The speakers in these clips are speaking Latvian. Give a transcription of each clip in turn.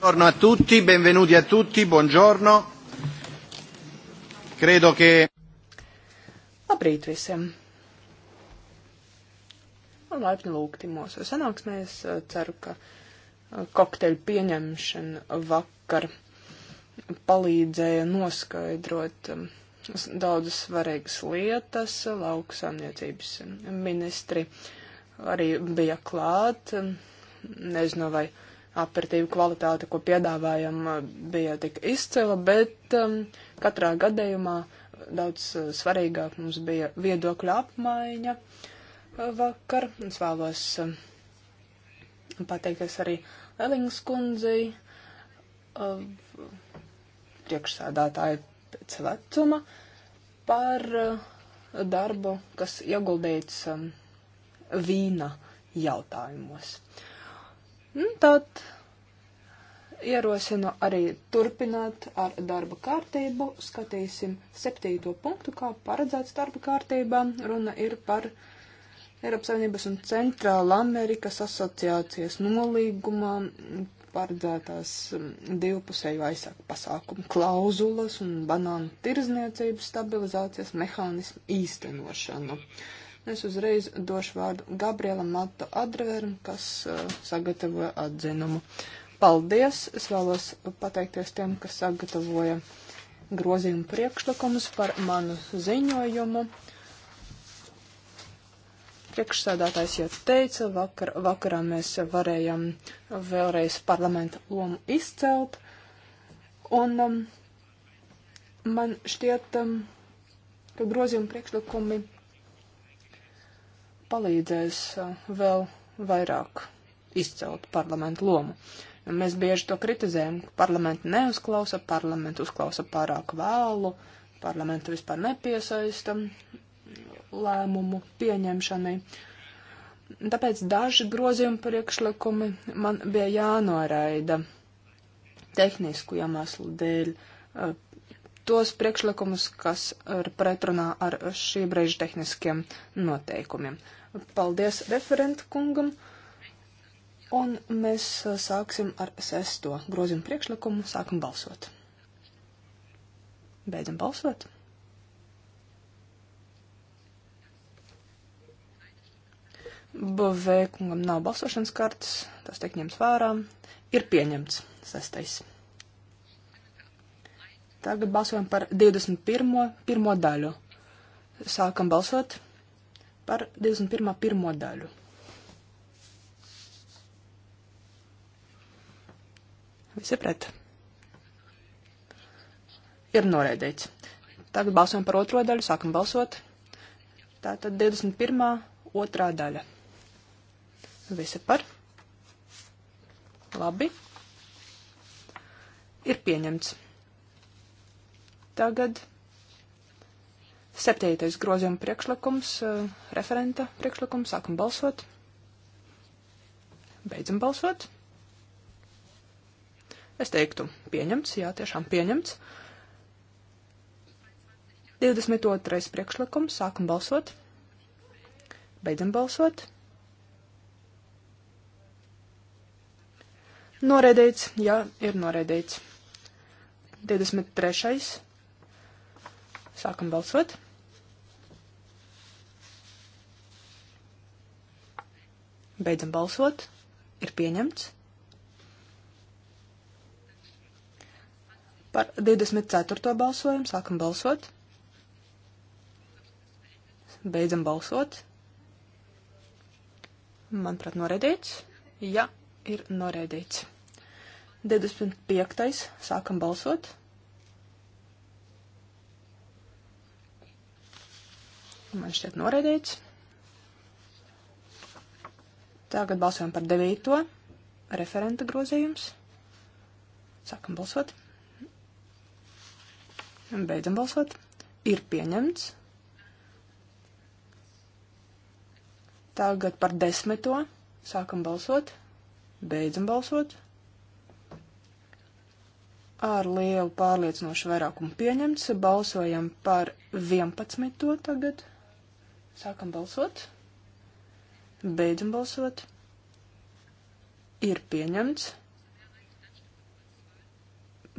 Buongiorno a tutti, benvenuti a tutti, buongiorno. Credo che. Labrīt visiem! Nu, laipni lūgti mūsu sanāksmēs. Ceru, ka uh, kokteļu pieņemšana vakar palīdzēja noskaidrot um, daudzas svarīgas lietas. Lauksaimniecības ministri arī bija klāt. Nezinu, vai aperitīvu kvalitāte, ko piedāvājam, eh, bija tik izcila, bet um, katrā gadījumā daudz uh, svarīgāk mums bija viedokļa apmaiņa eh, vakar. Es vēlos uh, pateikties arī Elings kundzei, uh, priekšsēdātāju pēc vecuma, par uh, darbu, kas ieguldīts um, vīna jautājumos. Nu, tad ierosinu arī turpināt ar darba kārtību. Skatīsim septīto punktu, kā paredzēts darba kārtībā. Runa ir par Eiropas Savienības un Centrāla Amerikas asociācijas nolīgumā paredzētās um, divpusēju aizsāku pasākumu klauzulas un banānu tirzniecības stabilizācijas mehānismu īstenošanu. Es uzreiz došu vārdu Gabrielam Mato Adreveram, kas uh, sagatavoja atzinumu. Uh, Paldies! Es vēlos pateikties tiem, kas sagatavoja grozījumu priekšlikumus par manu ziņojumu. Priekšsēdētājs jau teica, vakar, vakarā mēs varējām vēlreiz parlamenta lomu izcelt. Un um, man šķiet, um, ka grozījuma priekšlikumi palīdzēs uh, vēl vairāk izcelt parlamentu lomu. Uh, Mēs bieži to kritizējam. Parlamentu neuzklausa, parlamentu uzklausa pārāk vēlu, parlamentu vispār nepiesaista lēmumu pieņemšanai. Tāpēc daži grozījumi priekšlikumi man bija jānoraida tehnisku iemeslu dēļ. Tos priekšlikumus, kas ir pretrunā ar šī brīža tehniskiem noteikumiem. Paldies referentu kungam! Un mēs uh, sāksim ar sesto grozījumu priekšlikumu, sākam balsot. Beidzam balsot. BV kungam nav balsošanas kartes, tas tiek ņemts vērā. Ir pieņemts sestais. Tagad balsojam par 21. pirmo daļu. Sākam balsot par 21. pirmo daļu. Visi pret. Ir noraidīts. Tagad balsojam par otro daļu, sākam balsot. Tātad 21. otrā daļa. Visi par. Labi. Ir pieņemts. Tagad septītais grozījuma priekšlikums, eh, referenta priekšlikums, sākam balsot. Beidzam balsot. Es teiktu, pieņemts, jā, tiešām pieņemts. 22. priekšlikums, sākam balsot, beidzam balsot. Noreidīts, jā, ir noreidīts. 23. sākam balsot. Beidzam balsot, ir pieņemts. Par 24. balsojumu sākam balsot. Beidzam balsot. Manuprāt, noraidīts. Jā, ir noraidīts. 25. sākam balsot. Man šķiet noraidīts. Tagad balsojam par 9. referenta grozījums. Sākam balsot. Beidzam balsot. Ir pieņemts. Tagad par desmito. Sākam balsot. Beidzam balsot. Ar lielu pārliecinošu vairākumu pieņemts. Balsojam par 11. tagad. Sākam balsot. Beidzam balsot. Ir pieņemts.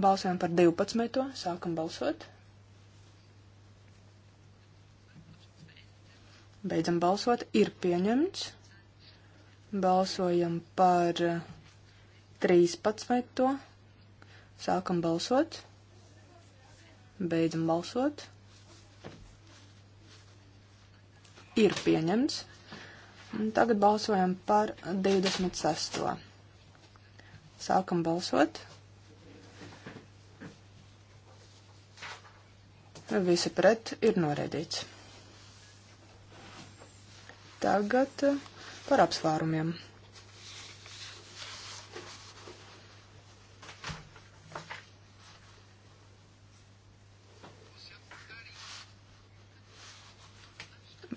Balsojam par 12. Sākam balsot. Beidzam balsot. Ir pieņemts. Balsojam par 13. Sākam balsot. Beidzam balsot. Ir pieņemts. Tagad balsojam par 26. Sākam balsot. visi pret ir noraidīts. Tagad par apsvērumiem.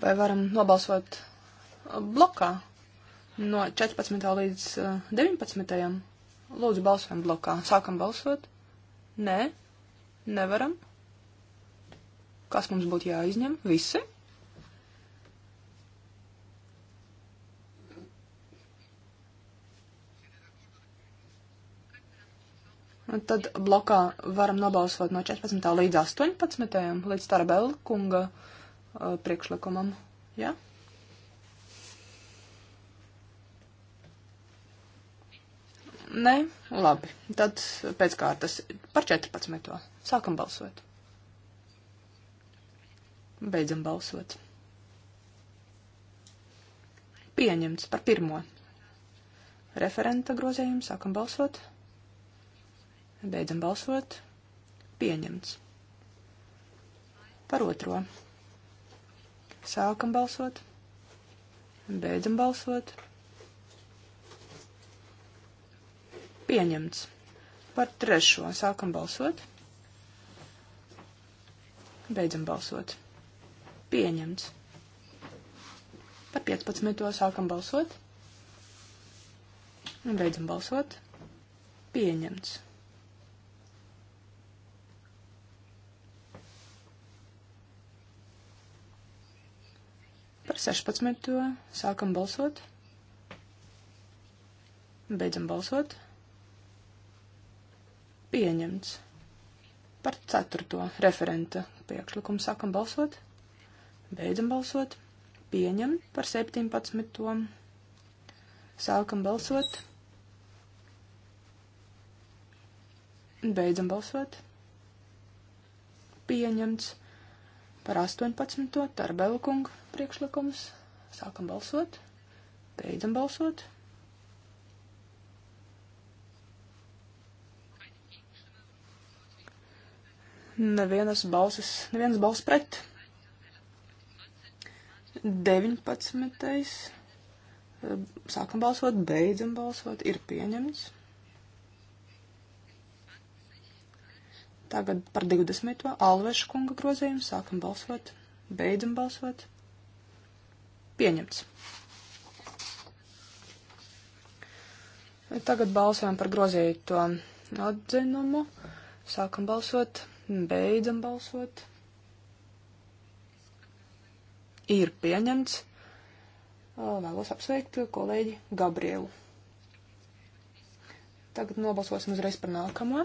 Vai varam nobalsot blokā no 14. līdz 19. Eh, Lūdzu, balsojam blokā. Sākam balsot? Nē, nevaram. Kas mums būtu jāizņem? Visi? Un tad blokā varam nobalsot no 14. līdz 18. līdz Tarabela kunga uh, priekšlikumam. Ja? Nē, labi. Tad pēc kārtas par 14. Sākam balsot. Beidzam balsot. Pieņemts par pirmo. Referenta grozījumu sākam balsot. Beidzam balsot. Pieņemts. Par otro. Sākam balsot. Beidzam balsot. Pieņemts. Par trešo. Sākam balsot. Beidzam balsot. Pieņemts. Par 15. sākam balsot. Un beidzam balsot. Pieņemts. Par 16. sākam balsot. Beidzam balsot. Pieņemts. Par 4. referenta priekšlikumu sākam balsot. Beidzam balsot. Pieņem par 17. Sākam balsot. Beidzam balsot. Pieņemts par 18. Tarbelu kungu priekšlikums. Sākam balsot. Beidzam balsot. Nevienas balsas, nevienas balsas pret. 19. Sākam balsot, beidzam balsot, ir pieņemts. Tagad par 20. Alveša kunga grozījumu sākam balsot, beidzam balsot. Pieņemts. Tagad balsojam par grozīto atzinumu. Sākam balsot, beidzam balsot ir pieņemts. Vēlos apsveikt kolēģi Gabrielu. Tagad nobalsosim uzreiz par nākamo.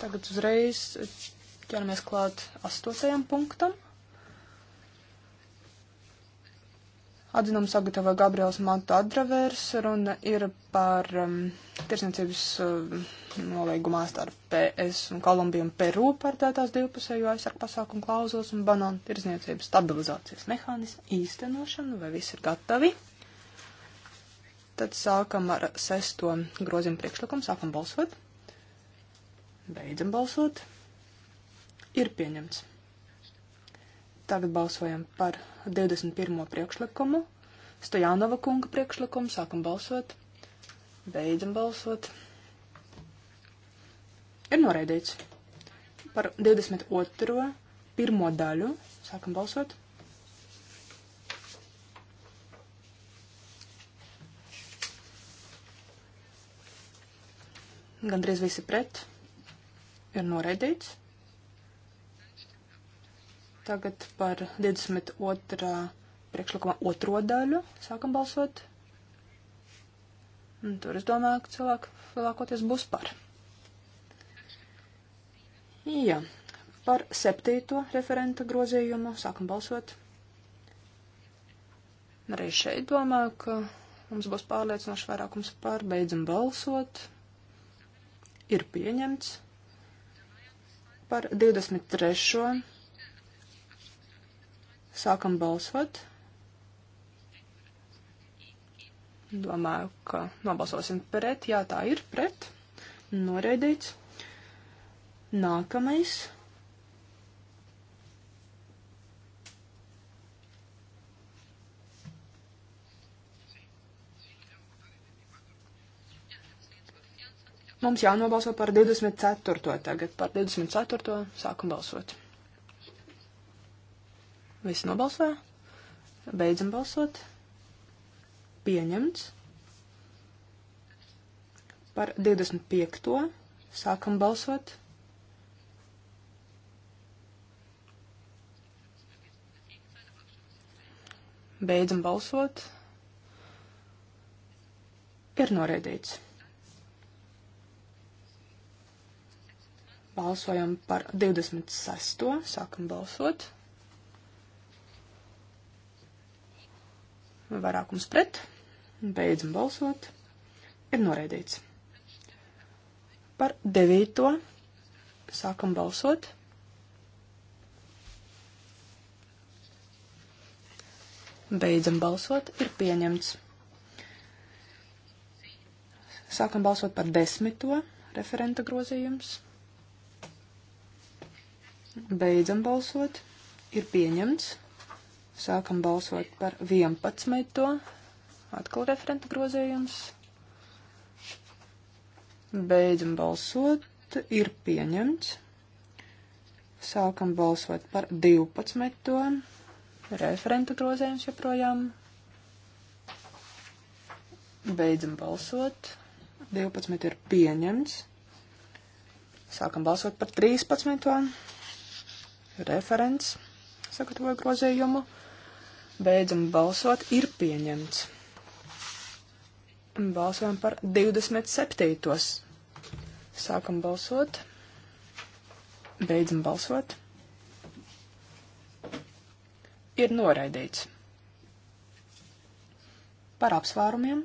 Tagad uzreiz ķeramies klāt astotajam punktam. Atzinumu sagatavoja Gabriels Mantu Adravērs, runa ir par um, tirsniecības um, nolīgumā starp PS un Kolumbiju un Peru par tētās divpusējo aizsargu pasākumu klauzulas un banānu tirsniecības stabilizācijas mehānismu īstenošanu, vai viss ir gatavi. Tad sākam ar sesto grozījumu priekšlikumu, sākam balsot, beidzam balsot. Ir pieņemts. Tagad balsojam par 21. priekšlikumu. Stojanova kunga priekšlikumu. Sākam balsot. Beidzam balsot. Ir noraidīts. Par 22. pirmo daļu. Sākam balsot. Gandrīz visi pret. Ir noraidīts. Tagad par 22. priekšlikumā otro daļu sākam balsot. Un tur es domāju, ka cilvēki lielākoties būs par. Jā, par septīto referenta grozījumu sākam balsot. Arī šeit domāju, ka mums būs pārliecinoši vairākums par, beidzam balsot. Ir pieņemts par 23. Sākam balsot. Domāju, ka nobalsosim pret. Jā, tā ir pret. Noreidīts. Nākamais. Mums jānobalso par 24. tagad, par 24. sākam balsot. Visi nobalsoja. Beidzam balsot. Pieņemts. Par 25. Sākam balsot. Beidzam balsot. Ir noraidīts. Balsojam par 26. Sākam balsot. Vairākums pret. Beidzam balsot. Ir noraidīts. Par devīto sākam balsot. Beidzam balsot. Ir pieņemts. Sākam balsot par desmito referenta grozījums. Beidzam balsot. Ir pieņemts. Sākam balsot par 11. Atkal referenta grozējums. Beidzam balsot. Ir pieņemts. Sākam balsot par 12. Referenta grozējums joprojām. Beidzam balsot. 12 ir pieņemts. Sākam balsot par 13. Referents sagatavoja grozējumu. Beidzam balsot. Ir pieņemts. Balsojam par 27. Sākam balsot. Beidzam balsot. Ir noraidīts. Par apsvērumiem.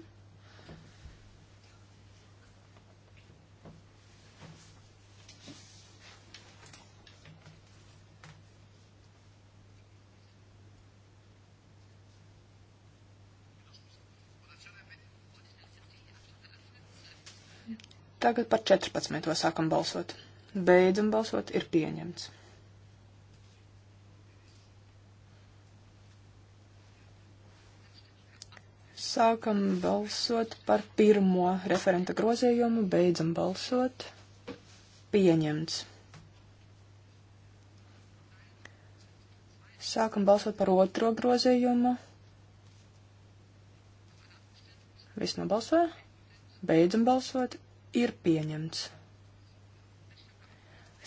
Tagad par 14. sākam balsot. Beidzam balsot, ir pieņemts. Sākam balsot par pirmo referenta grozījumu, beidzam balsot, pieņemts. Sākam balsot par otro grozījumu. Viss nobalsoja. Beidzam balsot ir pieņemts.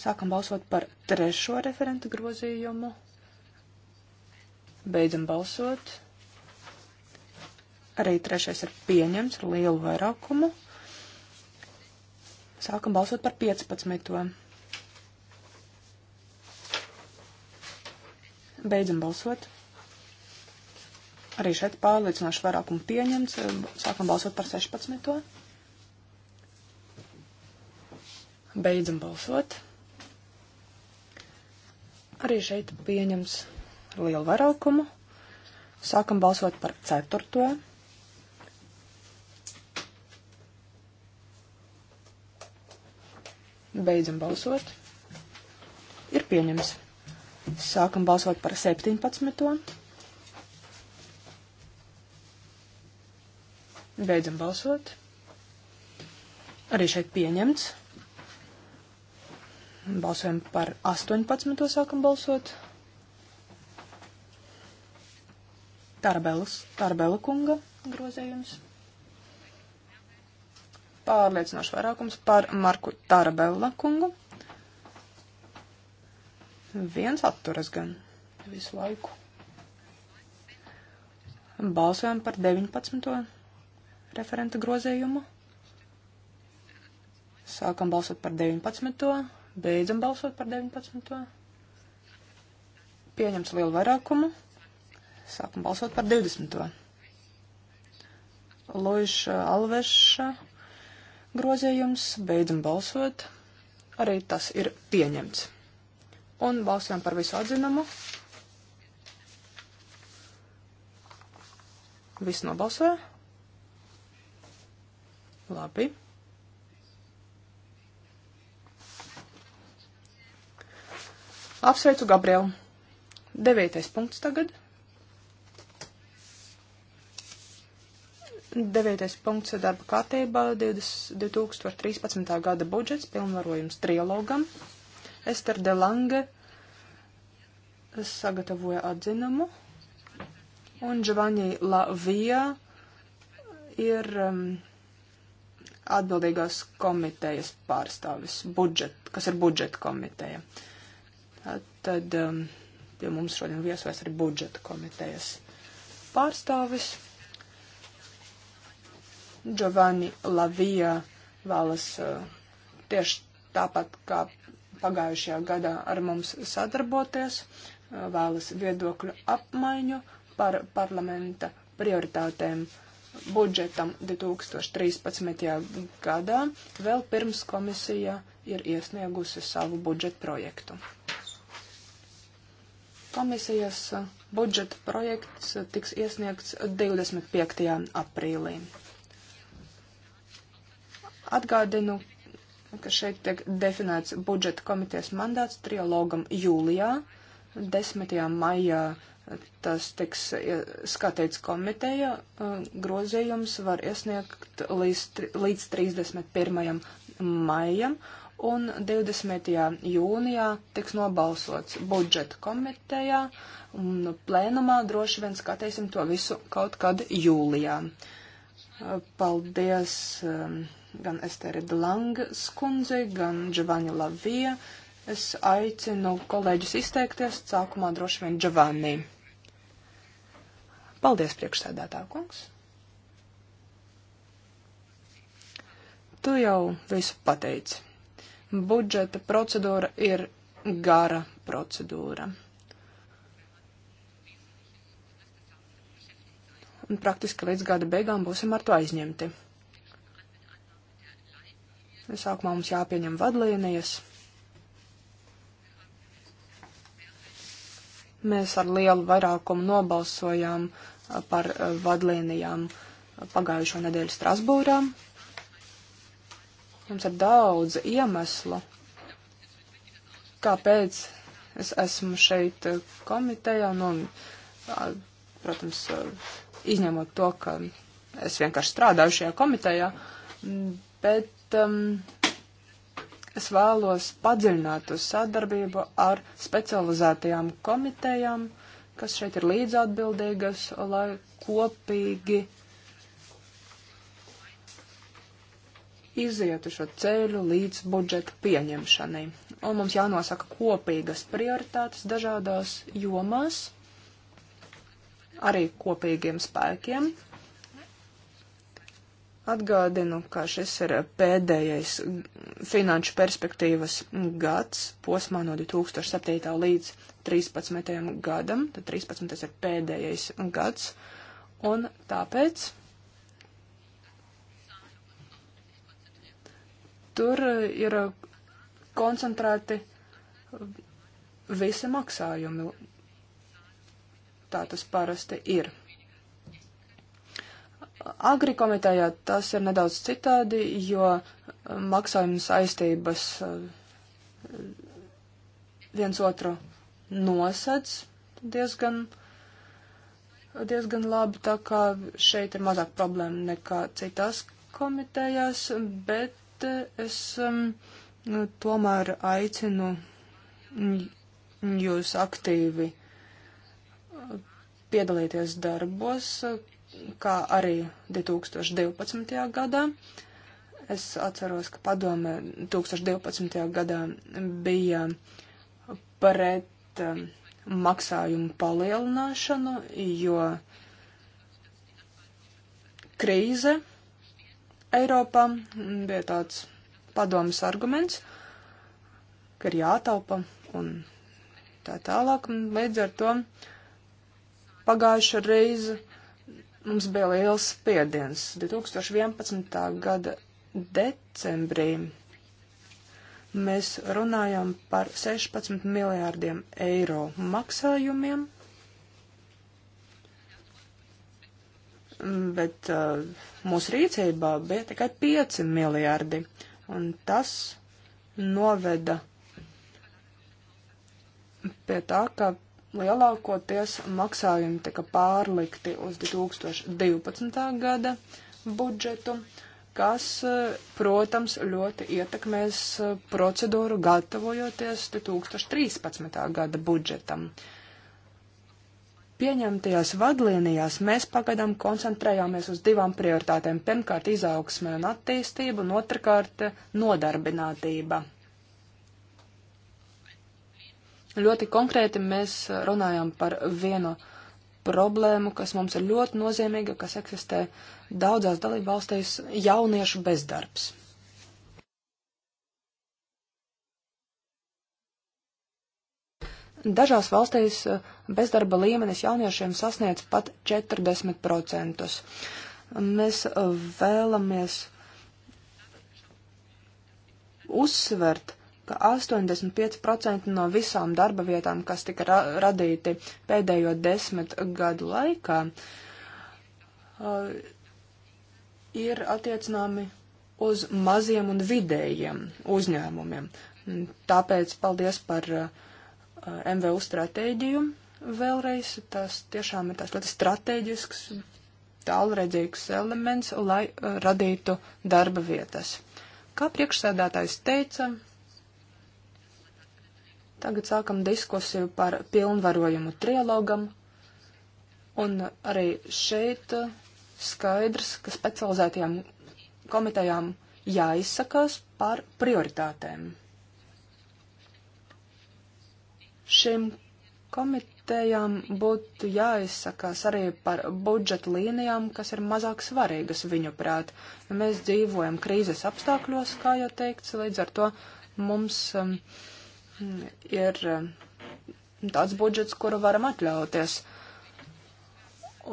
Sākam balsot par trešo referenta grozījumu. Beidzam balsot. Arī trešais ir pieņemts ar lielu vairākumu. Sākam balsot par 15. Beidzam balsot. Arī šeit pārliecinoši vairākumu pieņemts. Sākam balsot par 16. Beidzam balsot. Arī šeit pieņems lielu vairākumu. Sākam balsot par ceturto. Beidzam balsot. Ir pieņems. Sākam balsot par 17. Beidzam balsot. Arī šeit pieņemts. Balsojam par 18. sākam balsot. Tarbelas, Tarbela kunga grozējums. Pārliecinoši vairākums par Marku Tarbela kungu. Viens atturas gan visu laiku. Balsojam par 19. referenta grozējumu. Sākam balsot par 19. Beidzam balsot par 19. Pieņems lielu vairākumu. Sākam balsot par 20. Lojuša Alveša grozījums. Beidzam balsot. Arī tas ir pieņemts. Un balsojam par visu atzinumu. Viss nobalsoja. Labi. Apsveicu Gabrielu. Devītais punkts tagad. Devītais punkts ir darba kārtībā 2013. gada budžets, pilnvarojums trilogam. Ester de Lange sagatavoja atzinumu, un Giovanni Lavija ir um, atbildīgās komitejas pārstāvis, budžet, kas ir budžeta komiteja. Uh, Tad um, pie mums šodien viesojas arī budžeta komitejas pārstāvis. Giovanni Lavija vēlas uh, tieši tāpat kā pagājušajā gadā ar mums sadarboties, uh, vēlas viedokļu apmaiņu par parlamenta prioritātēm budžetam 2013. gadā, vēl pirms komisija ir iesniegusi savu budžetu projektu. Komisijas budžeta projekts tiks iesniegts 25. aprīlī. Atgādinu, ka šeit tiek definēts budžeta komitejas mandāts trialogam jūlijā, 10. maijā tas tiks skatīts komiteja, grozījums var iesniegt līdz, līdz 31. maijam, un 20. jūnijā tiks nobalsots budžeta komitejā un plēnumā droši vien skatīsim to visu kaut kad jūlijā. Paldies um, gan Esteri Dlangas kundzei, gan Giovanni Lavija. Es aicinu kolēģus izteikties, sākumā droši vien Giovanni. Paldies, priekšsēdētā kungs. Tu jau visu pateici budžeta procedūra ir gara procedūra. Un praktiski līdz gada beigām būsim ar to aizņemti. Sākumā mums jāpieņem vadlīnijas. Mēs ar lielu vairākumu nobalsojām par eh, vadlīnijām pagājušo nedēļu Strasbūrā. Mums ir daudz iemeslu, kāpēc es esmu šeit eh, komitejā. Nu, protams, izņemot to, ka es vienkārši strādāju šajā komitejā, bet um, es vēlos padziļināt uz sadarbību ar specializētajām komitejām, kas šeit ir līdzatbildīgas, lai kopīgi izietu šo ceļu līdz budžeta pieņemšanai. Un mums jānosaka kopīgas prioritātes dažādās jomās, arī kopīgiem spēkiem. Atgādinu, ka šis ir pēdējais finanšu perspektīvas gads posmā no 2007. līdz 2013. gadam, tad 13. ir pēdējais gads, un tāpēc Tur ir koncentrēti visi maksājumi. Tā tas parasti ir. Agri komitejā tas ir nedaudz citādi, jo maksājuma saistības eh, viens otru nosedz diezgan, diezgan labi, tā kā šeit ir mazāk problēma nekā citās komitejās, bet es um, tomēr aicinu jūs aktīvi uh, piedalīties darbos, kā arī 2012. gadā. Es atceros, ka padome 2012. gadā bija pret um, maksājumu palielināšanu, jo krīze Eiropā mm, bija tāds padomas arguments, ka ir jātaupa un tā tālāk. Un līdz ar to pagājušā reize mums bija liels spiediens. 2011. gada decembrī mēs runājam par 16 miljārdiem eiro maksājumiem bet uh, mūsu rīcībā bija tikai 5 miljardi, un tas noveda pie tā, ka lielākoties maksājumi tika pārlikti uz 2012. gada budžetu, kas, protams, ļoti ietekmēs procedūru gatavojoties 2013. gada budžetam. Uh, pieņemtajās vadlīnijās mēs pagaidām koncentrējāmies uz divām prioritātēm. Pirmkārt, izaugsme un attīstība, un otrkārt, nodarbinātība. Ļoti konkrēti mēs runājam par vienu problēmu, kas mums ir ļoti nozīmīga, kas eksistē daudzās dalībvalstīs - jauniešu bezdarbs. Dažās valstīs eh, bezdarba līmenis jauniešiem sasniedz pat 40%. Mēs eh, vēlamies uzsvert, ka 85% no visām darba vietām, kas tika ra radīti pēdējo desmit gadu laikā, uh, ir attiecināmi uz maziem un vidējiem uzņēmumiem. Tāpēc paldies par uh, Uh, MVU stratēģiju vēlreiz. Tas tiešām ir tāds ļoti strateģisks, tālredzīgs elements, lai uh, radītu darba vietas. Kā priekšsēdētājs teica, tagad sākam diskusiju par pilnvarojumu trilogam, un arī šeit uh, skaidrs, ka specializētajām komitejām jāizsakās par prioritātēm. Šim komitejām būtu jāizsakās arī par budžeta līnijām, kas ir mazāk svarīgas viņu prāt. Nu, mēs dzīvojam krīzes apstākļos, kā jau teikts, līdz ar to mums um, ir um, tāds budžets, kuru varam atļauties. Uh,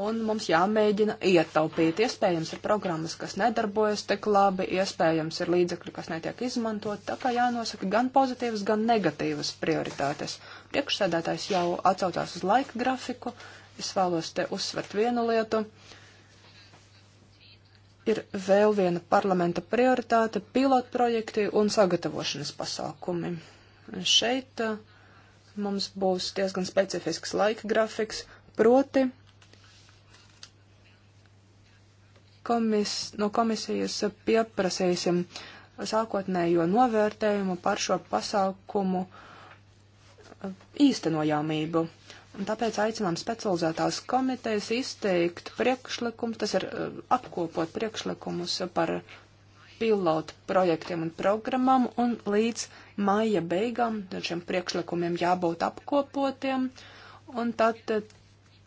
un mums jāmēģina ietaupīt. Iespējams, ir programmas, kas nedarbojas tik labi, iespējams, ir līdzekļi, kas netiek izmantot, tā kā jānosaka gan pozitīvas, gan negatīvas prioritātes. Priekšsēdētājs jau atcaucās uz laika grafiku, es vēlos te uzsvert vienu lietu. Ir vēl viena parlamenta prioritāte - pilotprojekti un sagatavošanas pasākumi. Šeit uh, mums būs diezgan specifisks laika grafiks, proti komis, no komisijas pieprasīsim sākotnējo novērtējumu par šo pasākumu eh, īstenojamību. Un tāpēc aicinām specializētās komitejas izteikt priekšlikumus, tas ir eh, apkopot priekšlikumus par pilotu projektiem un programmām, un līdz maija beigām šiem priekšlikumiem jābūt apkopotiem, un tad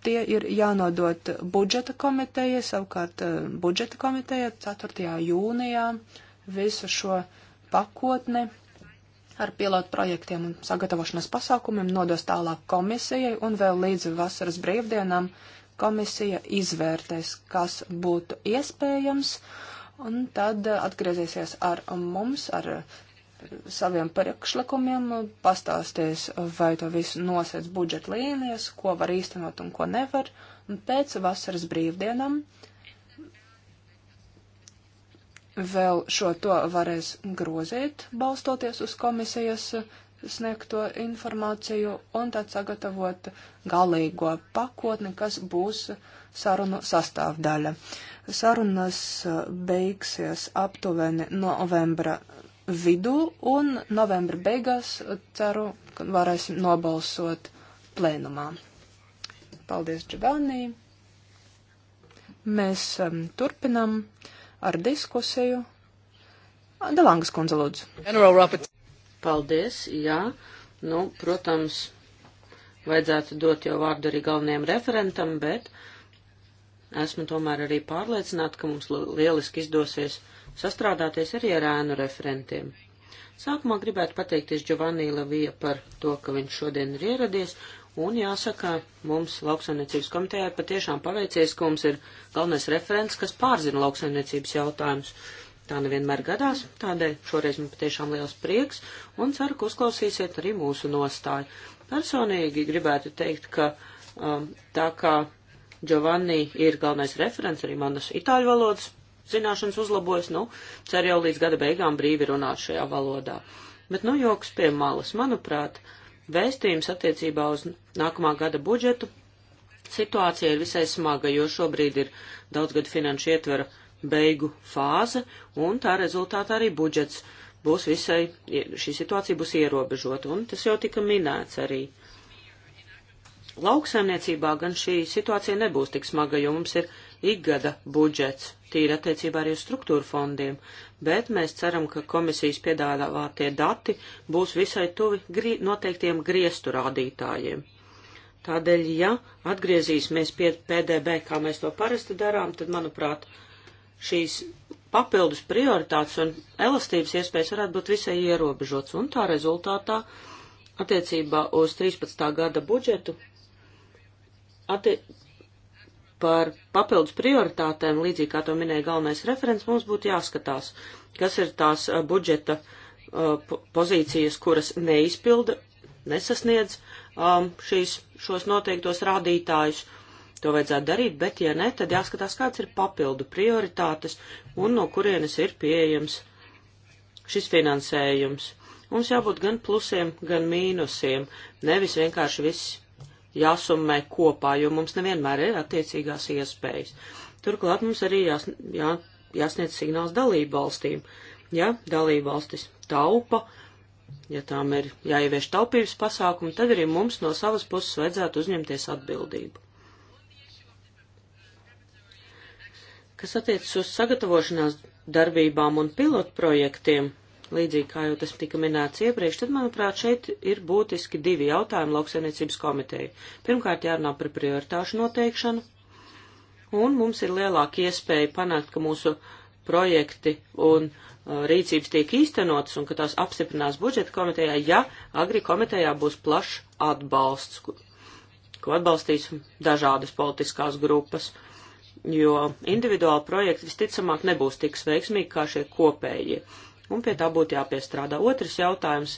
tie ir jānodot budžeta komiteja, savukārt eh, budžeta komiteja 4. jūnijā visu šo pakotni ar pilotu projektiem un sagatavošanas pasākumiem nodos tālāk komisijai un vēl līdz vasaras brīvdienām komisija izvērtēs, kas būtu iespējams, un tad eh, atgriezīsies ar mums, ar saviem priekšlikumiem, pastāstīs, vai to visu nosēc budžeta līnijas, ko var īstenot un ko nevar. Un pēc vasaras brīvdienam vēl šo to varēs grozīt, balstoties uz komisijas sniegto informāciju un tad sagatavot galīgo pakotni, kas būs sarunu sastāvdaļa. Sarunas beigsies aptuveni novembra vidū un novembra beigās uh, ceru, ka varēsim nobalsot plēnumā. Paldies, Džavanī! Mēs um, turpinam ar diskusiju. Delangas kundze, lūdzu. Paldies, jā. Nu, protams, vajadzētu dot jau vārdu arī galvenajam referentam, bet esmu tomēr arī pārliecināta, ka mums lieliski izdosies uh, sastrādāties arī ar ēnu referentiem. Sākumā gribētu pateikties Giovanni Lavija par to, ka viņš šodien ir ieradies, un jāsaka, mums lauksaimniecības komitejā patiešām paveicies, ka mums ir galvenais referents, kas pārzina lauksaimniecības jautājumus. Tā nevienmēr gadās, tādēļ šoreiz man patiešām liels prieks, un ceru, ka uzklausīsiet arī mūsu nostāju. Personīgi gribētu teikt, ka um, tā kā Giovanni ir galvenais referents, arī manas itāļu valodas zināšanas uzlabojas, nu, cer jau līdz gada beigām brīvi runāt šajā valodā. Bet, nu, joks pie malas, manuprāt, vēstījums attiecībā uz nākamā gada budžetu situācija ir visai smaga, jo šobrīd ir daudzgadu finanšu ietvera beigu fāze, un tā rezultātā arī budžets būs visai, šī situācija būs ierobežota, un tas jau tika minēts arī. Lauksaimniecībā gan šī situācija nebūs tik smaga, jo mums ir ikgada budžets, tīri attiecībā arī uz struktūru fondiem, bet mēs ceram, ka komisijas piedāvātie dati būs visai tuvi gri noteiktiem griestu rādītājiem. Tādēļ, ja atgriezīsimies pie PDB, kā mēs to parasti darām, tad, manuprāt, šīs papildus prioritātes un elastības iespējas varētu būt visai ierobežots, un tā rezultātā attiecībā uz 13. gada budžetu atti par papildus prioritātēm, līdzīgi kā to minēja galvenais referents, mums būtu jāskatās, kas ir tās budžeta uh, pozīcijas, kuras neizpilda, nesasniedz um, šīs, šos noteiktos rādītājus. To vajadzētu darīt, bet ja ne, tad jāskatās, kāds ir papildu prioritātes un no kurienes ir pieejams šis finansējums. Mums jābūt gan plusiem, gan mīnusiem, nevis vienkārši viss jāsummē kopā, jo mums nevienmēr ir attiecīgās iespējas. Turklāt mums arī jās, jā, jāsniedz signāls dalību valstīm. Ja dalību valstis taupa, ja tām ir jāievieš taupības pasākumi, tad arī mums no savas puses vajadzētu uzņemties atbildību. Kas attiecas uz sagatavošanās darbībām un pilotprojektiem, līdzīgi kā jau tas tika minēts iepriekš, tad, manuprāt, šeit ir būtiski divi jautājumi lauksainiecības komiteju. Pirmkārt, jārunā par prioritāšu noteikšanu, un mums ir lielāka iespēja panākt, ka mūsu projekti un uh, rīcības tiek īstenotas un ka tās apstiprinās budžeta komitejā, ja agri komitejā būs plašs atbalsts, ko, ko atbalstīs dažādas politiskās grupas, jo individuāli projekti visticamāk nebūs tik veiksmīgi kā šie kopējie. Uh, un pie tā būtu jāpiestrādā. Otrs jautājums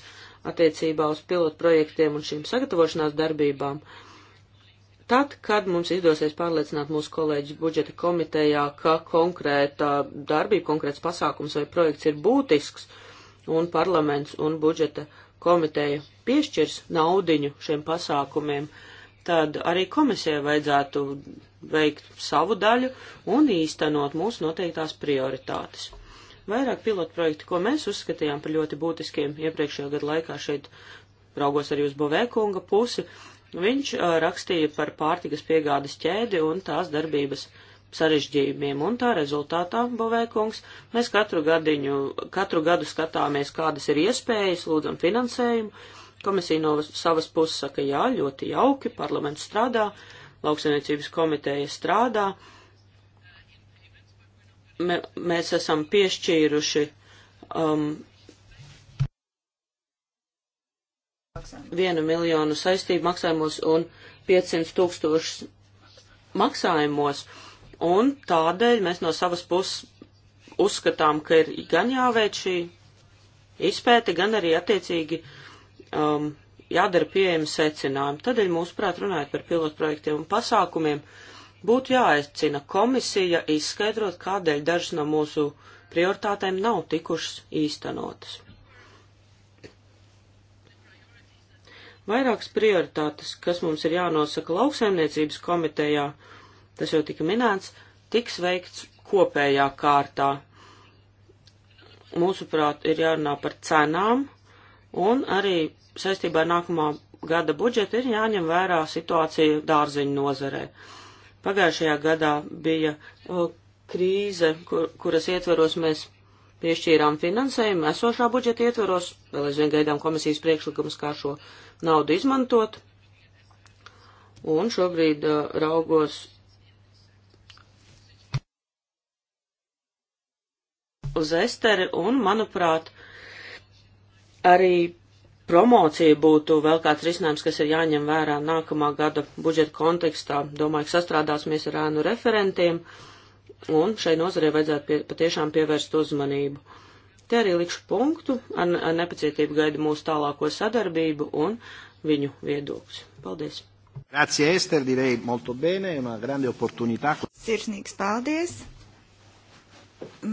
attiecībā uz pilotu projektiem un šīm sagatavošanās darbībām. Tad, kad mums izdosies pārliecināt mūsu kolēģis budžeta komitejā, ka konkrēta darbība, konkrēts pasākums vai projekts ir būtisks, un parlaments un budžeta komiteja piešķirs naudiņu šiem pasākumiem, tad arī komisijai vajadzētu veikt savu daļu un īstenot mūsu noteiktās prioritātes. Vairāk pilotprojekti, ko mēs uzskatījām par ļoti būtiskiem iepriekšējā gada laikā šeit, raugos arī uz Bovēkunga pusi, viņš uh, rakstīja par pārtikas piegādes ķēdi un tās darbības sarežģījumiem, un tā rezultātā, Bovēkungs, mēs katru, gadiņu, katru gadu skatāmies, kādas ir iespējas, lūdzam finansējumu. Komisija no savas puses saka, jā, ļoti jauki, parlaments strādā, lauksaniecības komiteja strādā, uh, me, mēs esam piešķīruši um, vienu miljonu saistību maksājumos un 500 tūkstošu maksājumos. Un tādēļ mēs no savas puses uzskatām, ka ir gan jāveic šī izpēte, gan arī attiecīgi um, jādara pieejami secinājumi. Tādēļ, mūsuprāt, runājot par pilotprojektiem un pasākumiem, uh, Būtu jāaicina komisija izskaidrot, kādēļ dažas no mūsu prioritātēm nav tikušas īstenotas. Vairākas prioritātes, kas mums ir jānosaka lauksaimniecības komitejā, tas jau tika minēts, tiks veikts kopējā kārtā. Mūsuprāt, ir jārunā par cenām, un arī saistībā ar nākamā gada budžetu ir jāņem vērā situācija dārziņu nozarē. Pagājušajā gadā bija krīze, kur, kuras ietveros mēs piešķīrām finansējumu esošā budžeta ietveros, vēl aizvien gaidām komisijas priekšlikumus, kā šo naudu izmantot. Un šobrīd uh, raugos uz Esteri, un, manuprāt, arī promocija būtu vēl kāds risinājums, kas ir jāņem vērā nākamā gada budžeta kontekstā. Domāju, ka sastrādāsimies ar ēnu referentiem, un šai nozarē vajadzētu pie, patiešām pievērst uzmanību. Te arī likšu punktu, ar, ar nepacietību gaidu mūsu tālāko sadarbību un viņu viedokļus. Paldies! Grazie, Ester, direi molto bene, una grande opportunità. Sirsnīgs paldies!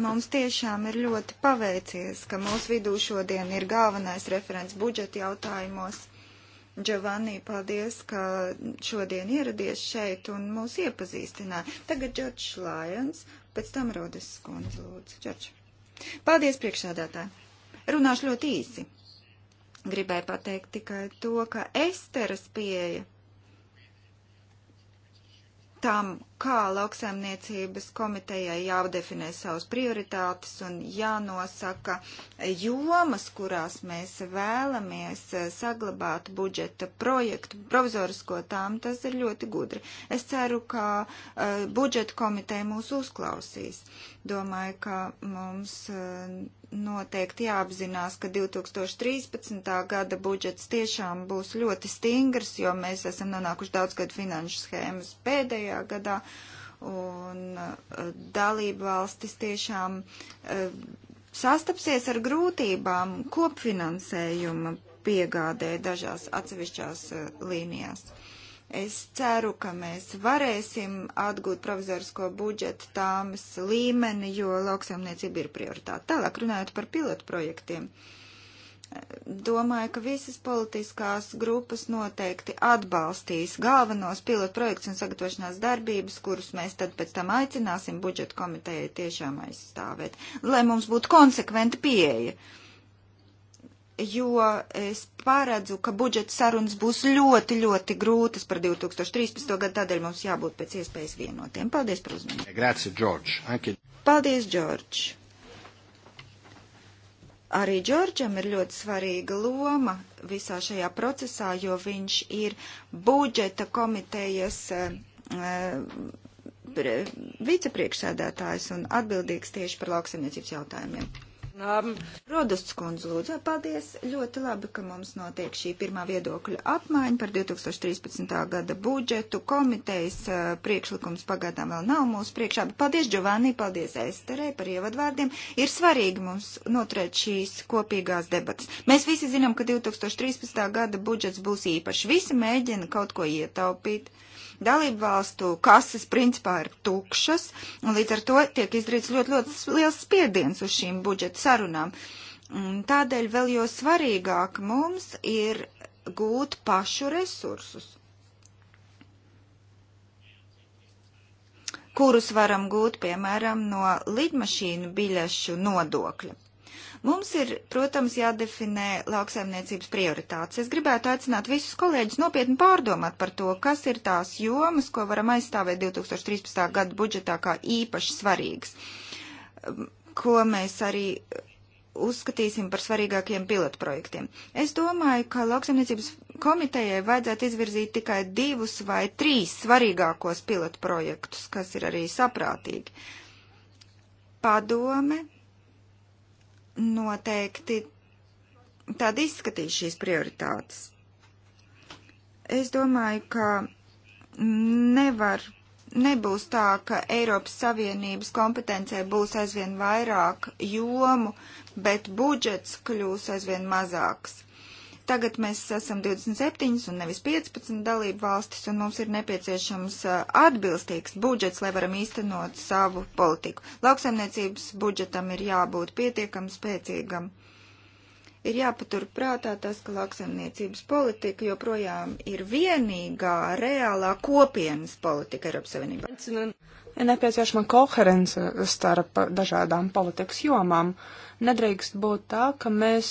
Mums tiešām ir ļoti paveicies, ka mūsu vidū šodien ir galvenais referents budžeta jautājumos. Giovanni, paldies, ka šodien ieradies šeit un mūs iepazīstināja. Tagad Džordžs Lajons, pēc tam Rodas skundze lūdzu. Džordž. Paldies, priekšsādātāji. Runāšu ļoti īsi. Gribēju pateikt tikai to, ka Esteras pieeja tam, kā lauksaimniecības komitejai jādefinē savas prioritātes un jānosaka jomas, kurās mēs vēlamies eh, saglabāt budžeta projektu provizorisko tām, tas ir ļoti gudri. Es ceru, ka uh, budžeta komiteja mūs uzklausīs. Domāju, ka mums uh, noteikti jāapzinās, ka 2013. gada budžets tiešām būs ļoti stingrs, jo mēs esam nonākuši daudz gadu finanšu schēmas pēdējā gadā, un e, dalību valstis tiešām e, sastapsies ar grūtībām kopfinansējuma piegādē dažās atsevišķās e, līnijās. Es ceru, ka mēs varēsim atgūt provizorisko budžetu tāmas līmeni, jo lauksaimniecība ir prioritāte. Tālāk runājot par pilotu projektiem. Uh, domāju, ka visas politiskās grupas noteikti atbalstīs galvenos pilotu projekts un sagatavošanās darbības, kurus mēs tad pēc tam aicināsim budžeta komitejai tiešām aizstāvēt, lai mums būtu konsekventa pieeja. Jo es paredzu, ka budžeta sarunas būs ļoti, ļoti grūtas par 2013. gadu, tādēļ mums jābūt pēc iespējas vienotiem. Paldies par uzmanību. Paldies, Džordž. Arī Džordžam ir ļoti svarīga loma visā šajā procesā, jo viņš ir budžeta komitejas eh, eh, vicepriekšsēdētājs un atbildīgs tieši par lauksaimniecības jautājumiem. Nāb. Um, Rodusts kundze, lūdzu, paldies. Ļoti labi, ka mums notiek šī pirmā viedokļa apmaiņa par 2013. gada budžetu. Komitejas uh, priekšlikums pagaidām vēl nav mūsu priekšā. Paldies, Giovanni, paldies Esterei par ievadvārdiem. Ir svarīgi mums noturēt šīs kopīgās debatas. Mēs visi zinām, ka 2013. gada budžets būs īpašs. Visi mēģina kaut ko ietaupīt. Dalību valstu kases principā ir tukšas, un līdz ar to tiek izdarīts ļoti, ļoti liels spiediens uz šīm budžeta sarunām. Tādēļ vēl jo svarīgāk mums ir gūt pašu resursus. kurus varam gūt, piemēram, no lidmašīnu biļešu nodokļa. Mums ir, protams, jādefinē lauksaimniecības prioritātes. Es gribētu aicināt visus kolēģus nopietni pārdomāt par to, kas ir tās jomas, ko varam aizstāvēt 2013. gada budžetā kā īpaši svarīgas, um, ko mēs arī uzskatīsim par svarīgākiem pilotprojektiem. Es domāju, ka lauksaimniecības komitejai vajadzētu izvirzīt tikai divus vai trīs svarīgākos pilotprojektus, kas ir arī saprātīgi. Padome noteikti tad izskatīs šīs prioritātes. Es domāju, ka nevar, nebūs tā, ka Eiropas Savienības kompetencē būs aizvien vairāk jomu, bet budžets kļūs aizvien mazāks. Tagad mēs esam 27 un nevis 15 dalību valstis, un mums ir nepieciešams atbilstīgs budžets, lai varam īstenot savu politiku. Lauksaimniecības budžetam ir jābūt pietiekam spēcīgam. Ir jāpatur prātā tas, ka lauksaimniecības politika joprojām ir vienīgā reālā kopienas politika Eiropas Savienībā ir nepieciešama koherence starp dažādām politikas jomām. Nedrīkst būt tā, ka mēs,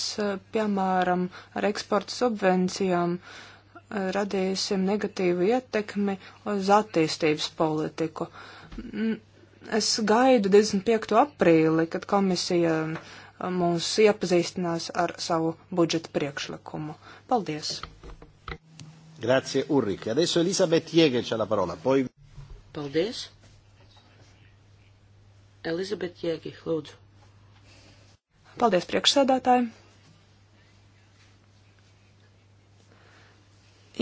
piemēram, ar eksporta subvencijām eh, radīsim negatīvu ietekmi uz attīstības politiku. Mm, es gaidu 25. aprīli, kad komisija eh, mūs iepazīstinās ar savu budžeta priekšlikumu. Paldies! Grazie Ulrike. Adesso Elisabeth Jēgeņš la parola. Poi... Paldies! Elizabete Jēgi, lūdzu. Paldies, priekšsēdētāji.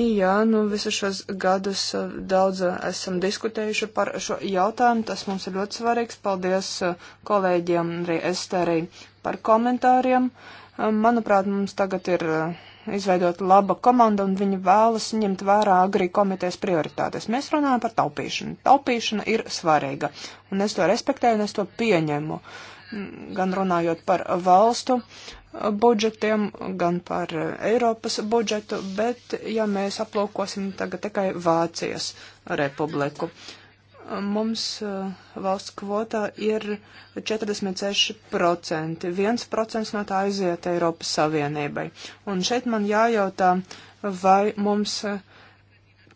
Jā, nu visus šos gadus uh, daudz uh, esam diskutējuši par šo jautājumu. Tas mums ir ļoti svarīgs. Paldies uh, kolēģiem, arī Esterei par komentāriem. Um, manuprāt, mums tagad ir izveidota laba komanda un viņi vēlas ņemt vērā agrī komitejas prioritātes. Mēs runājam par taupīšanu. Taupīšana ir svarīga, un es to respektēju un es to pieņemu. Gan runājot par valstu budžetiem, gan par Eiropas budžetu, bet ja mēs aplūkosim tagad tikai Vācijas republiku. Uh, mums eh, valsts kvotā ir 46%. 1% no tā aiziet Eiropas Savienībai. Un šeit man jājautā, vai mums eh,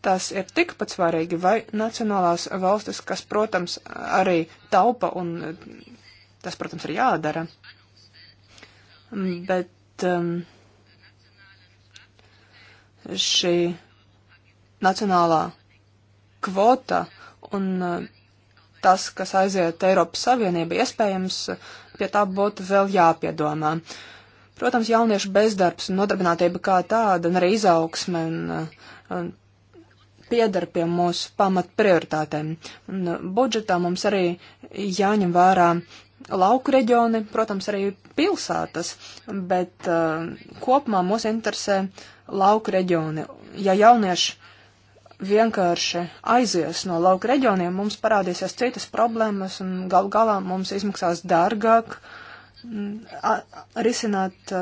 tas ir tikpat svarīgi, vai nacionālās valstis, kas, protams, arī taupa un eh, tas, protams, ir jādara. Bet um, šī nacionālā kvota un eh, tas, kas aiziet Eiropas Savienība, iespējams, pie tā būtu vēl jāpiedomā. Protams, jauniešu bezdarbs un nodarbinātība kā tāda, un arī izaugsme, un, eh, un piedar pie mūsu pamat prioritātēm. Un eh, budžetā mums arī jāņem vērā lauku reģioni, protams, arī pilsētas, bet uh, kopumā mūs interesē lauku reģioni. Ja jaunieši vienkārši aizies no lauka reģioniem, mums parādīsies citas problēmas un gal galā mums izmaksās dārgāk mm, risināt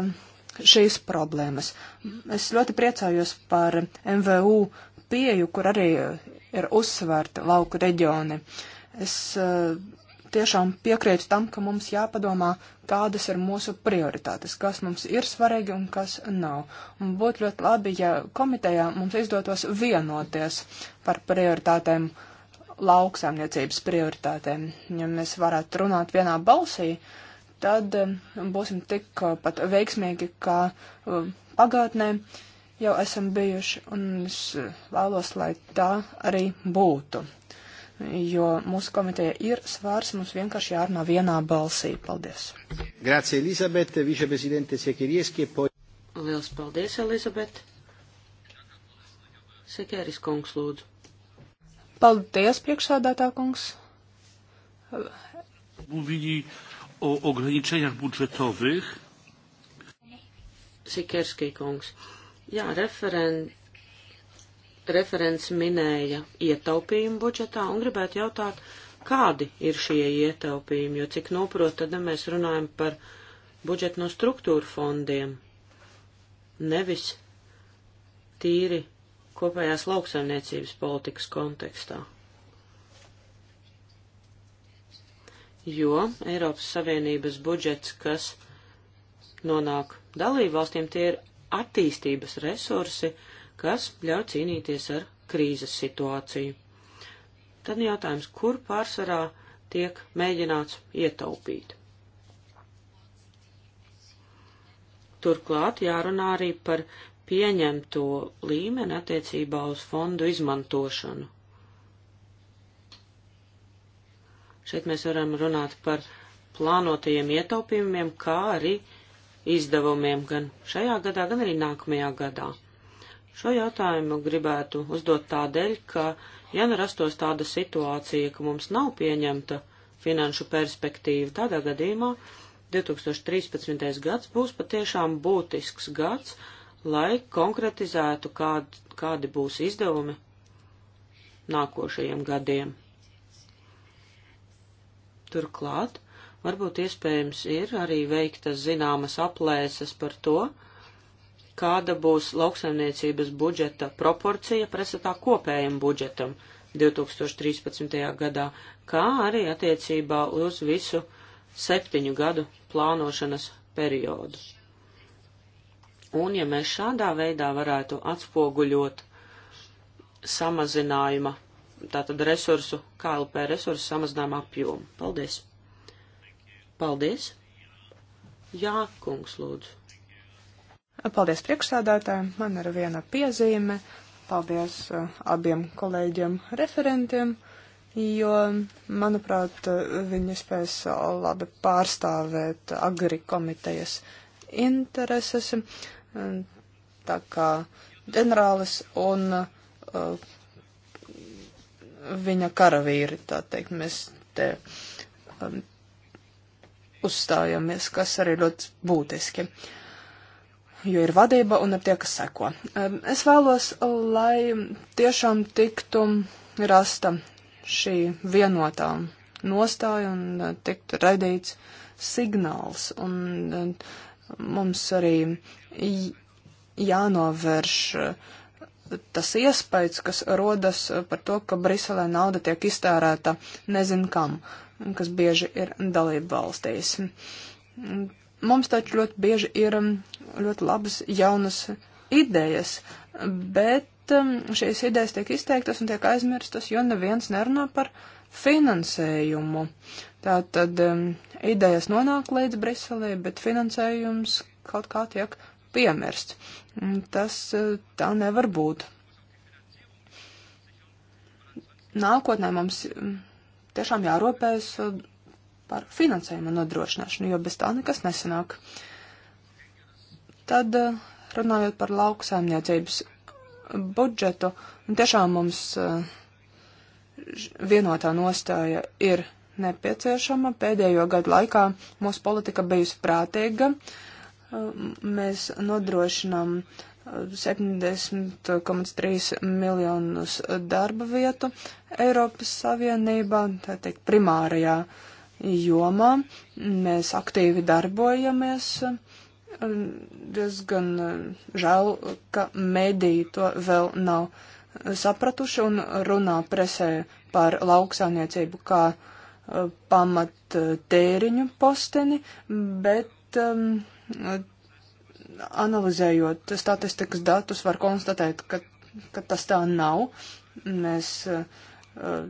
šīs problēmas. Es ļoti priecājos par MVU pieju, kur arī ir uzsvērta lauku reģioni. Es uh, tiešām piekrītu tam, ka mums jāpadomā, kādas ir mūsu prioritātes, kas mums ir svarīgi un kas nav. Un būtu ļoti labi, ja komitejā mums izdotos vienoties par prioritātēm, lauksēmniecības prioritātēm. Ja mēs varētu runāt vienā balsī, tad um, būsim tik uh, pat veiksmīgi, kā um, pagātnē jau esam bijuši, un es uh, vēlos, lai tā arī būtu jo mūsu komiteja ir svārs, mums vienkārši jārunā vienā balsī. Paldies. Grācija Elizabete, viceprezidente Sekirieski. E po... Liels paldies, Elizabete. Sekieris kungs, lūdzu. Paldies, priekšsādātā kungs. Mówili o ograniczeniach budżetowych. Sikerski kungs. Jā, referents referents minēja ietaupījumu budžetā un gribētu jautāt, kādi ir šie ietaupījumi, jo cik noprot, tad mēs runājam par budžetu no struktūra fondiem, nevis tīri kopējās lauksaimniecības politikas kontekstā. Jo Eiropas Savienības budžets, kas nonāk dalību valstīm, tie ir attīstības resursi, uh, kas ļauj cīnīties ar krīzes situāciju. Tad jautājums, kur pārsvarā tiek mēģināts ietaupīt. Turklāt jārunā arī par pieņemto līmeni attiecībā uz fondu izmantošanu. Šeit mēs varam runāt par plānotajiem ietaupījumiem, kā arī izdevumiem gan šajā gadā, gan arī nākamajā gadā. Šo jautājumu gribētu uzdot tādēļ, ka, ja nerastos nu tāda situācija, ka mums nav pieņemta finanšu perspektīva, tādā gadījumā 2013. gads būs patiešām būtisks gads, lai konkretizētu, kād, kādi būs izdevumi nākošajiem gadiem. Turklāt, varbūt iespējams ir arī veiktas zināmas aplēses par to, kāda būs lauksaimniecības budžeta proporcija presatā kopējam budžetam 2013. gadā, kā arī attiecībā uz visu septiņu gadu plānošanas periodu. Un ja mēs šādā veidā varētu atspoguļot samazinājuma, tātad resursu, KLP resursu samazinājuma apjomu. Paldies! Paldies! Jā, kungs, lūdzu. Paldies priekšsādātājiem, man ir viena piezīme. Paldies eh, abiem kolēģiem referentiem, jo, manuprāt, viņi spēs labi pārstāvēt agri komitejas intereses. Tā kā ģenerālis un uh, viņa karavīri, tā teikt, mēs te um, uzstājamies, kas arī ļoti būtiski. Uh, jo ir vadība un ir tie, kas seko. Es vēlos, lai tiešām tiktu rasta šī vienotā nostāja un eh, tiktu radīts signāls. Un eh, mums arī jānovērš eh, tas iespējas, kas rodas par to, ka Briselē nauda tiek iztērēta nezin kam, kas bieži ir dalība valstīs Mums taču ļoti bieži ir um, ļoti labas jaunas idejas, bet um, šīs idejas tiek izteiktas un tiek aizmirstas, jo neviens nerunā par finansējumu. Tātad um, idejas nonāk līdz Briselē, bet finansējums kaut kā tiek piemirsts. Tas uh, tā nevar būt. Nākotnē mums tiešām jārūpēs uh, par finansējumu nodrošināšanu, jo bez tā nekas nesanāk. Tad, eh, runājot par lauksaimniecības budžetu, tiešām mums eh, vienotā nostāja ir nepieciešama. Pēdējo gadu laikā mūsu politika bijusi prātīga. Eh, mēs nodrošinām 70,3 miljonus darba vietu Eiropas Savienībā, tā teikt, primārajā uh, jomā. Mēs aktīvi darbojamies. Diezgan žēl, ka mediji to vēl nav sapratuši un runā presē par lauksāniecību kā e, pamat tēriņu posteni, bet um, analizējot statistikas datus var konstatēt, ka, ka tas tā nav. Mēs uh,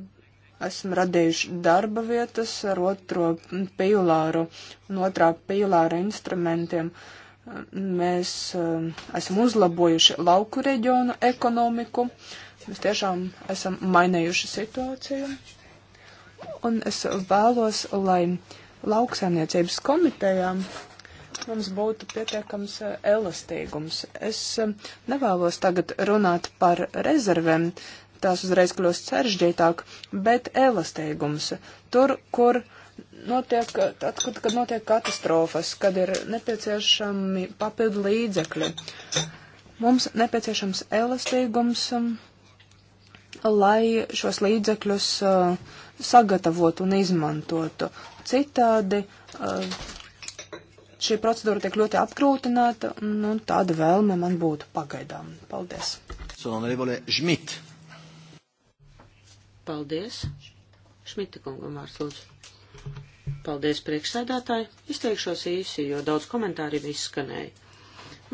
esam radījuši darba vietas ar otro pīlāru un otrā pīlāra instrumentiem. Mēs eh, esam uzlabojuši lauku reģionu ekonomiku, mēs tiešām esam mainījuši situāciju. Un es vēlos, lai lauksaimniecības komitejām mums būtu pietiekams eh, elastīgums. Es eh, nevēlos tagad runāt par rezervēm, tās uzreiz kļūst sarežģītāk, bet elastīgums tur, kur notiek, tad, kad, kad notiek katastrofas, kad ir nepieciešami papildu līdzekļi. Mums nepieciešams elastīgums, lai šos līdzekļus eh, sagatavotu un izmantotu. Citādi eh, šī procedūra tiek ļoti apgrūtināta, un nu, tāda vēlme man būtu pagaidām. Paldies! Sonorevole Schmidt. Paldies. Šmita kungam vārds lūdzu. Paldies priekšsēdētāji. Izteikšos īsi, jo daudz komentāri jau izskanēja.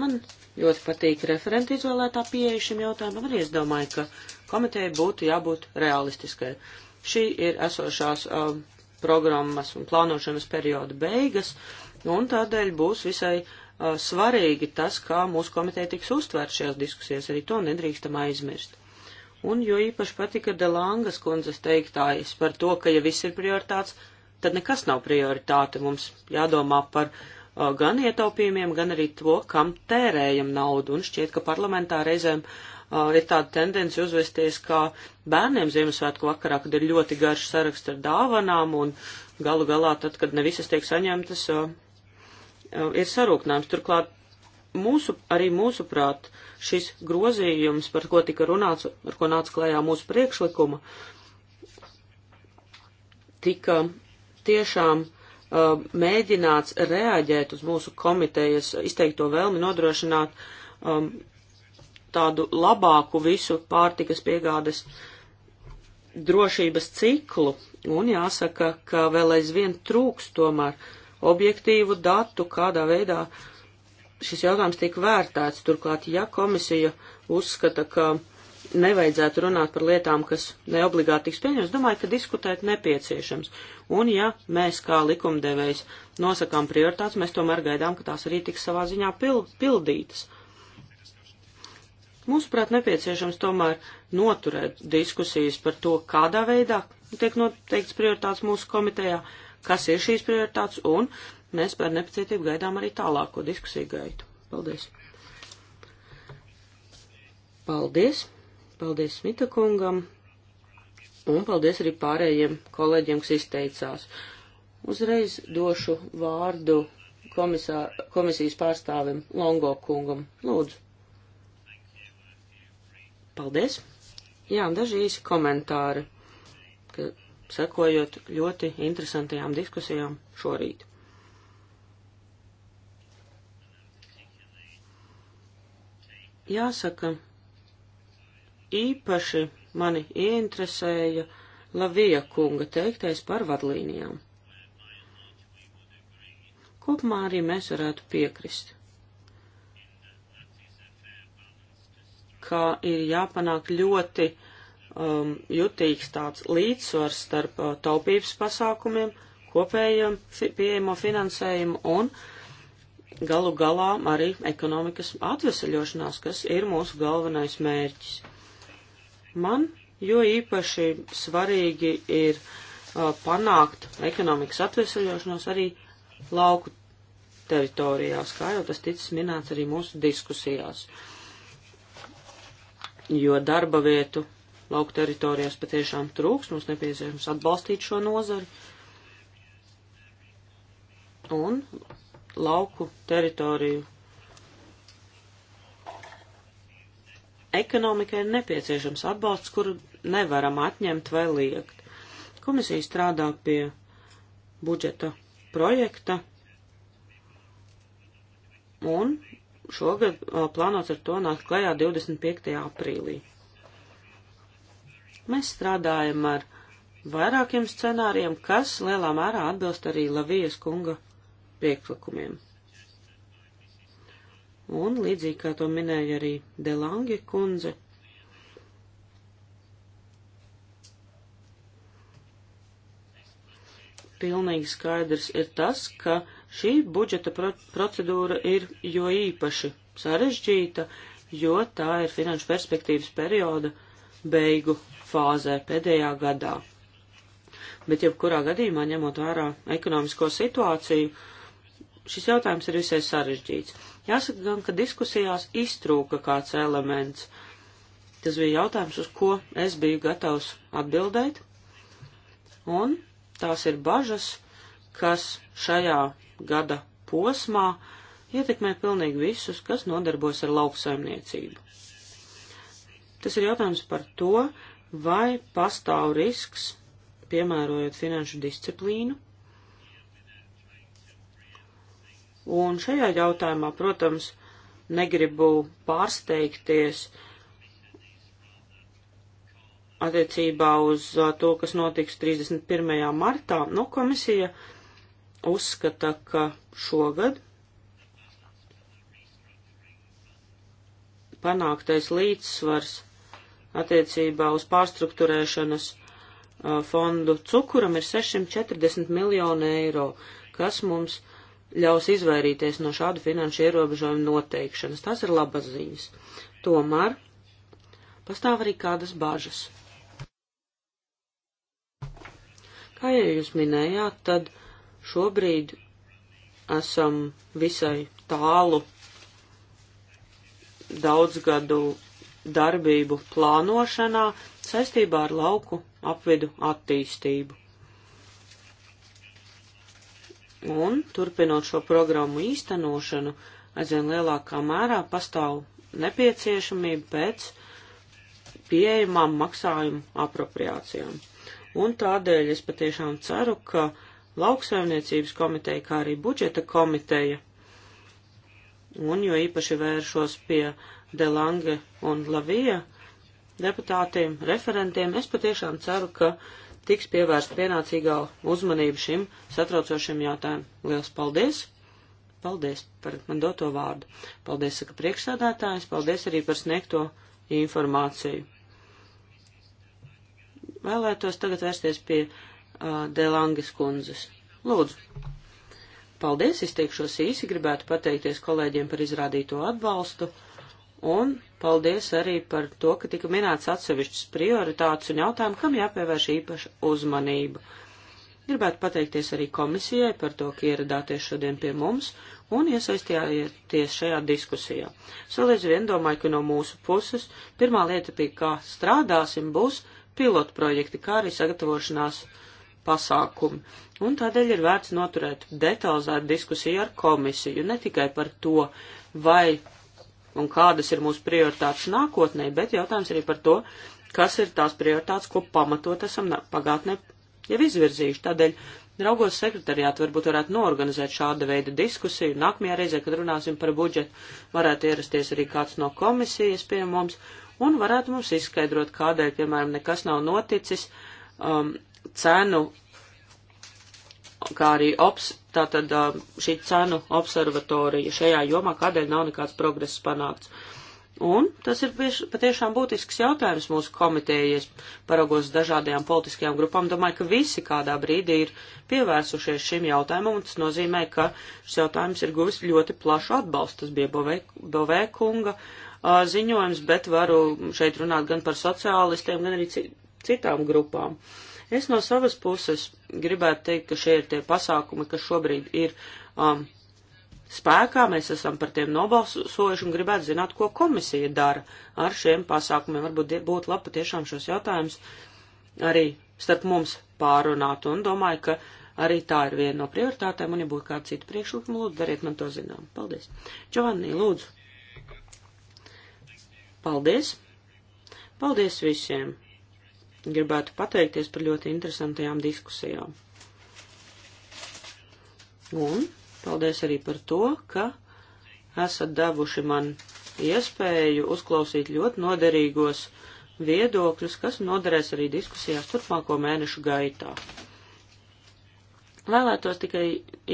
Man ļoti patīk referenta izvēlētā pieeja šim jautājumam. Arī es domāju, ka komiteja būtu jābūt realistiskai. Šī ir esošās um, programmas un plānošanas perioda beigas, un tādēļ būs visai uh, svarīgi tas, kā mūsu komiteja tiks uztvērt šajās diskusijās. Arī to nedrīkstam aizmirst. Un jo īpaši patika Delangas kundzes teiktājs par to, ka ja viss ir prioritāts, tad nekas nav prioritāte. Mums jādomā par uh, gan ietaupījumiem, gan arī to, kam tērējam naudu. Un šķiet, ka parlamentā reizēm uh, ir tāda tendence uzvesties, kā bērniem Ziemassvētku vakarā, kad ir ļoti garš saraksts ar dāvanām un galu galā tad, kad ne visas tiek saņemtas, uh, uh ir sarūknājums. Turklāt mūsu, arī mūsuprāt, šis grozījums, par ko tika runāts, ar ko nāca klajā mūsu priekšlikuma, tika tiešām uh, mēģināts reaģēt uz mūsu komitejas izteikto vēlmi nodrošināt um, tādu labāku visu pārtikas piegādes drošības ciklu. Un jāsaka, ka vēl aizvien trūks tomēr objektīvu datu, kādā veidā uh, šis jautājums tika vērtēts. Turklāt, ja komisija uzskata, ka nevajadzētu runāt par lietām, kas neobligāti tiks pieņemts, domāju, ka diskutēt nepieciešams. Un ja mēs kā likumdevējs nosakām prioritātes, mēs tomēr gaidām, ka tās arī tiks savā ziņā pil pildītas. Mūsuprāt, nepieciešams tomēr noturēt diskusijas par to, kādā veidā tiek noteikts prioritātes mūsu komitejā, kas ir šīs prioritātes un Mēs par nepacietību gaidām arī tālāko diskusiju gaitu. Paldies! Paldies! Paldies Smita kungam! Un paldies arī pārējiem kolēģiem, kas izteicās. Uzreiz došu vārdu komisā, komisijas pārstāvim Longo kungam. Lūdzu. Paldies. Jā, daži īsi komentāri, ka sekojot ļoti interesantajām diskusijām šorīt. Jāsaka, īpaši mani ieinteresēja Lavija kunga teiktais par vadlīnijām. Kopumā arī mēs varētu piekrist, ka ir jāpanāk ļoti um, jutīgs tāds līdzsvars starp uh, taupības pasākumiem, kopējiem fi pieejamo finansējumu un uh, galu galā arī ekonomikas atvesaļošanās, kas ir mūsu galvenais mērķis. Man jo īpaši svarīgi ir uh, panākt ekonomikas atvesaļošanos arī lauku teritorijās, kā jau tas ticis minēts arī mūsu diskusijās. Jo darba vietu lauku teritorijās patiešām trūks, mums nepieciešams atbalstīt šo nozari. Un lauku teritoriju. Ekonomikai ir nepieciešams atbalsts, kuru nevaram atņemt vai liekt. Komisija strādā pie budžeta projekta un šogad plānots ar to nākt klajā 25. aprīlī. Mēs strādājam ar vairākiem scenāriem, kas lielā mērā atbilst arī Lavijas kunga priekšlikumiem. Un līdzīgi kā to minēja arī Delange kundze, pilnīgi skaidrs ir tas, ka šī budžeta pro procedūra ir jo īpaši sarežģīta, jo tā ir finanšu perspektīvas perioda beigu fāzē pēdējā gadā. Bet jebkurā gadījumā, ņemot vērā ekonomisko situāciju, uh, šis jautājums ir visai sarežģīts. Jāsaka gan, ka diskusijās iztrūka kāds elements. Tas bija jautājums, uz ko es biju gatavs atbildēt, un tās ir bažas, kas šajā gada posmā ietekmē pilnīgi visus, kas nodarbojas ar lauksaimniecību. Tas ir jautājums par to, vai pastāv risks, piemērojot finanšu disciplīnu, Un šajā jautājumā, protams, negribu pārsteigties attiecībā uz uh, to, kas notiks 31. martā. Nu, komisija uzskata, ka šogad panāktais līdzsvars attiecībā uz pārstruktūrēšanas uh, fondu cukuram ir 640 miljonu eiro, kas mums ļaus izvairīties no šādu finanšu ierobežojumu noteikšanas. Tas ir labas ziņas. Tomēr pastāv arī kādas bažas. Kā jau jūs minējāt, tad šobrīd esam visai tālu daudzgadu darbību plānošanā saistībā ar lauku apvidu attīstību. Un, turpinot šo programmu īstenošanu, aizvien lielākā mērā pastāv nepieciešamība pēc pieejamām maksājumu apropriācijām. Un tādēļ es patiešām ceru, ka lauksaimniecības komiteja, kā arī budžeta komiteja, un jo īpaši vēršos pie Delange un Lavija deputātiem, referentiem, es patiešām ceru, ka uh, tiks pievērsta pienācīgā uzmanība šim satraucošiem jautājumam. Lielas paldies! Paldies par man doto vārdu. Paldies, saka priekšsādātājs, paldies arī par sniegto informāciju. Vēlētos tagad vērsties pie uh, Delangas kundzes. Lūdzu. Paldies, izteikšos īsi, gribētu pateikties kolēģiem par izrādīto atbalstu. Uh, Un paldies arī par to, ka tika minēts atsevišķas prioritātes un jautājumu, kam jāpievērš īpaša uzmanība. Gribētu pateikties arī komisijai par to, ka ieradāties šodien pie mums un iesaistījāties šajā diskusijā. Salīdz vien domāju, ka no mūsu puses pirmā lieta, pie kā strādāsim, būs pilotprojekti, kā arī sagatavošanās pasākumi. Un tādēļ ir vērts noturēt detalizētu diskusiju ar komisiju, ne tikai par to, vai un kādas ir mūsu prioritātes nākotnē, bet jautājums arī par to, kas ir tās prioritātes, ko pamatot esam pagātnē jau izvirzījuši. Tādēļ Draugos sekretariāti varbūt varētu norganizēt šāda veida diskusiju. Nākamajā reizē, kad runāsim par budžetu, varētu ierasties arī kāds no komisijas pie mums un varētu mums izskaidrot, kādēļ, piemēram, nekas nav noticis um, cenu kā arī ops, tātad šī cenu observatorija šajā jomā, kādēļ nav nekāds progress panākts. Un tas ir biež, patiešām būtisks jautājums mūsu komitejas paragos dažādajām politiskajām grupām. Domāju, ka visi kādā brīdī ir pievērsušies šim jautājumam, un tas nozīmē, ka šis jautājums ir guvis ļoti plašu atbalstu. Tas bija Bovē, Bovē kunga a, ziņojums, bet varu šeit runāt gan par sociālistiem, gan arī citām grupām. Uh, Es no savas puses gribētu teikt, ka šie ir tie pasākumi, kas šobrīd ir um, spēkā, mēs esam par tiem nobalsojuši un gribētu zināt, ko komisija dara ar šiem pasākumiem. Varbūt būtu labi patiešām šos jautājumus arī starp mums pārunāt un domāju, ka arī tā ir viena no prioritātēm un, ja būtu kāda cita priekšlikuma, lūdzu, dariet man to zinām. Paldies. Giovanni, lūdzu. Paldies. Paldies visiem gribētu pateikties par ļoti interesantajām diskusijām. Un paldies arī par to, ka esat devuši man iespēju uzklausīt ļoti noderīgos viedokļus, kas noderēs arī diskusijās turpmāko mēnešu gaitā. Vēlētos tikai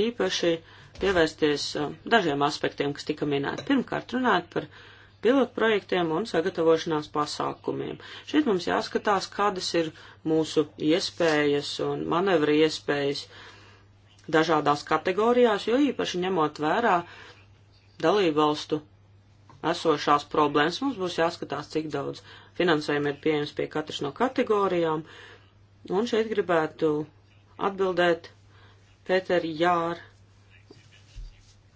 īpaši pievērsties dažiem aspektiem, kas tika minēti. Pirmkārt, runāt par pilotprojektiem un sagatavošanās pasākumiem. Šeit mums jāskatās, kādas ir mūsu iespējas un manevra iespējas dažādās kategorijās, jo īpaši ņemot vērā dalībvalstu esošās problēmas, mums būs jāskatās, cik daudz finansējuma ir pieejams pie katras no kategorijām. Un šeit gribētu atbildēt Pēteri Jāra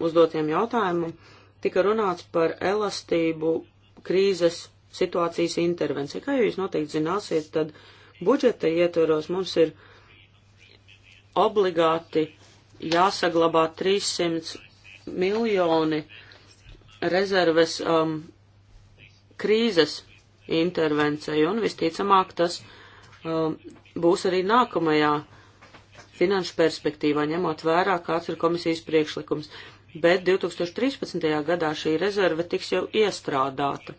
uzdotiem jautājumam tika runāts par elastību krīzes situācijas intervenciju. Kā jūs noteikti zināsiet, tad budžeta ietveros mums ir obligāti jāsaglabā 300 miljoni rezerves um, krīzes intervencija, un visticamāk tas um, būs arī nākamajā finanšu perspektīvā, ņemot vērā, kāds ir komisijas priekšlikums bet 2013. gadā šī rezerve tiks jau iestrādāta.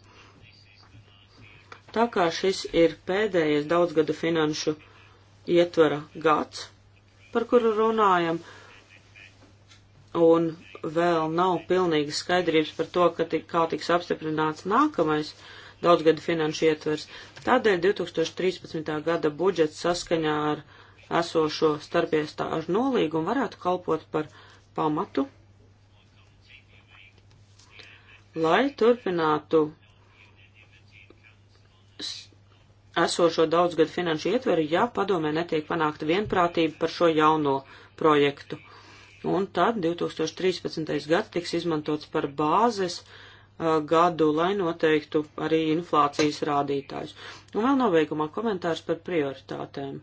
Tā kā šis ir pēdējais daudzgada finanšu ietvara gads, par kuru runājam, un vēl nav pilnīgas skaidrības par to, ka tik, kā tiks apstiprināts nākamais daudzgada finanšu ietvers. Tādēļ 2013. gada budžets saskaņā ar esošo starpiestāžu nolīgumu varētu kalpot par pamatu lai turpinātu esošo daudzgadu finanšu ietveru, ja padomē netiek panākta vienprātība par šo jauno projektu. Un tad 2013. gads tiks izmantots par bāzes uh, gadu, lai noteiktu arī inflācijas rādītājus. Un vēl nobeigumā komentārs par prioritātēm.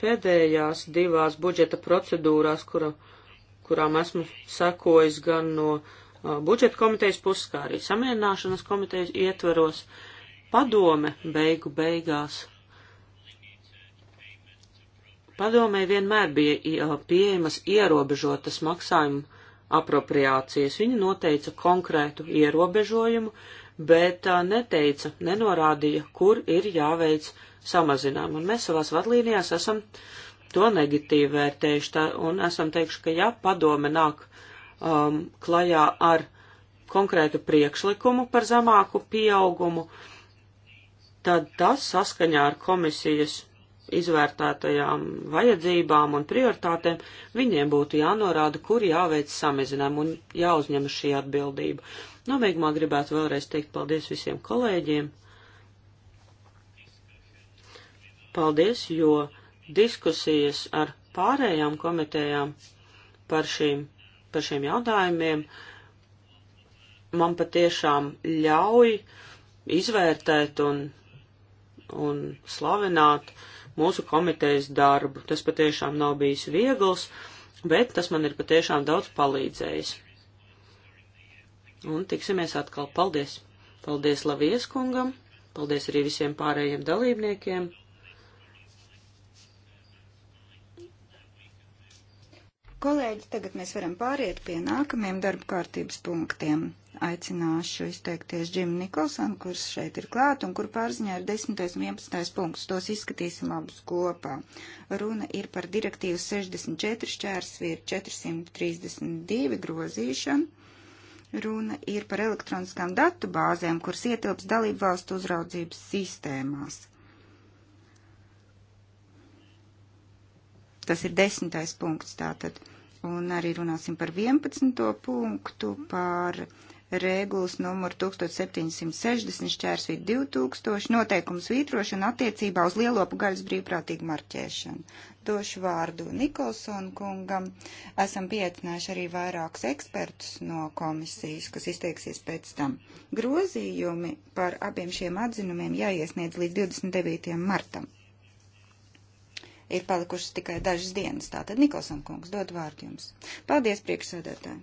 Pēdējās divās budžeta procedūrās, kura, kurām esmu sekojis gan no uh, budžeta komitejas puses, kā arī samierināšanas komitejas ietveros, padome beigu beigās. Padomē vienmēr bija uh, pieejamas ierobežotas maksājumu apropriācijas. Viņa noteica konkrētu ierobežojumu, bet uh, neteica, nenorādīja, kur ir jāveic uh, samazinājumu. Un mēs savās vadlīnijās esam to negatīvi vērtējuši tā, un esam teikuši, ka ja padome nāk um, klajā ar konkrētu priekšlikumu par zemāku pieaugumu, tad tas saskaņā ar komisijas izvērtētajām vajadzībām un prioritātēm, viņiem būtu jānorāda, kur jāveic samazinājumi un jāuzņem šī atbildība. Nobeigumā gribētu vēlreiz teikt paldies visiem kolēģiem. Paldies, jo diskusijas ar pārējām komitejām par, šīm, par šiem jautājumiem man patiešām ļauj izvērtēt un, un slavināt mūsu komitejas darbu. Tas patiešām nav bijis viegls, bet tas man ir patiešām daudz palīdzējis. Un tiksimies atkal. Paldies! Paldies Lavieskungam! Paldies arī visiem pārējiem dalībniekiem! Kolēģi, tagad mēs varam pāriet pie nākamajiem darba kārtības punktiem. Aicināšu izteikties Džimu Nikolsonu, kurš šeit ir klāt un kur pārziņā ir 10. un 11. punkts. Tos izskatīsim abus kopā. Runa ir par direktīvu 64 šķērsvīru 432 grozīšanu. Runa ir par elektroniskām datu bāzēm, kuras ietilps dalību valstu uzraudzības sistēmās. Tas ir desmitais punkts tātad un arī runāsim par 11. punktu, par regulas numuru 1760 šķērsvīt 2000 noteikumu svītrošanu attiecībā uz lielopu gaļas brīvprātīgu marķēšanu. Došu vārdu Nikolsonu kungam. Esam pieaicinājuši arī vairākus ekspertus no komisijas, kas izteiksies pēc tam. Grozījumi par abiem šiem atzinumiem jāiesniedz līdz 29. martam ir palikušas tikai dažas dienas. Tātad Nikolson kungs dod vārdu jums. Paldies, priekšsēdētāji!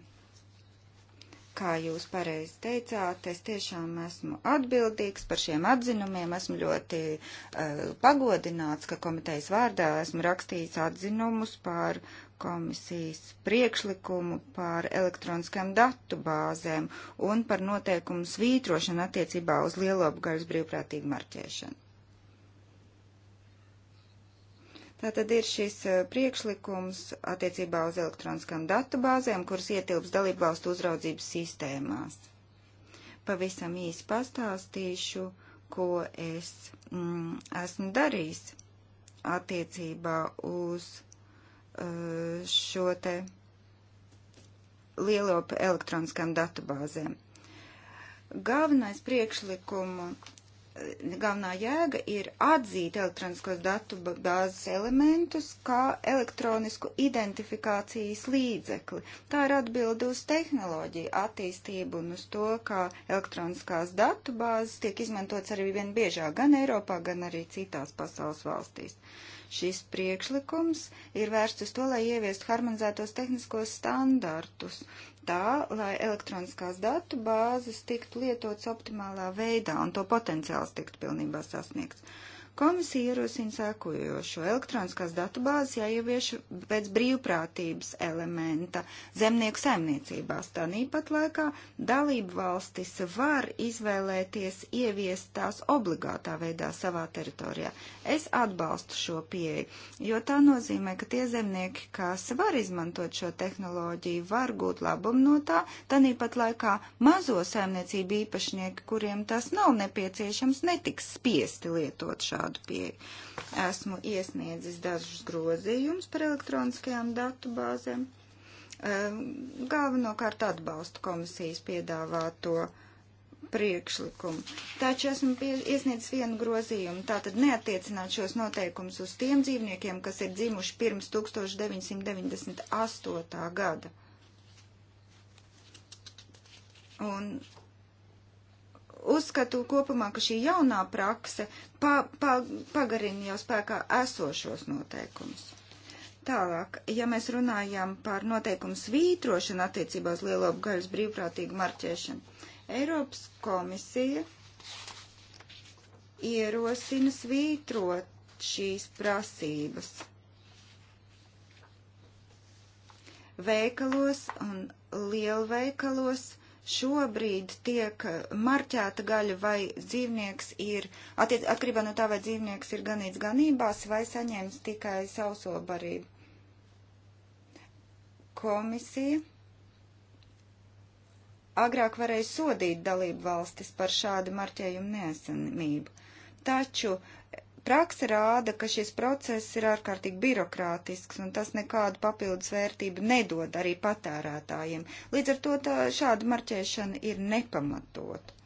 Kā jūs pareizi teicāt, es tiešām esmu atbildīgs par šiem atzinumiem, esmu ļoti uh, pagodināts, ka komitejas vārdā esmu rakstījis atzinumus par komisijas priekšlikumu par elektroniskām datu bāzēm un par noteikumu svītrošanu attiecībā uz lielopgaļas brīvprātīgu marķēšanu. Tātad ir šis e, priekšlikums attiecībā uz elektroniskām datubāzēm, kuras ietilps dalību valstu uzraudzības sistēmās. Pavisam īsi pastāstīšu, ko es mm, esmu darījis attiecībā uz uh, šo te lielo elektroniskām datubāzēm. Galvenais priekšlikuma galvenā jēga ir atzīt elektroniskos datu bāzes elementus kā elektronisku identifikācijas līdzekli. Tā ir atbilde uz tehnoloģiju attīstību un uz to, kā elektroniskās datu bāzes tiek izmantots arī vien biežāk gan Eiropā, gan arī citās pasaules valstīs. Šis priekšlikums ir vērsts uz to, lai ieviestu harmonizētos tehniskos standartus, tā, lai elektroniskās datu bāzes tiktu lietotas optimālā veidā un to potenciāls tiktu pilnībā sasniegts. Uh, Komisija ierosina sēkojošo elektroniskās datubāzes jāievieš pēc brīvprātības elementa zemnieku saimniecībās. Tāpat laikā dalību valstis var izvēlēties ieviest tās obligātā veidā savā teritorijā. Es atbalstu šo pieeju, jo tā nozīmē, ka tie zemnieki, kas var izmantot šo tehnoloģiju, var gūt labumu no tā, tāpat laikā mazo saimniecību īpašnieki, kuriem tas nav nepieciešams, netiks spiesti lietot šādu šādu pieeju. Esmu iesniedzis dažus grozījumus par elektroniskajām datu bāzēm. Ehm, galvenokārt atbalstu komisijas piedāvāto priekšlikumu. Taču esmu pie, iesniedzis vienu grozījumu. Tātad neatiecināt šos noteikumus uz tiem dzīvniekiem, kas ir dzimuši pirms 1998. gada. Un uzskatu kopumā, ka šī jaunā prakse pa, pa, pagarina jau spēkā esošos noteikumus. Tālāk, ja mēs runājam par noteikumu svītrošanu attiecībā uz lielo gaļas brīvprātīgu marķēšanu, Eiropas komisija ierosina svītrot šīs prasības. Veikalos un lielveikalos uh, šobrīd tiek marķēta gaļa vai dzīvnieks ir, attiec, atkarībā no tā, vai dzīvnieks ir ganīts ganībās vai saņēmis tikai sauso barību. Komisija agrāk varēja sodīt dalību valstis par šādu marķējumu neesamību. Taču Praksa rāda, ka šis process ir ārkārtīgi birokrātisks, un tas nekādu papildus vērtību nedod arī patērētājiem. Līdz ar to tā, šāda marķēšana ir nepamatota.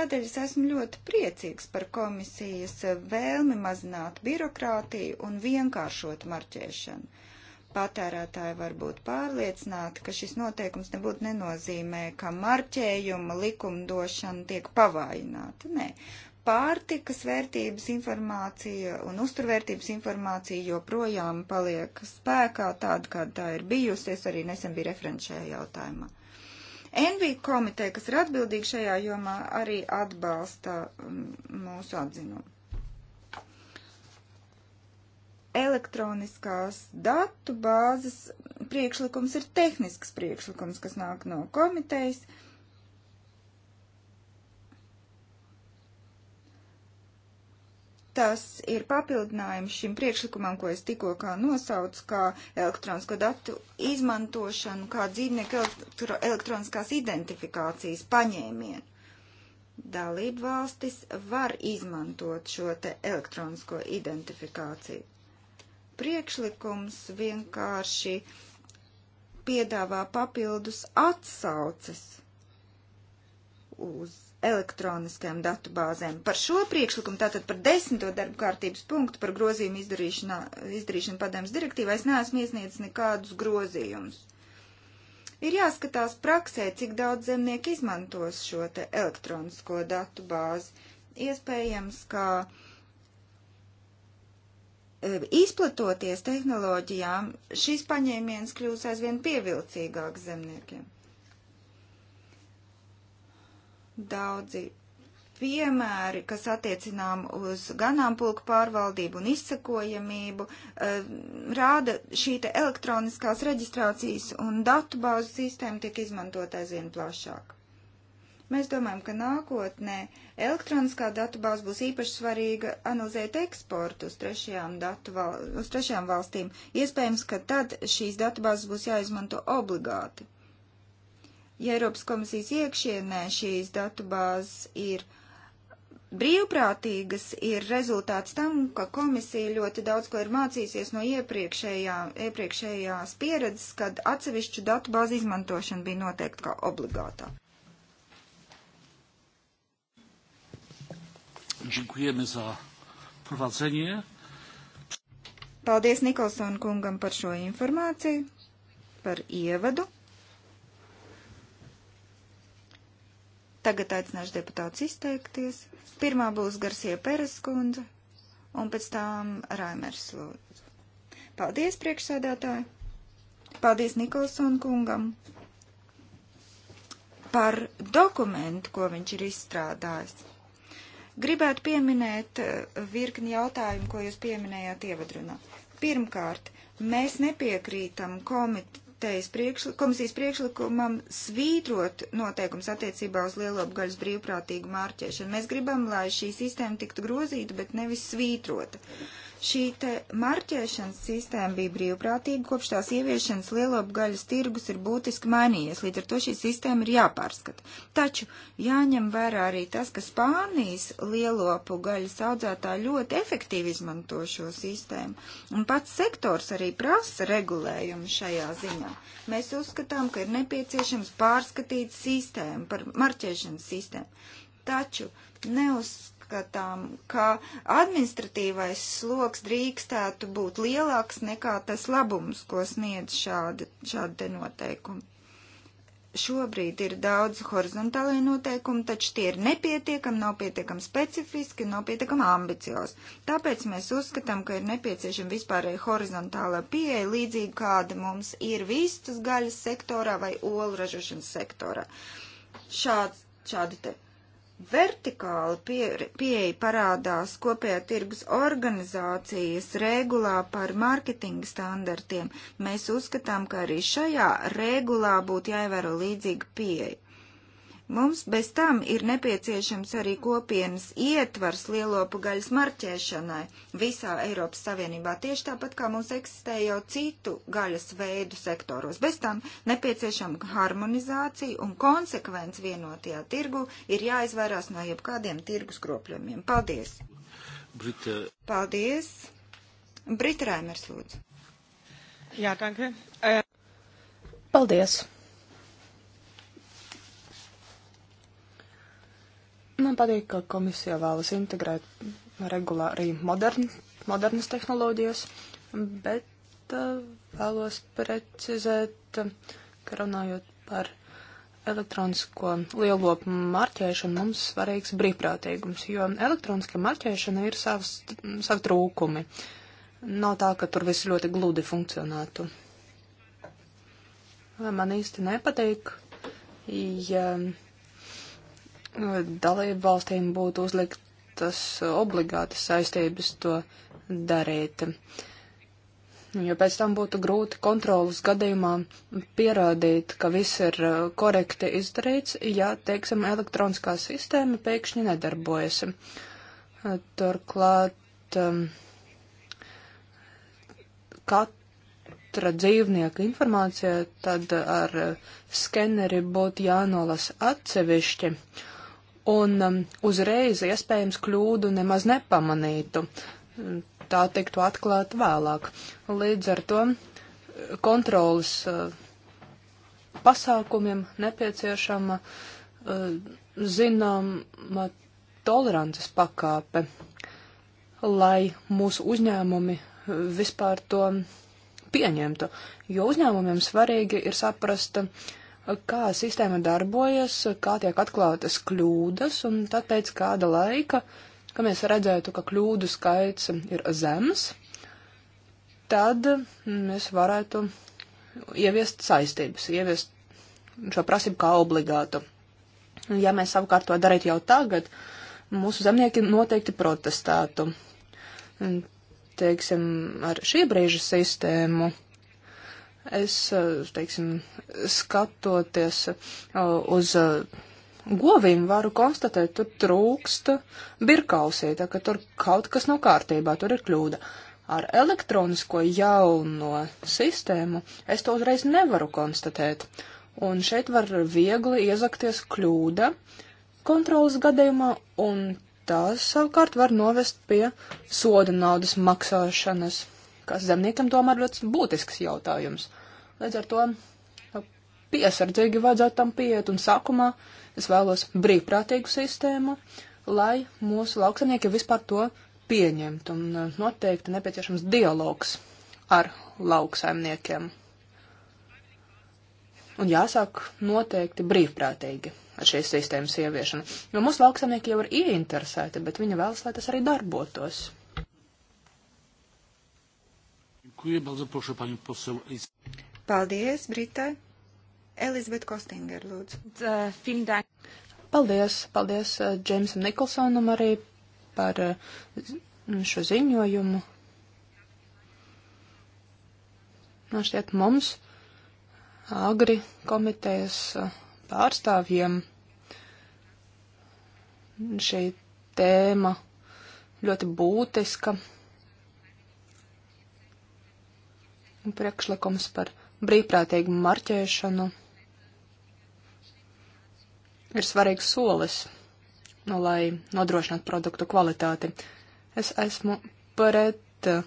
Tādēļ es esmu ļoti priecīgs par komisijas vēlmi mazināt birokrātiju un vienkāršot marķēšanu. Patērētāji var būt pārliecināti, ka šis noteikums nebūtu nenozīmē, ka marķējuma likumdošana tiek pavājināta. Nē, Pārtikas vērtības informācija un uzturvērtības informācija joprojām paliek spēkā tāda, kāda tā ir bijusi. Es arī nesen biju referents šajā jautājumā. NV komiteja, kas ir atbildīga šajā jomā, arī atbalsta um, mūsu atzinumu. Elektroniskās datu bāzes priekšlikums ir tehnisks priekšlikums, kas nāk no komitejas. Uh, Tas ir papildinājums šim priekšlikumam, ko es tikko kā nosaucu, kā elektronisko datu izmantošanu, kā dzīvnieku elektro, elektroniskās identifikācijas paņēmienu. Dalību valstis var izmantot šo te elektronisko identifikāciju. Priekšlikums vienkārši piedāvā papildus atsauces uz elektroniskajām datubāzēm. Par šo priekšlikumu, tātad par desmito darba kārtības punktu par grozījumu izdarīšanu padomus direktīvā, es neesmu iesniedzis nekādus grozījumus. Ir jāskatās praksē, cik daudz zemnieku izmantos šo te elektronisko datu bāzi. Iespējams, ka e, izplatoties tehnoloģijām, šis paņēmiens kļūs aizvien pievilcīgāks zemniekiem. Daudzi piemēri, kas attiecinām uz ganāmpulku pārvaldību un izsekojamību, eh, rāda šī te elektroniskās reģistrācijas un datu bāzu sistēma tiek izmantot aizvien plašāk. Mēs domājam, ka nākotnē elektroniskā datubāze būs īpaši svarīga analizēt eksportu uz trešajām, datu val uz trešajām valstīm. Iespējams, ka tad šīs datubāzes būs jāizmanto obligāti. Ja Eiropas komisijas iekšienē šīs datubāzes ir brīvprātīgas ir rezultāts tam, ka komisija ļoti daudz ko ir mācījusies no iepriekšējā, iepriekšējās pieredzes, kad atsevišķu datu bāzi izmantošana bija noteikti kā obligātā. Paldies Nikolson kungam par šo informāciju, par ievadu. Tagad aicināšu deputātus izteikties. Pirmā būs Garsie Peres kundze, un pēc tām Raimers lūdzu. Paldies, priekšsēdētāji! Paldies Nikolson kungam par dokumentu, ko viņš ir izstrādājis. Gribētu pieminēt eh, virkni jautājumu, ko jūs pieminējāt ievadrunā. Pirmkārt, mēs nepiekrītam komit priekšli, komisijas priekšlikumam svītrot noteikums attiecībā uz lielopgaļas brīvprātīgu mārķēšanu. Mēs gribam, lai šī sistēma tiktu grozīta, bet nevis svītrota. Uh, Šī te marķēšanas sistēma bija brīvprātīga, kopš tās ieviešanas lielopgaļas tirgus ir būtiski mainījies, līdz ar to šī sistēma ir jāpārskata. Taču jāņem vērā arī tas, ka Spānijas lielopu gaļas audzētā ļoti efektīvi izmanto šo sistēmu, un pats sektors arī prasa regulējumu šajā ziņā. Mēs uzskatām, ka ir nepieciešams pārskatīt sistēmu par marķēšanas sistēmu. Taču neuz, uzskatām, ka administratīvais sloks drīkstētu būt lielāks nekā tas labums, ko sniedz šāda, šāda noteikuma. Šobrīd ir daudz horizontālai noteikumi, taču tie ir nepietiekami, nav pietiekami specifiski, nav pietiekami ambiciozi. Tāpēc mēs uzskatām, ka ir nepieciešama vispārēja horizontāla pieeja, līdzīgi kāda mums ir vistas gaļas sektorā vai olu ražošanas sektorā. Šāds, šādi te Vertikāla pieeja pie parādās kopējā tirgus organizācijas regulā par mārketinga standartiem. Mēs uzskatām, ka arī šajā regulā būtu jāievēro līdzīga pieeja. Mums bez tam ir nepieciešams arī kopienas ietvars lielopu gaļas marķēšanai visā Eiropas Savienībā, tieši tāpat kā mums eksistē jau citu gaļas veidu sektoros. Bez tam nepieciešama harmonizācija un konsekvence vienotajā tirgu ir jāizvairās no jebkādiem tirgus kropļumiem. Paldies! Brita. Paldies! Brita Rēmers, lūdzu. Jā, danke. Uh... Paldies! Man patīk, ka komisija vēlas integrēt regulā arī modern, modernas tehnoloģijas, bet eh, vēlos precizēt, ka runājot par elektronisko lielo marķēšanu mums svarīgs brīvprātīgums, jo elektroniska marķēšana ir savs, savi trūkumi. Nav tā, ka tur viss ļoti gludi funkcionētu. Man īsti nepatīk, ja dalību valstīm būtu uzliktas obligātas saistības to darīt. Jo pēc tam būtu grūti kontrolas gadījumā pierādīt, ka viss ir uh, korekti izdarīts, ja, teiksim, elektroniskā sistēma pēkšņi nedarbojas. Uh, turklāt um, katra dzīvnieka informācija tad ar uh, skeneri būtu jānolasa atsevišķi. Uh, un um, uzreiz iespējams kļūdu nemaz nepamanītu. Tā tiktu atklāt vēlāk. Līdz ar to uh, kontrolas uh, pasākumiem nepieciešama uh, zināma tolerances pakāpe, lai mūsu uzņēmumi uh, vispār to pieņemtu, jo uzņēmumiem svarīgi ir saprast, uh, kā sistēma darbojas, kā tiek atklātas kļūdas, un tad pēc kāda laika, ka mēs redzētu, ka kļūdu skaits ir zems, tad mēs varētu ieviest saistības, ieviest šo prasību kā obligātu. Ja mēs savukārt to darītu jau tagad, mūsu zemnieki noteikti protestētu. Teiksim, ar šī brīža sistēmu Es, eh, teiksim, skatoties eh, uz eh, govīm, varu konstatēt, tur trūkst birkausī, tā ka tur kaut kas nav kārtībā, tur ir kļūda. Ar elektronisko jauno sistēmu es to uzreiz nevaru konstatēt. Un šeit var viegli iezakties kļūda kontrolas gadījumā, un tas savukārt var novest pie soda naudas maksāšanas kas zemniekam tomēr ļoti būtisks jautājums. Līdz ar to nu, piesardzīgi vajadzētu tam pieiet, un sākumā es vēlos brīvprātīgu sistēmu, lai mūsu lauksanieki vispār to pieņemtu, un uh, noteikti nepieciešams dialogs ar lauksaimniekiem. Un jāsāk noteikti brīvprātīgi ar šīs sistēmas ieviešanu, jo mūsu lauksaimnieki jau ir ieinteresēti, bet viņi vēlas, lai tas arī darbotos. Dziękuję. Bardzo proszę panią poseł Elizabeth. Paldies, Brita. Elizabeth Kostinger, lūdzu. Uh, paldies, paldies uh, Džeimsam Nikolsonam arī par uh, šo ziņojumu. Man nu, šķiet mums, agri komitejas pārstāvjiem, šī tēma ļoti būtiska Priekšlikums par brīvprātīgu marķēšanu ir svarīgs solis, nu, lai nodrošinātu produktu kvalitāti. Es esmu pret eh,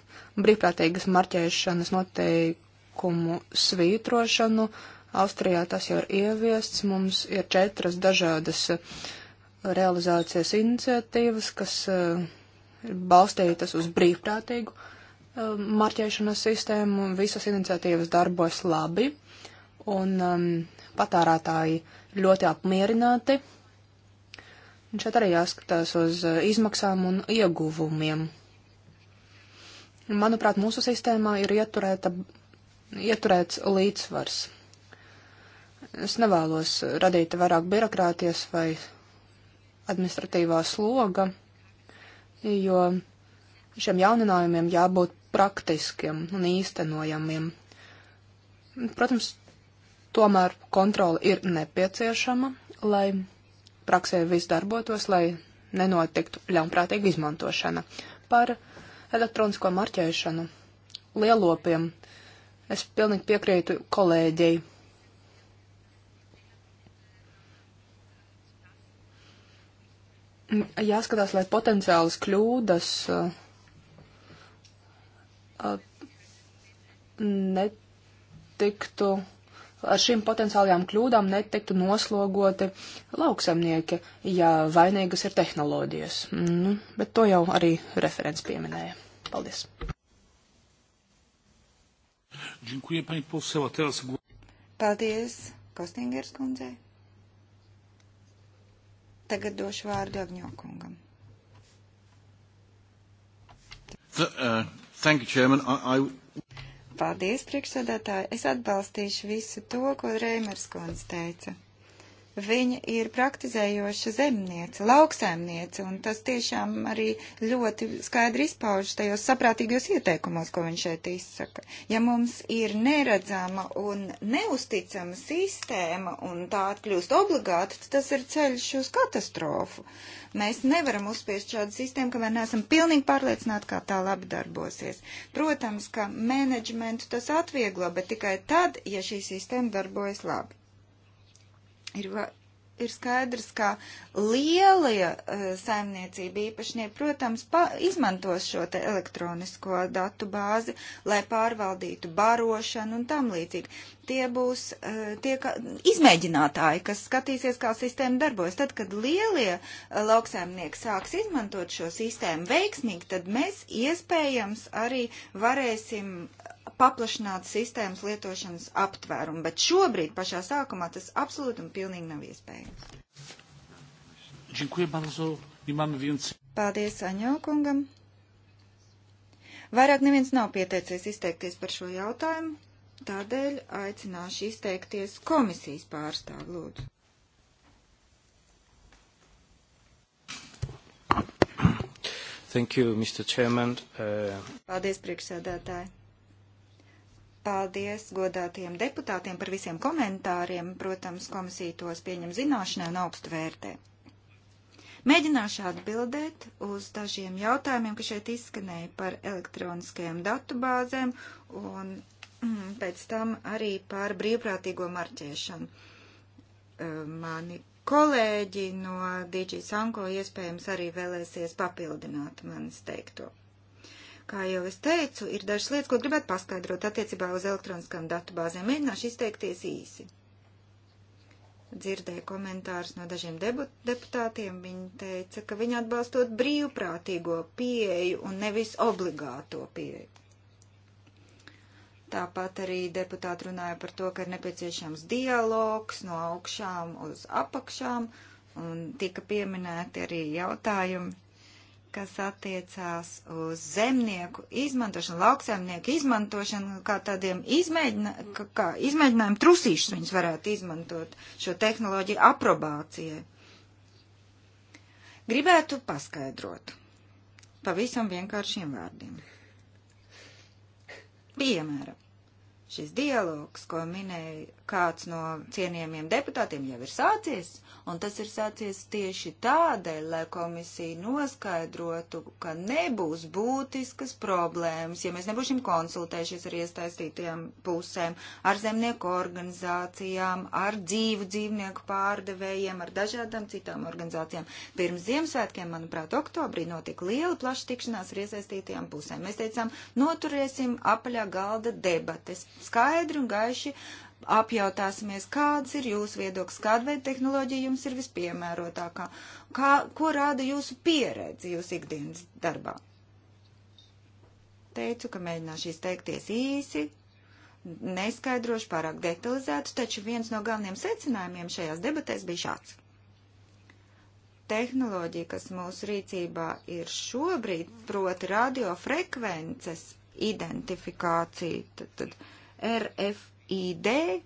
brīvprātīgas marķēšanas noteikumu svītrošanu. Austrijā tas jau ir ieviests. Mums ir četras dažādas eh, realizācijas iniciatīvas, kas eh, ir balstītas uz brīvprātīgu Um, marķēšanas sistēmu, visas iniciatīvas darbojas labi, un um, patērētāji ļoti apmierināti. Un šeit arī jāskatās uz uh, izmaksām un ieguvumiem. Manuprāt, mūsu sistēmā ir ieturēta, ieturēts līdzsvars. Es nevēlos radīt vairāk birokrātijas vai administratīvā sloga, jo šiem jauninājumiem jābūt praktiskiem un īstenojamiem. Protams, tomēr kontrola ir nepieciešama, lai praksē viss darbotos, lai nenotiktu ļaunprātīga izmantošana. Par elektronisko marķēšanu lielopiem es pilnīgi piekrītu kolēģei. Jāskatās, lai potenciālas kļūdas uh, netiktu ar šīm potenciālajām kļūdām netiktu noslogoti lauksamnieki, ja vainīgas ir tehnoloģijas. Nu, bet to jau arī referents pieminēja. Paldies. Paldies, Kostingers kundzei. Tagad došu vārdu Agņokungam. Uh, Thank you, Chairman. I, I... Paldies, priekšsēdētāji. Es atbalstīšu visu to, ko Reimers kundze teica. Viņa ir praktizējoša zemniece, lauksaimniece, un tas tiešām arī ļoti skaidri izpaužas tajos saprātīgajos ieteikumos, ko viņš šeit izsaka. Ja mums ir neredzama un neusticama sistēma, un tā atkļūst obligāta, tad tas ir ceļš uz katastrofu. Mēs nevaram uzspiest šādu sistēmu, kamēr neesam pilnīgi pārliecināti, kā tā labi darbosies. Protams, ka menedžmentu tas atvieglo, bet tikai tad, ja šī sistēma darbojas labi. Ir, ir skaidrs, ka lielie uh, saimniecība īpašnieki, protams, pa, izmantos šo te elektronisko datu bāzi, lai pārvaldītu barošanu un tam līdzīgi tie būs eh, tie izmēģinātāji, kas skatīsies, kā sistēma darbojas. Tad, kad lielie eh, lauksēmnieki sāks izmantot šo sistēmu veiksmīgi, tad mēs iespējams arī varēsim paplašināt sistēmas lietošanas aptvērumu, bet šobrīd pašā sākumā tas absolūti un pilnīgi nav iespējams. Paldies Aņokungam. Vairāk neviens nav pieteicies izteikties par šo jautājumu. Tādēļ aicināšu izteikties komisijas pārstāvu lūdzu. Thank you, Mr. Chairman. Uh... Paldies, priekšsēdētāji. Paldies godātiem deputātiem par visiem komentāriem. Protams, komisija tos pieņem zināšanai un augstu vērtē. Mēģināšu atbildēt uz dažiem jautājumiem, kas šeit izskanēja par elektroniskajām datubāzēm un Mm, pēc tam arī par brīvprātīgo marķēšanu. E, mani kolēģi no DG Sanko iespējams arī vēlēsies papildināt manis teikto. Kā jau es teicu, ir dažas lietas, ko gribētu paskaidrot attiecībā uz elektroniskām datubāzēm. Mēģināšu izteikties īsi. Dzirdēju komentārus no dažiem deputātiem. Viņi teica, ka viņi atbalstot brīvprātīgo pieeju un nevis obligāto pieeju Tāpat arī deputāti runāja par to, ka ir nepieciešams dialogs no augšām uz apakšām, un tika pieminēti arī jautājumi, kas attiecās uz zemnieku izmantošanu, lauksaimnieku izmantošanu, kā tādiem izmēģinā, kā izmēģinājumu trusīšus viņus varētu izmantot šo tehnoloģiju aprobācijai. Gribētu paskaidrot pavisam vienkāršiem vārdiem. Piemēram, Šis dialogs, ko minēja kāds no cienījamiem deputātiem jau ir sācies, un tas ir sācies tieši tādēļ, lai komisija noskaidrotu, ka nebūs būtiskas problēmas, ja mēs nebūsim konsultējušies ar iesaistītajām pusēm, ar zemnieku organizācijām, ar dzīvu dzīvnieku pārdevējiem, ar dažādām citām organizācijām. Pirms Ziemassvētkiem, manuprāt, oktobrī notika liela plaša tikšanās ar iesaistītajām pusēm. Mēs teicām, noturēsim apaļā galda debates, skaidri un gaiši apjautāsimies, kāds ir jūsu viedoklis, kāda veida tehnoloģija jums ir vispiemērotākā, kā, ko rāda jūsu pieredze jūsu ikdienas darbā. Teicu, ka mēģināšu izteikties īsi, neskaidrošu pārāk detalizētu, taču viens no galvenajiem secinājumiem šajās debatēs bija šāds. Tehnoloģija, kas mūsu rīcībā ir šobrīd, proti radiofrekvences identifikācija, tad, tad RF ideja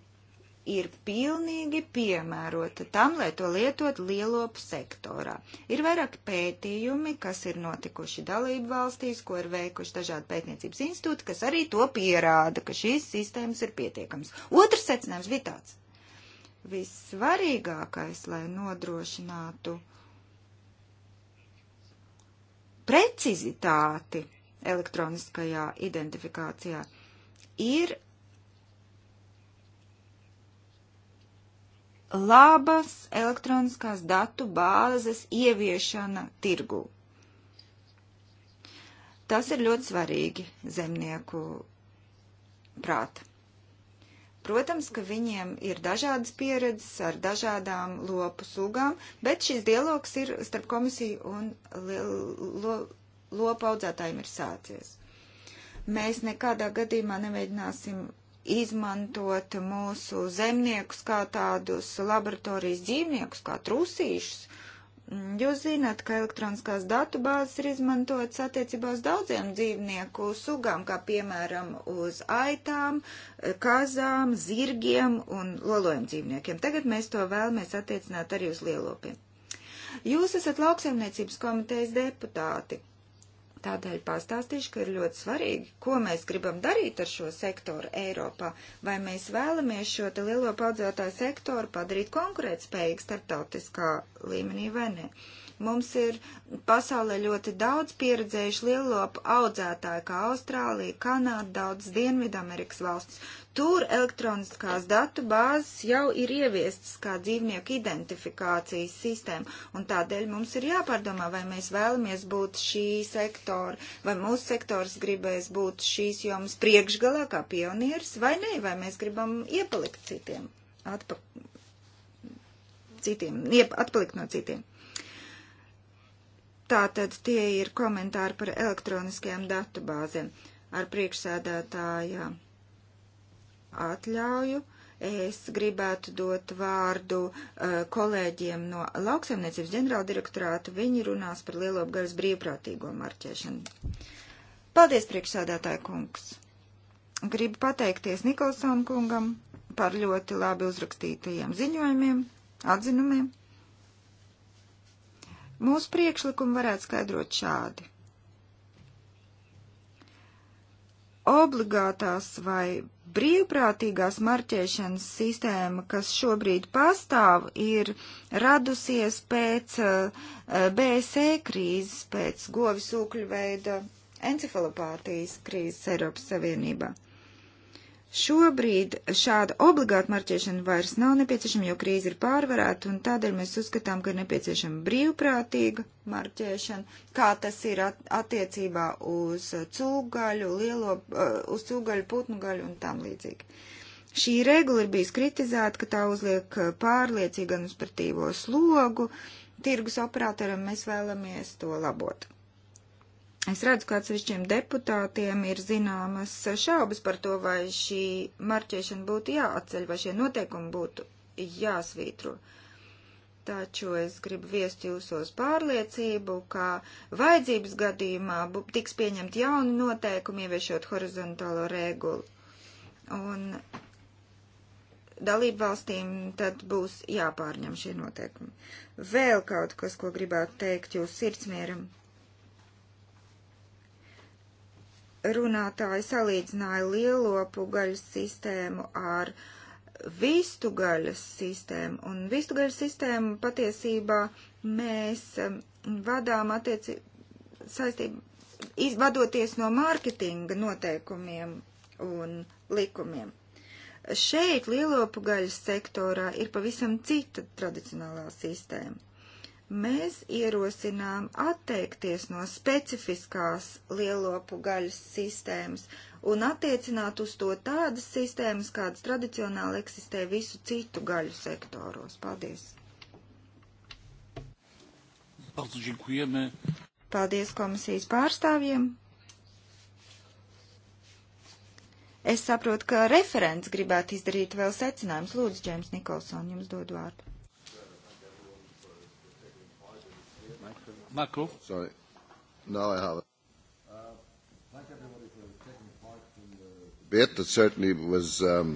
ir pilnīgi piemērota tam, lai to lietot lielopu sektorā. Ir vairāk pētījumi, kas ir notikuši dalību valstīs, ko ir veikuši dažādi pētniecības institūti, kas arī to pierāda, ka šīs sistēmas ir pietiekams. Otrs secinājums bija tāds. Vissvarīgākais, lai nodrošinātu precizitāti elektroniskajā identifikācijā, ir labas elektroniskās datu bāzes ieviešana tirgū. Tas ir ļoti svarīgi zemnieku prāta. Protams, ka viņiem ir dažādas pieredzes ar dažādām lopu sugām, bet šis dialogs ir starp komisiju un lo, lopu audzētājiem ir sācies. Mēs nekādā gadījumā nemēģināsim izmantot mūsu zemniekus kā tādus laboratorijas dzīvniekus, kā trusīšus. Jūs zināt, ka elektroniskās datubāzes ir izmantotas attiecībā uz daudziem dzīvnieku sugām, kā piemēram uz aitām, kazām, zirgiem un lolojiem dzīvniekiem. Tagad mēs to vēlamies attiecināt arī uz lielopiem. Jūs esat lauksaimniecības komitejas deputāti. Tādēļ pastāstīšu, ka ir ļoti svarīgi, ko mēs gribam darīt ar šo sektoru Eiropā. Vai mēs vēlamies šo te lielo paudzētāju sektoru padarīt konkurētspējīgu starptautiskā līmenī vai nē. Ne? Mums ir pasaulē ļoti daudz pieredzējuši lielopu audzētāju, kā Austrālija, Kanāda, daudz Dienvidamerikas valsts. Tur elektroniskās datu bāzes jau ir ieviestas kā dzīvnieku identifikācijas sistēma, un tādēļ mums ir jāpārdomā, vai mēs vēlamies būt šī sektora, vai mūsu sektors gribēs būt šīs jomas priekšgalā kā pionieris, vai nē, vai mēs gribam iepalikt citiem, atpa, citiem iep, atpalikt no citiem. Tātad tie ir komentāri par elektroniskajām datubāzēm. Ar priekšsēdētājā atļauju es gribētu dot vārdu uh, kolēģiem no lauksaimniecības ģenerāldirektorāta. Viņi runās par lielopgaļas brīvprātīgo marķēšanu. Paldies, priekšsēdētāja kungs! Gribu pateikties Nikolsonu kungam par ļoti labi uzrakstītajiem ziņojumiem, atzinumiem. Mūsu priekšlikumu varētu skaidrot šādi. Obligātās vai brīvprātīgās marķēšanas sistēma, kas šobrīd pastāv, ir radusies pēc uh, eh, BSE krīzes, pēc govis ūkļu veida encefalopātijas krīzes Eiropas Savienībā. Šobrīd šāda obligāta marķēšana vairs nav nepieciešama, jo krīze ir pārvarēta, un tādēļ mēs uzskatām, ka ir nepieciešama brīvprātīga marķēšana, kā tas ir at attiecībā uz cūgaļu, lielo, eh, uz cūgaļu, putnu gaļu un tam līdzīgi. Šī regula ir bijis kritizēta, ka tā uzliek pārliecīgu administratīvo slogu, tirgus operatoriem mēs vēlamies to labot. Es redzu, ka atsevišķiem deputātiem ir zināmas šaubas par to, vai šī marķēšana būtu jāatceļ, vai šie noteikumi būtu jāsvītro. Taču es gribu viest jūsos pārliecību, ka vajadzības gadījumā tiks pieņemt jauni noteikumi, ieviešot horizontālo regulu. Un dalību valstīm tad būs jāpārņem šie noteikumi. Vēl kaut kas, ko gribētu teikt jūs sirdsmieram runātāji salīdzināja lielopu gaļas sistēmu ar vistu gaļas sistēmu, un vistu gaļas sistēmu patiesībā mēs um, vadām attieci saistību, vadoties no mārketinga noteikumiem un likumiem. Šeit lielopu gaļas sektorā ir pavisam cita tradicionālā sistēma mēs ierosinām atteikties no specifiskās lielopu gaļas sistēmas un attiecināt uz to tādas sistēmas, kādas tradicionāli eksistē visu citu gaļu sektoros. Paldies! Paldies komisijas pārstāvjiem! Es saprotu, ka referents gribētu izdarīt vēl secinājumus. Lūdzu, Džēms Nikolson, jums dod vārdu. Marco? Sorry. No, I haven't. Uh, thank everybody for taking part in the debate. That certainly was. Um,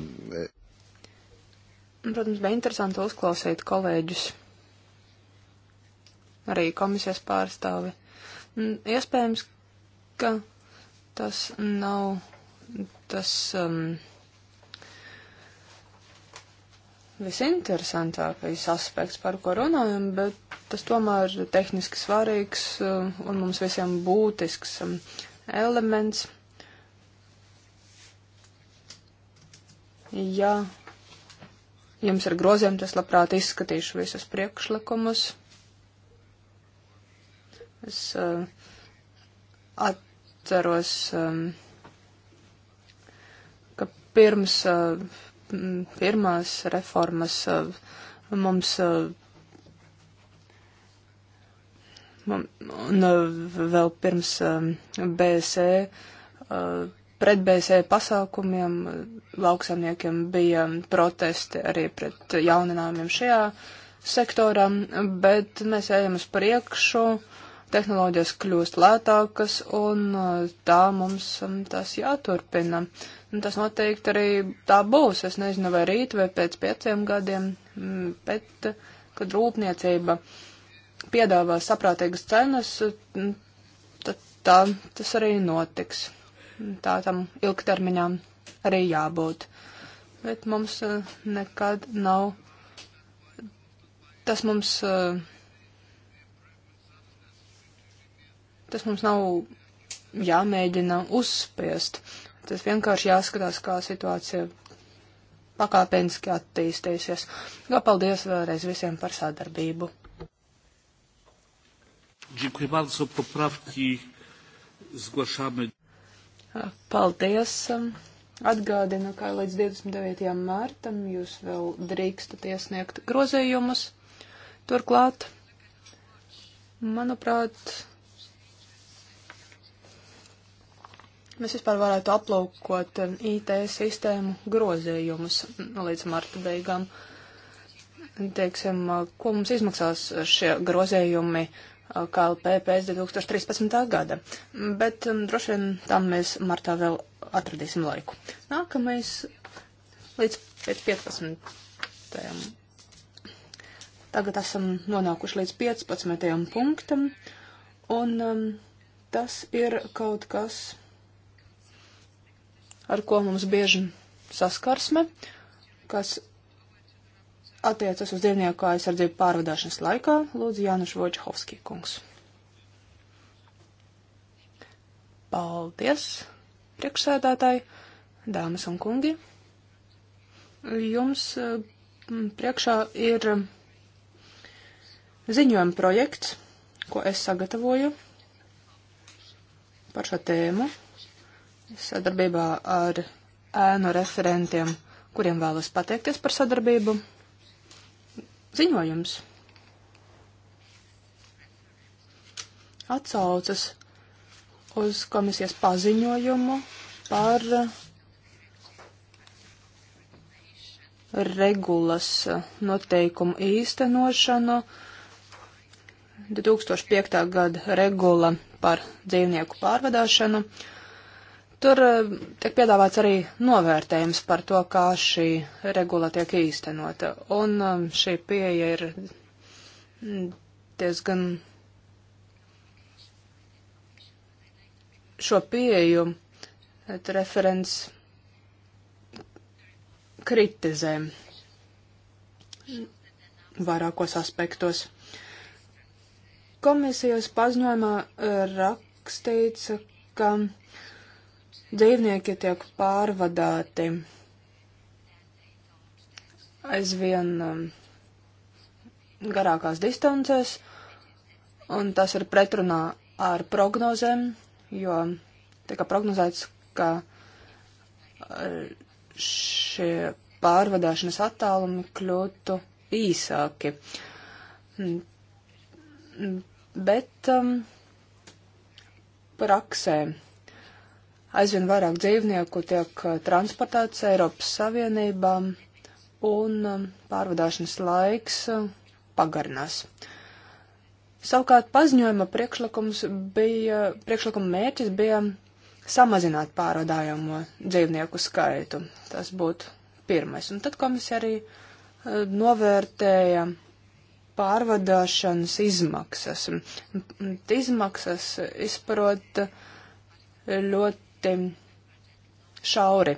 Protams, bija interesanti uzklausīt kolēģus, arī komisijas pārstāvi. Iespējams, ka tas nav tas um, visinteresantākais aspekts, par ko runājam, bet tas tomēr ir tehniski svarīgs uh, un mums visiem būtisks um, elements. Ja jums ir groziem, tas labprāt izskatīšu visus priekšlikumus. Es uh, atceros, um, ka pirms uh, pirmās reformas uh, mums. Uh, un uh, vēl pirms um, BSE, pret BSE pasākumiem lauksamniekiem bija um, protesti arī pret jauninājumiem šajā sektorā, bet mēs ejam uz priekšu. Uh, tehnoloģijas kļūst lētākas, un eh, tā mums mm, tas jāturpina. Un tas noteikti arī tā būs. Es nezinu, vai rīt vai pēc pieciem gadiem, mm, bet, eh, kad rūpniecība piedāvā saprātīgas cenas, mm, tad tā tas arī notiks. Tā tam ilgtermiņā arī jābūt. Bet mums eh, nekad nav. Tas mums uh, Tas mums nav jāmēģina uzspiest. Tas vienkārši jāskatās, kā situācija pakāpeniski attīstīsies. Kā paldies vēlreiz visiem par sadarbību. Paldies! Atgādinu, ka līdz 29. mārtam jūs vēl drīkstat iesniegt grozējumus. Turklāt, manuprāt, mēs vispār varētu aplaukot um, IT sistēmu grozījumus līdz marta beigām. Teiksim, uh, ko mums izmaksās šie grozījumi uh, KLP pēc 2013. gada. Bet um, droši vien tam mēs martā vēl atradīsim laiku. Nākamais līdz 15. Tagad esam nonākuši līdz 15. punktam, un um, tas ir kaut kas, ar ko mums bieži saskarsme, kas attiecas uz dzīvnieku aizsardzību pārvadāšanas laikā, lūdzu Jānuš Vojčehovskī kungs. Paldies, priekšsēdētāji, dāmas un kungi. Jums eh, priekšā ir eh, ziņojuma projekts, ko es sagatavoju par šo tēmu sadarbībā ar ēnu referentiem, kuriem vēlas pateikties par sadarbību. Ziņojums. Atsaucas uz komisijas paziņojumu par regulas noteikumu īstenošanu 2005. gada regula par dzīvnieku pārvadāšanu. Uh, Tur eh, tiek piedāvāts arī novērtējums par to, kā šī regula tiek īstenota. Un um, šī pieeja ir mm, diezgan. Šo pieeju referents kritizē vairākos aspektos. Komisijas paziņojumā eh, rakstīts, ka dzīvnieki tiek pārvadāti aizvien um, garākās distancēs, un tas ir pretrunā ar prognozēm, jo tika prognozēts, ka uh, šie pārvadāšanas attālumi kļūtu īsāki. Mm. Mm. Bet um, praksē Aizvien vairāk dzīvnieku tiek eh, transportēts Eiropas Savienībā un eh, pārvadāšanas laiks eh, pagarinās. Savukārt paziņojuma priekšlikums bija, priekšlikuma mērķis bija samazināt pārvadājamo dzīvnieku skaitu. Tas būtu pirmais. Un tad komisija arī novērtēja pārvadāšanas izmaksas. Izmaksas izprot ļoti ļoti šauri.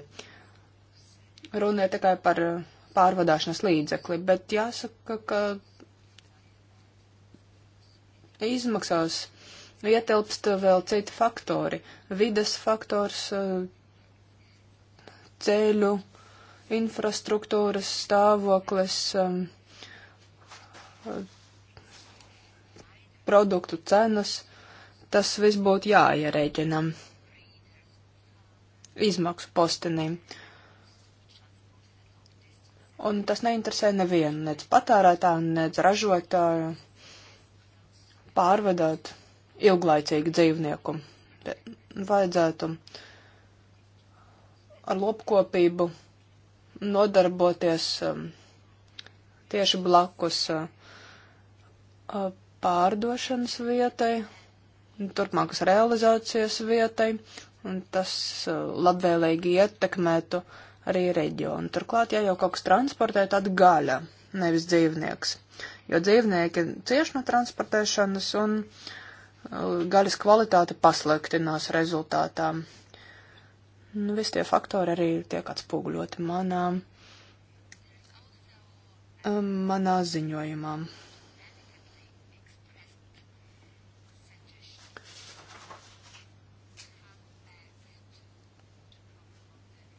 Runa ir tikai par eh, pārvadāšanas līdzekli, bet jāsaka, ka izmaksās ietilpst vēl citi faktori - vides faktors, eh, ceļu, infrastruktūras stāvoklis, eh, produktu cenas. Tas viss būtu jāierēķinam. Ja izmaksu postenīm. Un tas neinteresē nevienu, nec patērētāju, nec ražotāju pārvadāt ilglaicīgi dzīvnieku. Vajadzētu ar lopkopību nodarboties um, tieši blakus uh, uh pārdošanas vietai, turpmākas realizācijas vietai, un tas uh, labvēlīgi ietekmētu arī reģionu. Turklāt, ja jau kaut kas transportē, tad gaļa, nevis dzīvnieks. Jo dzīvnieki cieš no transportēšanas un uh, gaļas kvalitāte pasliktinās rezultātā. Nu, visi tie faktori arī tiek atspoguļoti manā, um, manā ziņojumā.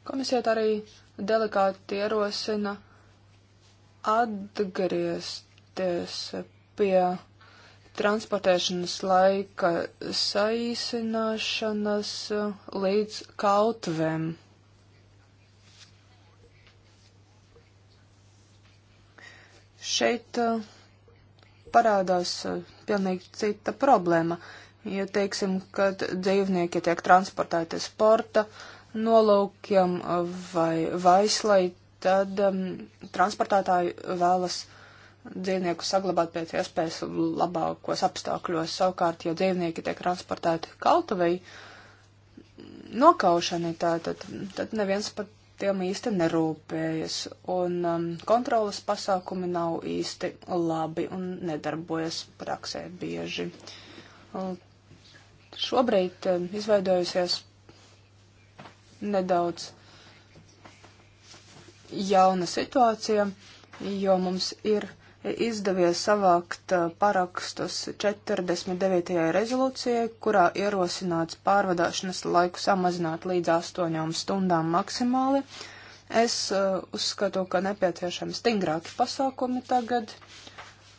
Komisija arī delikāti ierosina atgriezties pie transportēšanas laika saīsināšanas līdz kautvēm. Šeit uh, parādās uh, pilnīgi cita problēma, jo, teiksim, kad dzīvnieki tiek transportēti sporta, uh, nolaukiem vai vaislai, tad um, transportētāji vēlas dzīvnieku saglabāt pēc iespējas labākos apstākļos. Savukārt, ja dzīvnieki tiek transportēti kaltuvei, nokaušanai, tad, tad, tad neviens par tiem īsti nerūpējas, un um, kontrolas pasākumi nav īsti labi un nedarbojas praksē bieži. Šobrīd um, izveidojusies nedaudz jauna situācija, jo mums ir izdevies savākt uh, parakstus 49. rezolūcijai, kurā ierosināts pārvadāšanas laiku samazināt līdz 8 stundām maksimāli. Es uh, uzskatu, ka nepieciešami stingrāki pasākumi tagad.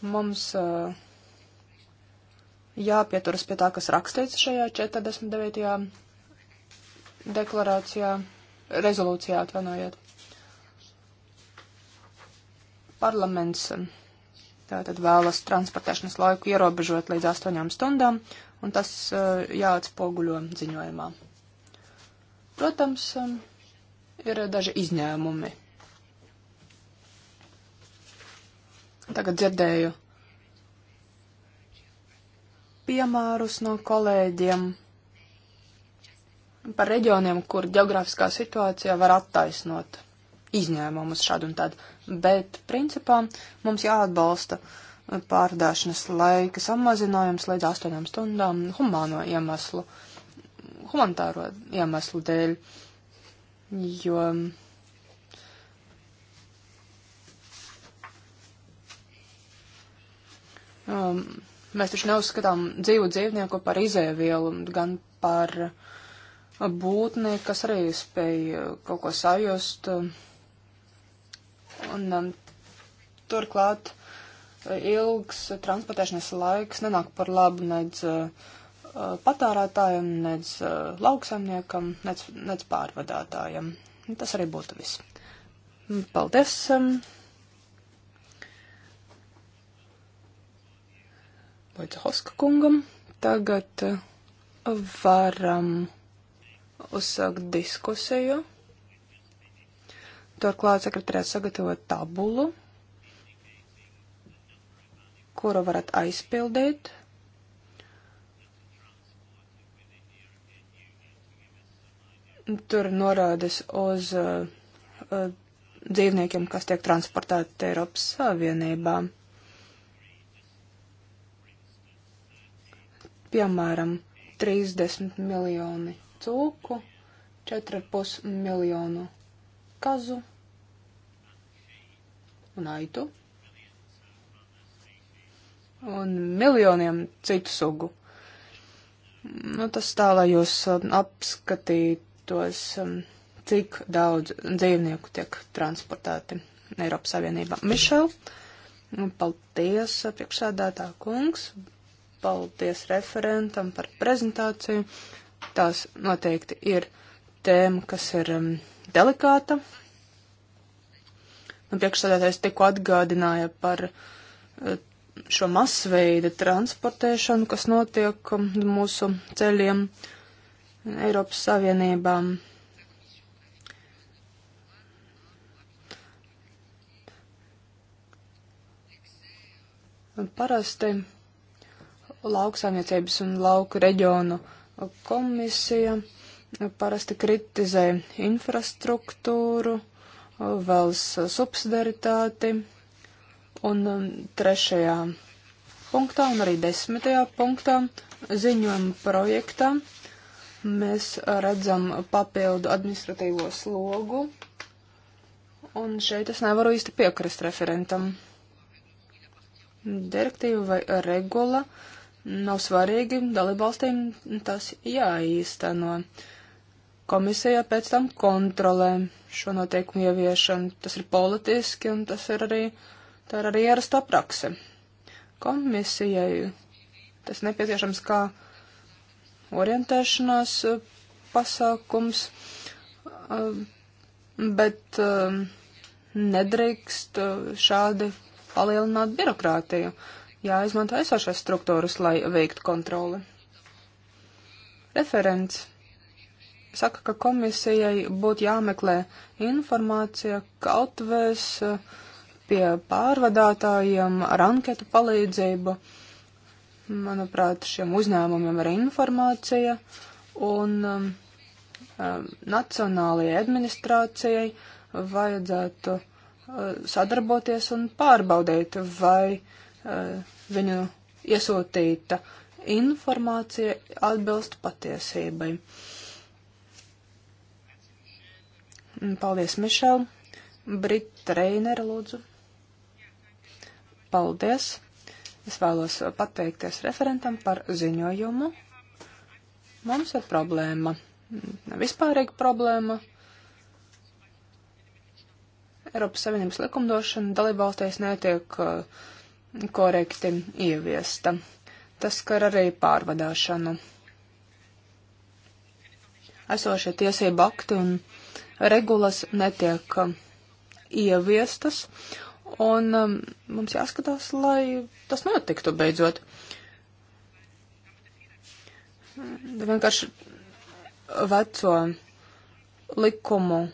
Mums uh, jāpieturas pie tā, kas rakstīts šajā 49 deklarācijā, rezolūcijā atvainojiet. Parlaments um, tātad vēlas transportēšanas laiku ierobežot līdz 8 stundām, un tas uh, jāatspoguļo ziņojumā. Protams, um, ir daži izņēmumi. Tagad dzirdēju piemērus no kolēģiem par reģioniem, kur geogrāfiskā situācija var attaisnot izņēmumus šādu un tādu. Bet, principā, mums jāatbalsta pārdāšanas laika samazinājums līdz astoņām stundām humāno iemeslu, humanitāro iemeslu dēļ, jo. Um, mēs taču neuzskatām dzīvu dzīvnieku par izēvielu, gan par uh, būtne, kas arī spēja kaut ko sajust. Un um, turklāt uh, ilgs transportēšanas laiks nenāk par labu nedz uh, uh patārētājiem, nedz uh, lauksaimniekam, nedz, nedz pārvadātājiem. Tas arī būtu viss. Mm, paldies! Um, Vojcehovska kungam. Tagad uh, varam. Um, uzsākt diskusiju. Turklāt sekretariāts sagatavo tabulu, kuru varat aizpildīt. Tur norādes uz uh, uh, dzīvniekiem, kas tiek transportēti Eiropas Savienībā. Piemēram, 30 miljoni cūku, 4,5 miljonu kazu un aitu un miljoniem citu sugu. Nu, tas tā, lai jūs um, apskatītos, um, cik daudz dzīvnieku tiek transportēti Eiropas Savienībā. Mišel, nu, paldies priekšsēdētā kungs, paldies referentam par prezentāciju. Tās noteikti ir tēma, kas ir um, delikāta. Nu, priekšstādātais tikko atgādināja par uh, šo masveida transportēšanu, kas notiek um, mūsu ceļiem Eiropas Savienībām. Parasti lauksaimniecības un lauku reģionu uh, Komisija parasti kritizē infrastruktūru, vēlas subsidaritāti, un um, trešajā punktā un arī desmitajā punktā ziņojuma projektā mēs redzam papildu administratīvo slogu, un šeit es nevaru īsti piekrist referentam. Direktīva vai regula uh, nav svarīgi, dalībvalstīm tas jāīsteno. Komisija pēc tam kontrolē šo noteikumu ieviešanu. Tas ir politiski un tas ir arī, tā ir arī ierasta prakse. Komisijai tas nepieciešams kā orientēšanās eh, pasākums, eh, bet eh, nedrīkst šādi palielināt birokrātiju jāizmanto esošās struktūras, lai veiktu kontroli. Referents saka, ka komisijai būtu jāmeklē informācija kautvēs eh, pie pārvadātājiem ar anketu palīdzību. Manuprāt, šiem uzņēmumiem ir informācija un um, nacionālajai administrācijai vajadzētu uh, sadarboties un pārbaudīt, vai uh, Eh, viņu iesūtīta informācija atbilst patiesībai. Mm, paldies, Mišel. Brita Reinera, lūdzu. Paldies. Es vēlos pateikties referentam par ziņojumu. Mums ir problēma. Vispārīga problēma. Eiropas Savienības likumdošana dalībvalstīs netiek uh, korekti ieviesta. Tas skar arī pārvadāšanu. Esošie tiesība akti un regulas netiek um, ieviestas, un um, mums jāskatās, lai tas notiktu beidzot. Vienkārši veco likumu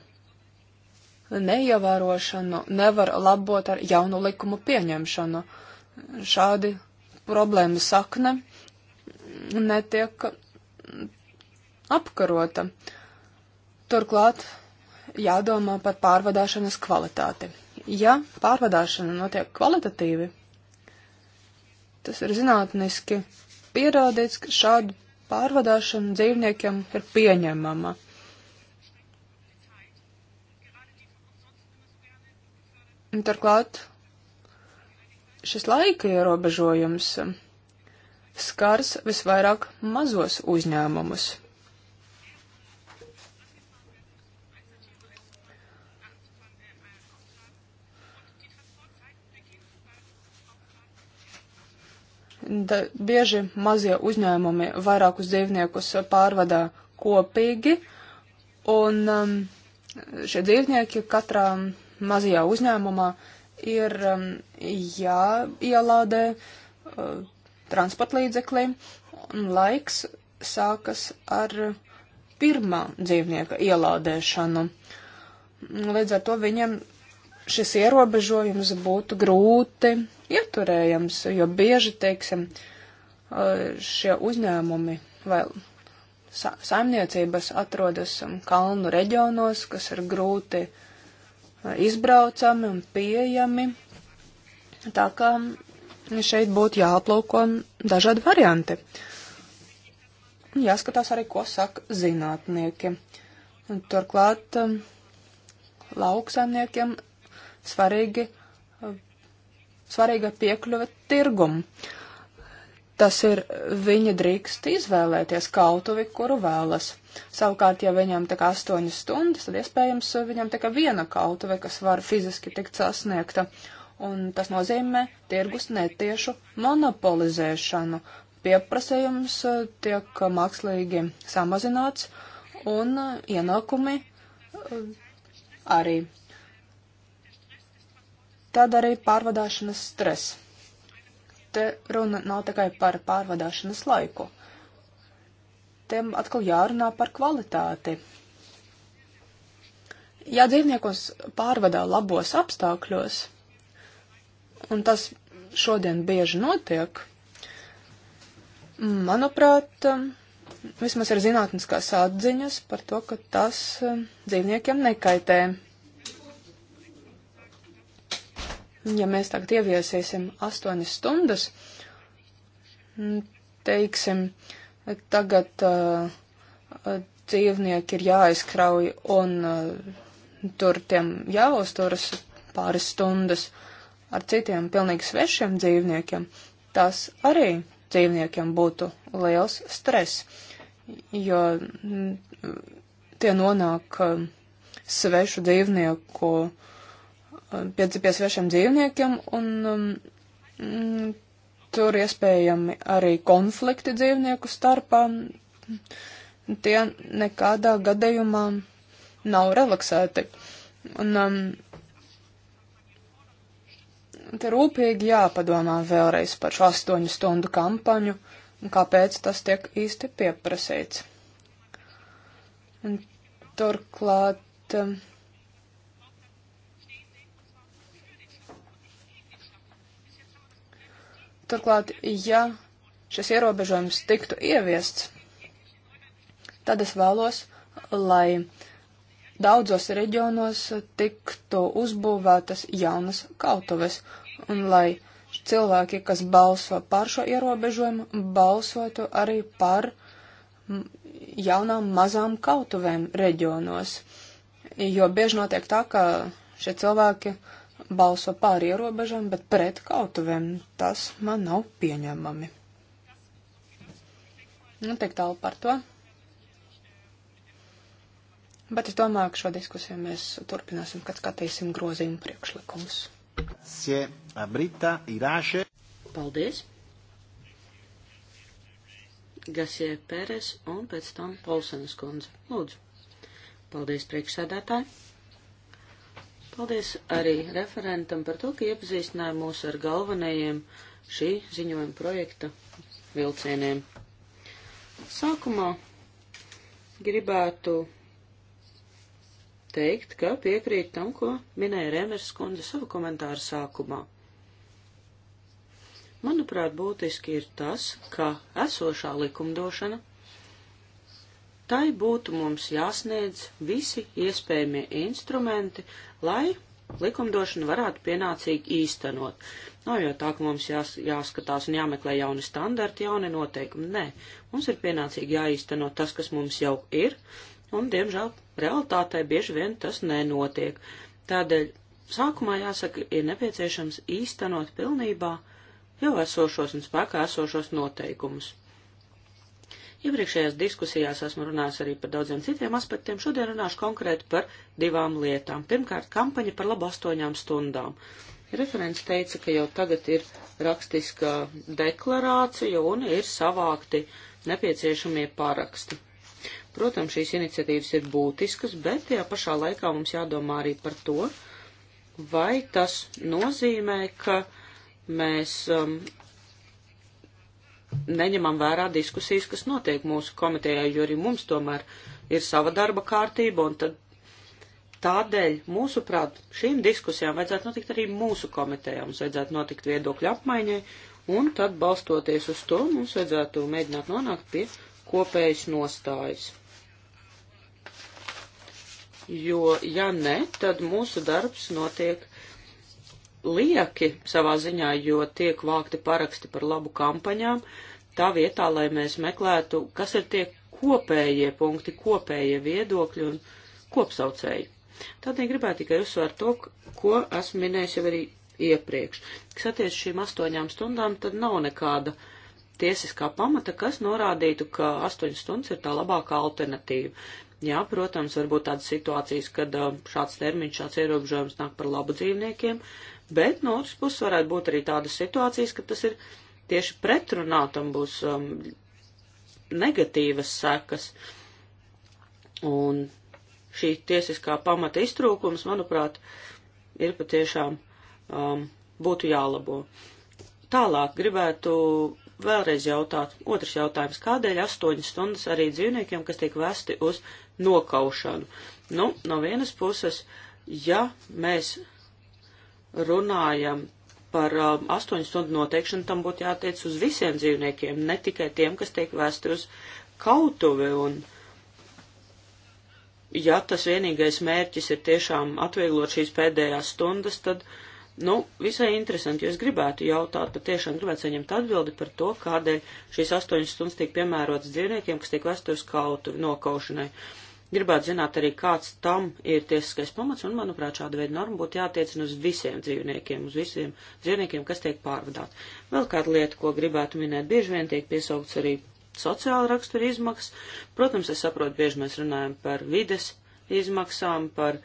neievērošanu nevar labot ar jaunu likumu pieņemšanu. Uh, šādi problēma sakne netiek apkarota. Turklāt jādomā par pārvadāšanas kvalitāti. Ja pārvadāšana notiek kvalitatīvi, tas ir zinātniski pierādīts, ka šādu pārvadāšanu dzīvniekiem ir pieņemama. Turklāt šis laika ierobežojums skars visvairāk mazos uzņēmumus. Da, bieži mazie uzņēmumi vairākus dzīvniekus pārvadā kopīgi, un um, šie dzīvnieki katrā mazajā uzņēmumā uh, ir um, jāielādē uh, transportlīdzeklī, un laiks sākas ar pirmā dzīvnieka ielādēšanu. Līdz ar to viņam šis ierobežojums būtu grūti ieturējams, jo bieži, teiksim, uh, šie uzņēmumi vai saimniecības atrodas um, kalnu reģionos, kas ir grūti uh, izbraucami un pieejami. Tā kā šeit būtu jāaplūko dažādi varianti. Jāskatās arī, ko saka zinātnieki. Un turklāt um, lauksaimniekiem svarīgi, um, svarīga piekļuve tirgumu. Tas ir, viņa drīkst izvēlēties kautuvi, kuru vēlas. Savukārt, ja viņam tikai astoņas stundas, tad iespējams uh, viņam tikai viena kautuve, kas var fiziski tikt sasniegta. Un tas nozīmē tirgus netiešu monopolizēšanu. Pieprasējums uh, tiek uh, mākslīgi samazināts un ienākumi arī. Tad arī pārvadāšanas stress te runa nav tikai par pārvadāšanas laiku. Tiem atkal jārunā par kvalitāti. Ja dzīvniekus pārvadā labos apstākļos, un tas šodien bieži notiek, manuprāt, vismaz ir zinātniskās atziņas par to, ka tas eh, dzīvniekiem nekaitē. Ja mēs tagad ieviesīsim astoņas stundas, mm, teiksim, tagad uh, dzīvnieki ir jāizkrauj un uh, tur tiem jāuzturas pāris stundas ar citiem pilnīgi svešiem dzīvniekiem, tas arī dzīvniekiem būtu liels stress, jo mm, tie nonāk uh, svešu dzīvnieku uh, Um, piedzīvies svešiem dzīvniekiem, un um, mm, tur iespējami arī konflikti dzīvnieku starpā. Tie nekādā gadījumā nav relaksēti. Un um, te rūpīgi jāpadomā vēlreiz par šo astoņu stundu kampaņu un kāpēc tas tiek īsti pieprasīts. Un turklāt. Um, Turklāt, ja šis ierobežojums tiktu ieviests, tad es vēlos, lai daudzos reģionos tiktu uzbūvētas jaunas kautuves, un lai cilvēki, kas balso par šo ierobežojumu, balsotu arī par jaunām mazām kautuvēm reģionos. Jo bieži notiek tā, ka šie cilvēki uh, balso pāri ierobežām, bet pret kautuvēm. Tas man nav pieņemami. Nu, tik tālu par to. Bet es domāju, ka šo diskusiju mēs turpināsim, kad skatīsim grozījumu priekšlikumus. Eh, Paldies! Gasie Pēres un pēc tam Polsenas kundze. Lūdzu! Paldies priekšsēdētāji! Paldies arī referentam par to, ka iepazīstināja mūs ar galvenajiem šī ziņojuma projekta vilcieniem. Sākumā gribētu teikt, ka piekrīt tam, ko minēja Rēmers skundze savu komentāru sākumā. Manuprāt, būtiski ir tas, ka esošā likumdošana tai būtu mums jāsniedz visi iespējamie instrumenti, lai likumdošanu varētu pienācīgi īstenot. Nav no, jau tā, ka mums jās, jāskatās un jāmeklē jauni standarti, jauni noteikumi. Nē, mums ir pienācīgi jāīsteno tas, kas mums jau ir, un, diemžēl, realitātē bieži vien tas nenotiek. Tādēļ sākumā jāsaka, ir nepieciešams īstenot pilnībā jau esošos un spēkā esošos noteikumus. Iepriekšējās diskusijās esmu runājis arī par daudziem citiem aspektiem, šodien runāšu konkrēti par divām lietām. Pirmkārt, kampaņa par labu astoņām stundām. Referents teica, ka jau tagad ir rakstiska deklarācija un ir savākti nepieciešamie paraksti. Protams, šīs iniciatīvas ir būtiskas, bet tajā pašā laikā mums jādomā arī par to, vai tas nozīmē, ka mēs um, neņemam vērā diskusijas, kas notiek mūsu komitejā, jo arī mums tomēr ir sava darba kārtība, un tad tādēļ, mūsuprāt, šīm diskusijām vajadzētu notikt arī mūsu komitejā, mums vajadzētu notikt viedokļu apmaiņai, un tad, balstoties uz to, mums vajadzētu mēģināt nonākt pie kopējas nostājas. Jo, ja ne, tad mūsu darbs notiek lieki savā ziņā, jo tiek vākti paraksti par labu kampaņām, tā vietā, lai mēs meklētu, kas ir tie kopējie punkti, kopējie viedokļi un kopsaucēji. Tādēļ gribētu tikai uzsvērt to, ko esmu minējis jau arī iepriekš. Kas attiec šīm astoņām stundām, tad nav nekāda tiesiskā pamata, kas norādītu, ka astoņas stundas ir tā labākā alternatīva. Jā, protams, varbūt tādas situācijas, kad um, šāds termiņš, šāds ierobežojums nāk par labu dzīvniekiem, Bet no otras puses varētu būt arī tādas situācijas, ka tas ir tieši pretrunā tam būs um, negatīvas sekas. Un šī tiesiskā pamata iztrūkums, manuprāt, ir patiešām um, būtu jālabo. Tālāk gribētu vēlreiz jautāt, otrs jautājums, kādēļ astoņas stundas arī dzīvniekiem, kas tiek vesti uz nokaušanu? Nu, no vienas puses, ja mēs runājam par um, 8 stundu noteikšanu, tam būtu jātiec uz visiem dzīvniekiem, ne tikai tiem, kas tiek vēsti uz kautuvi. Un, ja tas vienīgais mērķis ir tiešām atvieglot šīs pēdējās stundas, tad, nu, visai interesanti, jo es gribētu jautāt, pat tiešām gribētu saņemt atbildi par to, kādēļ šīs 8 stundas tiek piemērotas dzīvniekiem, kas tiek vēsti uz kautuvi nokaušanai. Uh, Gribētu zināt arī, kāds tam ir tiesiskais pamats, un, manuprāt, šāda veida norma būtu jātiecina uz visiem dzīvniekiem, uz visiem dzīvniekiem, kas tiek pārvadāti. Vēl kāda lieta, ko gribētu minēt, bieži vien tiek piesaukts arī sociāla rakstura izmaksas. Protams, es saprotu, bieži mēs runājam par vides izmaksām, par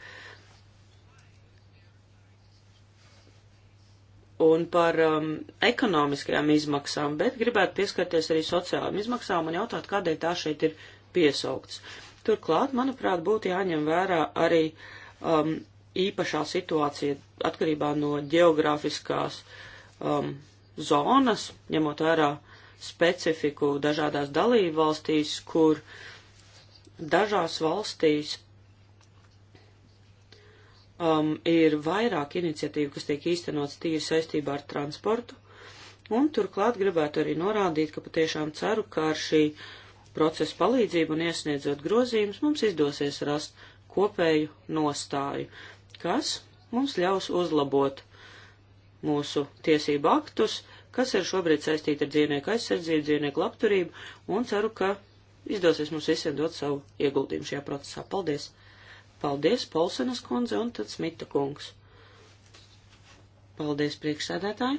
un par um, ekonomiskajām izmaksām, bet gribētu pieskarties arī sociālām izmaksām un jautāt, kādēļ tā šeit ir piesauktas. Turklāt, manuprāt, būtu jāņem vērā arī um, īpašā situācija atkarībā no geogrāfiskās um, zonas, ņemot vērā specifiku dažādās dalību valstīs, kur dažās valstīs um, ir vairāk iniciatīvu, kas tiek īstenots tīri saistībā ar transportu. Un turklāt gribētu arī norādīt, ka patiešām ceru, ka ar šī uh, procesu palīdzību un iesniedzot grozījumus, mums izdosies rast kopēju nostāju, kas mums ļaus uzlabot mūsu tiesību aktus, kas ir šobrīd saistīti ar dzīvnieku aizsardzību, dzīvnieku labturību, un ceru, ka izdosies mums visiem dot savu ieguldījumu šajā procesā. Paldies! Paldies, Polsenas kundze un tad Smita kungs. Paldies, priekšsēdētāji!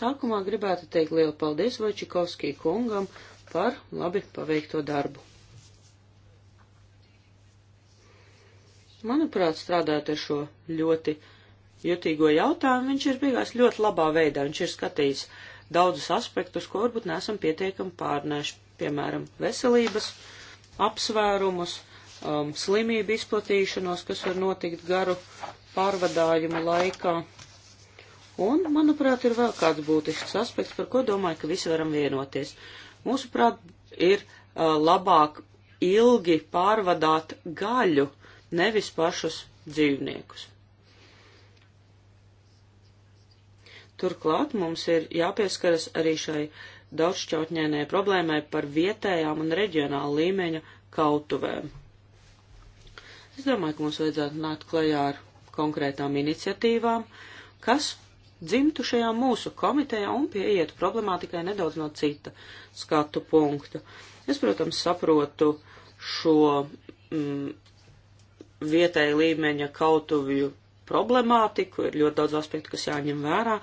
Sākumā gribētu teikt lielu paldies Vojčikovskī kungam par labi paveikto darbu. Manuprāt, strādājot ar šo ļoti jutīgo jautājumu, viņš ir bijis ļoti labā veidā. Viņš ir skatījis daudzus aspektus, ko varbūt nesam pietiekami pārnēši, piemēram, veselības apsvērumus, um, slimību izplatīšanos, kas var notikt garu pārvadājumu laikā. Un, manuprāt, ir vēl kāds būtisks aspekts, par ko domāju, ka visi varam vienoties. Uh, Mūsuprāt, ir uh, labāk ilgi pārvadāt gaļu, nevis pašus dzīvniekus. Turklāt mums ir jāpieskaras arī šai daudzšķautņēnē problēmai par vietējām un reģionāla līmeņa kautuvēm. Es domāju, ka mums vajadzētu nākt klajā ar konkrētām iniciatīvām, kas dzimtu šajā mūsu komitejā un pieietu problemātikai nedaudz no cita skatu punkta. Es, protams, saprotu šo mm, vietēja līmeņa kautuvju problemātiku, ir ļoti daudz aspektu, kas jāņem vērā.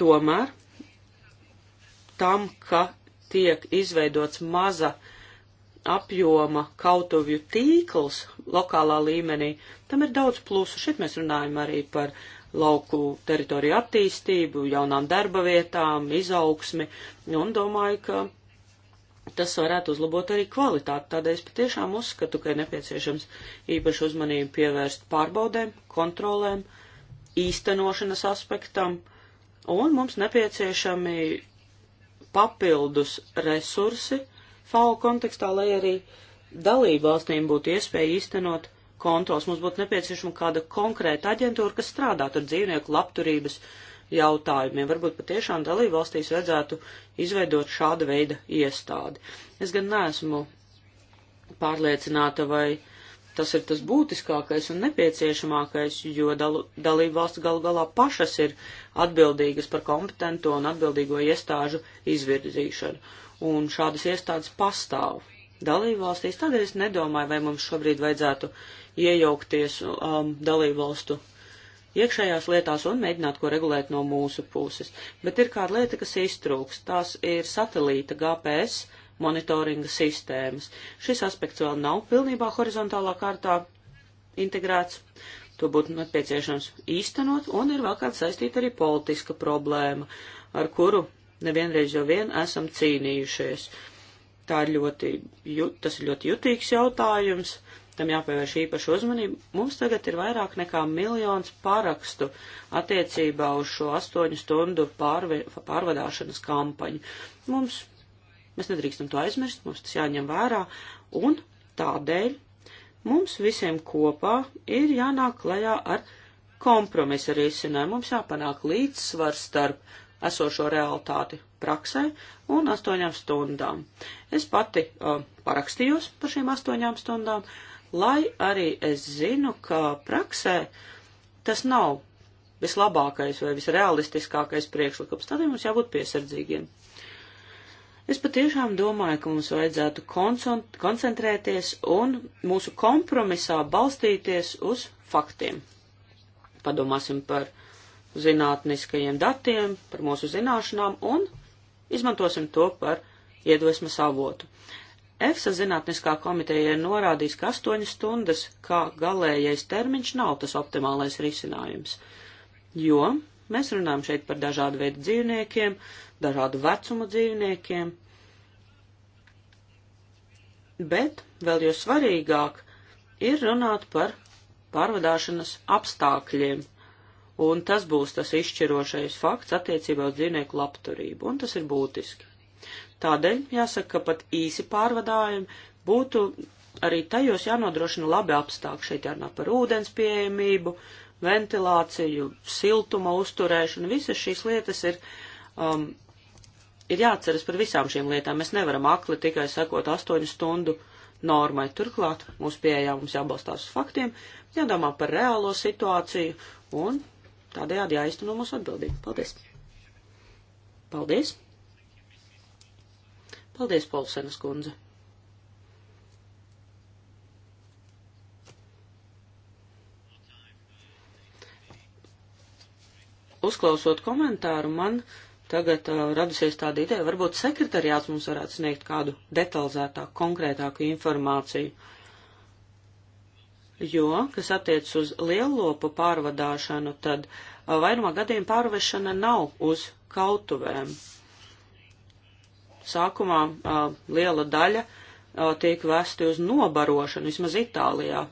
Tomēr tam, ka tiek izveidots maza apjoma kautuvju tīkls lokālā līmenī, tam ir daudz plusu. Šeit mēs runājam arī par lauku teritoriju attīstību, jaunām darba vietām, izaugsmi, un domāju, ka tas varētu uzlabot arī kvalitāti. Tādēļ es patiešām uzskatu, ka ir nepieciešams īpašu uzmanību pievērst pārbaudēm, kontrolēm, īstenošanas aspektam, un mums nepieciešami papildus resursi FAO kontekstā, lai arī dalību valstīm būtu iespēja īstenot kontrols. Mums būtu nepieciešama kāda konkrēta aģentūra, kas strādātu ar dzīvnieku labturības jautājumiem. Varbūt patiešām dalībvalstīs vajadzētu izveidot šāda veida iestādi. Es gan neesmu pārliecināta, vai tas ir tas būtiskākais un nepieciešamākais, jo dal, dalībvalsts gal galā pašas ir atbildīgas par kompetento un atbildīgo iestāžu izvirzīšanu. Un šādas iestādes pastāv dalībvalstīs, tādēļ es nedomāju, vai mums šobrīd vajadzētu iejaukties um, dalībvalstu iekšējās lietās un mēģināt ko regulēt no mūsu puses. Bet ir kāda lieta, kas iztrūks. Tās ir satelīta GPS monitoringa sistēmas. Šis aspekts vēl nav pilnībā horizontālā kārtā integrēts. To būtu nepieciešams īstenot, un ir vēl kāda saistīta arī politiska problēma, ar kuru nevienreiz jau vien esam cīnījušies. Tā ir ļoti, jut, tas ir ļoti jutīgs jautājums, tam jāpievērš īpašu uzmanību. Mums tagad ir vairāk nekā miljons parakstu attiecībā uz šo astoņu stundu pārvi, pārvadāšanas kampaņu. Mums, mēs nedrīkstam to aizmirst, mums tas jāņem vērā, un tādēļ mums visiem kopā ir jānāk klajā ar kompromisa risinājumu. Mums jāpanāk līdzsvars starp esošo realitāti praksē un astoņām stundām. Es pati uh, parakstījos par šīm astoņām stundām. Uh, lai arī es zinu, ka praksē tas nav vislabākais vai visrealistiskākais priekšlikums. Tādēļ mums jābūt piesardzīgiem. Es patiešām domāju, ka mums vajadzētu koncentrēties un mūsu kompromisā balstīties uz faktiem. Padomāsim par zinātniskajiem datiem, par mūsu zināšanām un izmantosim to par iedvesmas avotu. EFSA zinātniskā komiteja ir norādījis, ka 8 stundas kā galējais termiņš nav tas optimālais risinājums, jo mēs runājam šeit par dažādu veidu dzīvniekiem, dažādu vecumu dzīvniekiem, bet vēl jau svarīgāk ir runāt par pārvadāšanas apstākļiem, un tas būs tas izšķirošais fakts attiecībā uz dzīvnieku labturību, un tas ir būtiski. Tādēļ jāsaka, ka pat īsi pārvadājumi būtu arī tajos jānodrošina labi apstākļi. Šeit jārunā par ūdens pieejamību, ventilāciju, siltuma uzturēšanu. Visas šīs lietas ir, um, ir jāatceras par visām šīm lietām. Mēs nevaram akli tikai sekot astoņu stundu normai. Turklāt mūsu pieejā mums jābalstās uz faktiem, jādomā par reālo situāciju un tādējādi jāizteno mūsu atbildību. Paldies! Paldies! Paldies, Polsenas kundze! Uzklausot komentāru, man tagad uh, radusies tāda ideja, varbūt sekretariāts mums varētu sniegt kādu detalizētāku, konkrētāku informāciju. Jo, kas attiec uz lielopu pārvadāšanu, tad uh, vairumā gadiem pārvešana nav uz kautuvēm. Uh, sākumā uh, liela daļa uh, tiek vesti uz nobarošanu, vismaz Itālijā.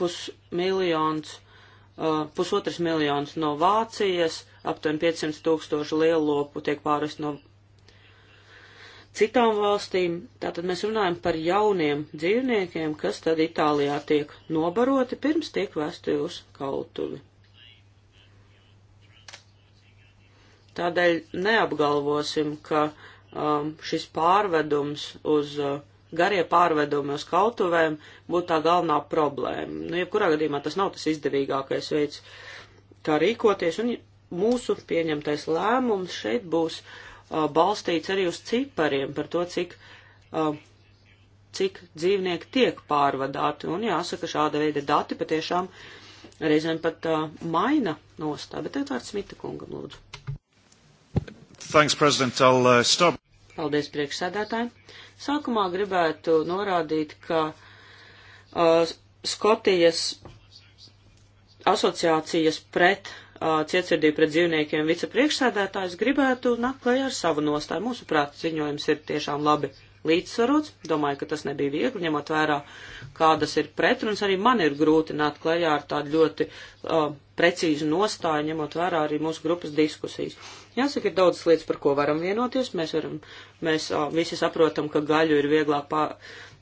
Pusmiljons, uh, pusotras miljons no Vācijas, aptuveni 500 tūkstoši lielopu tiek pārvest no citām valstīm. Tātad mēs runājam par jauniem dzīvniekiem, kas tad Itālijā tiek nobaroti pirms tiek vesti uz kautuvi. Tādēļ neapgalvosim, ka um, šis pārvedums uz uh, garie pārvedumi uz kautuvēm būtu tā galvenā problēma. Nu, jebkurā gadījumā tas nav tas izdevīgākais veids, kā rīkoties, un mūsu pieņemtais lēmums šeit būs uh, balstīts arī uz cipariem par to, cik, uh, cik dzīvnieki tiek pārvadāti, un jāsaka, šāda veida dati patiešām reizēm pat uh, maina nostā, bet tev vārds Smita kungam lūdzu. Thanks, President. I'll uh, stop. Paldies, priekšsēdētāji. Sākumā gribētu norādīt, ka uh, Skotijas asociācijas pret uh, cietsirdību pret dzīvniekiem vicepriekšsēdētājs gribētu nakt klajā ar savu nostāju. Mūsuprāt, ziņojums ir tiešām labi līdzsvarots. Domāju, ka tas nebija viegli, ņemot vērā, kādas ir pretrunas. Arī man ir grūti nākt klajā ar tādu ļoti uh, precīzu nostāju, ņemot vērā arī mūsu grupas diskusijas. Jāsaka, ir daudz lietas, par ko varam vienoties. Mēs, varam, mēs uh, visi saprotam, ka gaļu ir vieglāk pār,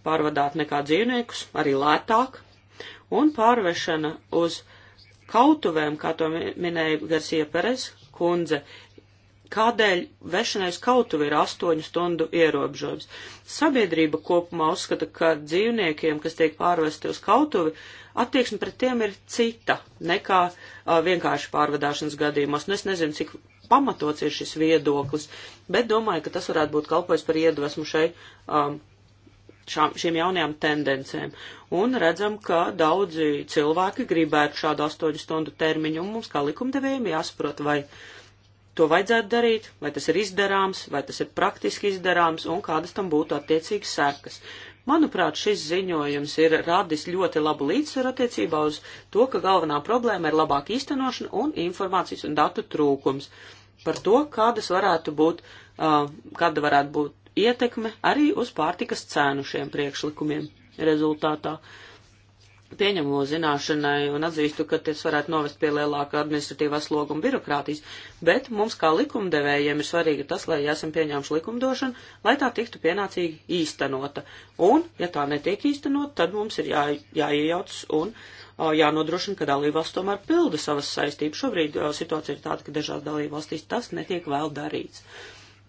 pārvadāt nekā dzīvniekus, arī lētāk. Un pārvešana uz kautuvēm, kā to minēja Garcia Perez kundze, kādēļ vešanai uz kautuvi ir astoņu stundu ierobežojums. Sabiedrība kopumā uzskata, ka dzīvniekiem, kas tiek pārvesti uz kautuvi, attieksme pret tiem ir cita nekā a, vienkārši pārvadāšanas gadījumos. Nu, es nezinu, cik pamatots ir šis viedoklis, bet domāju, ka tas varētu būt kalpojis par iedvesmu šai. Um, šām, šīm jaunajām tendencēm. Un redzam, ka daudzi cilvēki gribētu šādu astoņu stundu termiņu, un mums kā likumdevējiem jāsaprot, vai uh, to vajadzētu darīt, vai tas ir izdarāms, vai tas ir praktiski izdarāms un kādas tam būtu attiecīgas sekas. Manuprāt, šis ziņojums ir radis ļoti labu līdzsvaru attiecībā uz to, ka galvenā problēma ir labāka īstenošana un informācijas un datu trūkums. Par to, kādas varētu būt, uh, kāda varētu būt ietekme arī uz pārtikas cēnu šiem priekšlikumiem rezultātā. Uh, pieņemo zināšanai un atzīstu, ka tas varētu novest pie lielāka administratīvā sloguma birokrātijas, bet mums kā likumdevējiem ir svarīgi tas, lai esam pieņēmuši likumdošanu, lai tā tiktu pienācīgi īstenota. Un, ja tā netiek īstenot, tad mums ir jā, jāiejauc un o, jānodrošina, ka dalībvalsts tomēr pilda savas saistības. Šobrīd o, situācija ir tāda, ka dažās dalībvalstīs tas netiek vēl darīts.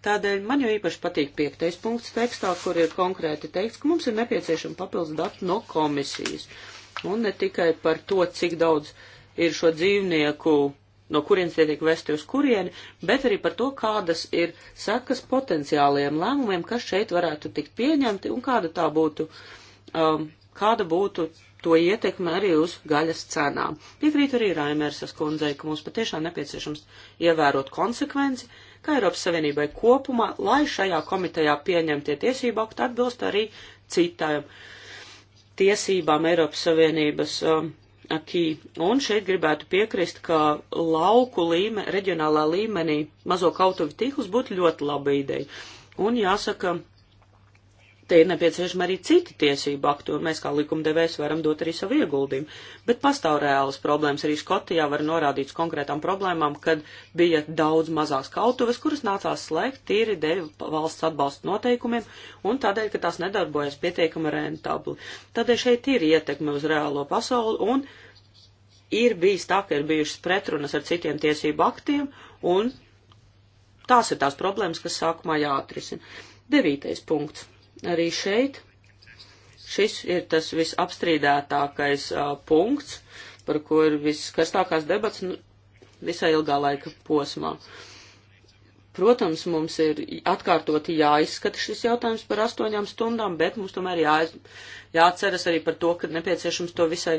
Tādēļ man jau īpaši patīk piektais punkts tekstā, kur ir konkrēti teikts, ka mums ir nepieciešama papildus dati no komisijas. Uh, un ne tikai par to, cik daudz ir šo dzīvnieku, no kurienes tie tiek vesti uz kurieni, bet arī par to, kādas ir sekas potenciālajiem lēmumiem, kas šeit varētu tikt pieņemti un kāda tā būtu, um, kāda būtu to ietekme arī uz gaļas cenām. Piekrīt arī Raimērsas kundzei, ka mums patiešām nepieciešams ievērot konsekvenci, kā Eiropas Savienībai kopumā, lai šajā komitejā pieņemtie tiesību akti atbilst arī citām. Uh, tiesībām Eiropas Savienības um, akī. Un šeit gribētu piekrist, ka lauku līme, reģionālā līmenī mazo kautuvi tīklus būtu ļoti laba ideja. Un jāsaka, te ir nepieciešama arī citi tiesību akti, un mēs kā likumdevējs varam dot arī savu ieguldījumu. Bet pastāv reālas problēmas. Arī Skotijā var norādīts konkrētām problēmām, kad bija daudz mazās kautuves, kuras nācās slēgt tīri dēļ valsts atbalsta noteikumiem, un tādēļ, ka tās nedarbojas pietiekami rentabli. Tādēļ šeit ir ietekme uz reālo pasauli, un ir bijis tā, ka ir bijušas pretrunas ar citiem tiesību aktiem, un tās ir tās problēmas, kas sākumā jāatrisina. Devītais punkts. Arī šeit šis ir tas visapstrīdētākais uh, punkts, par ko ir viskarstākās debats nu, visā ilgā laika posmā. Protams, mums ir atkārtoti jāizskata šis jautājums par astoņām stundām, bet mums tomēr jā, jāatceras arī par to, ka nepieciešams to visai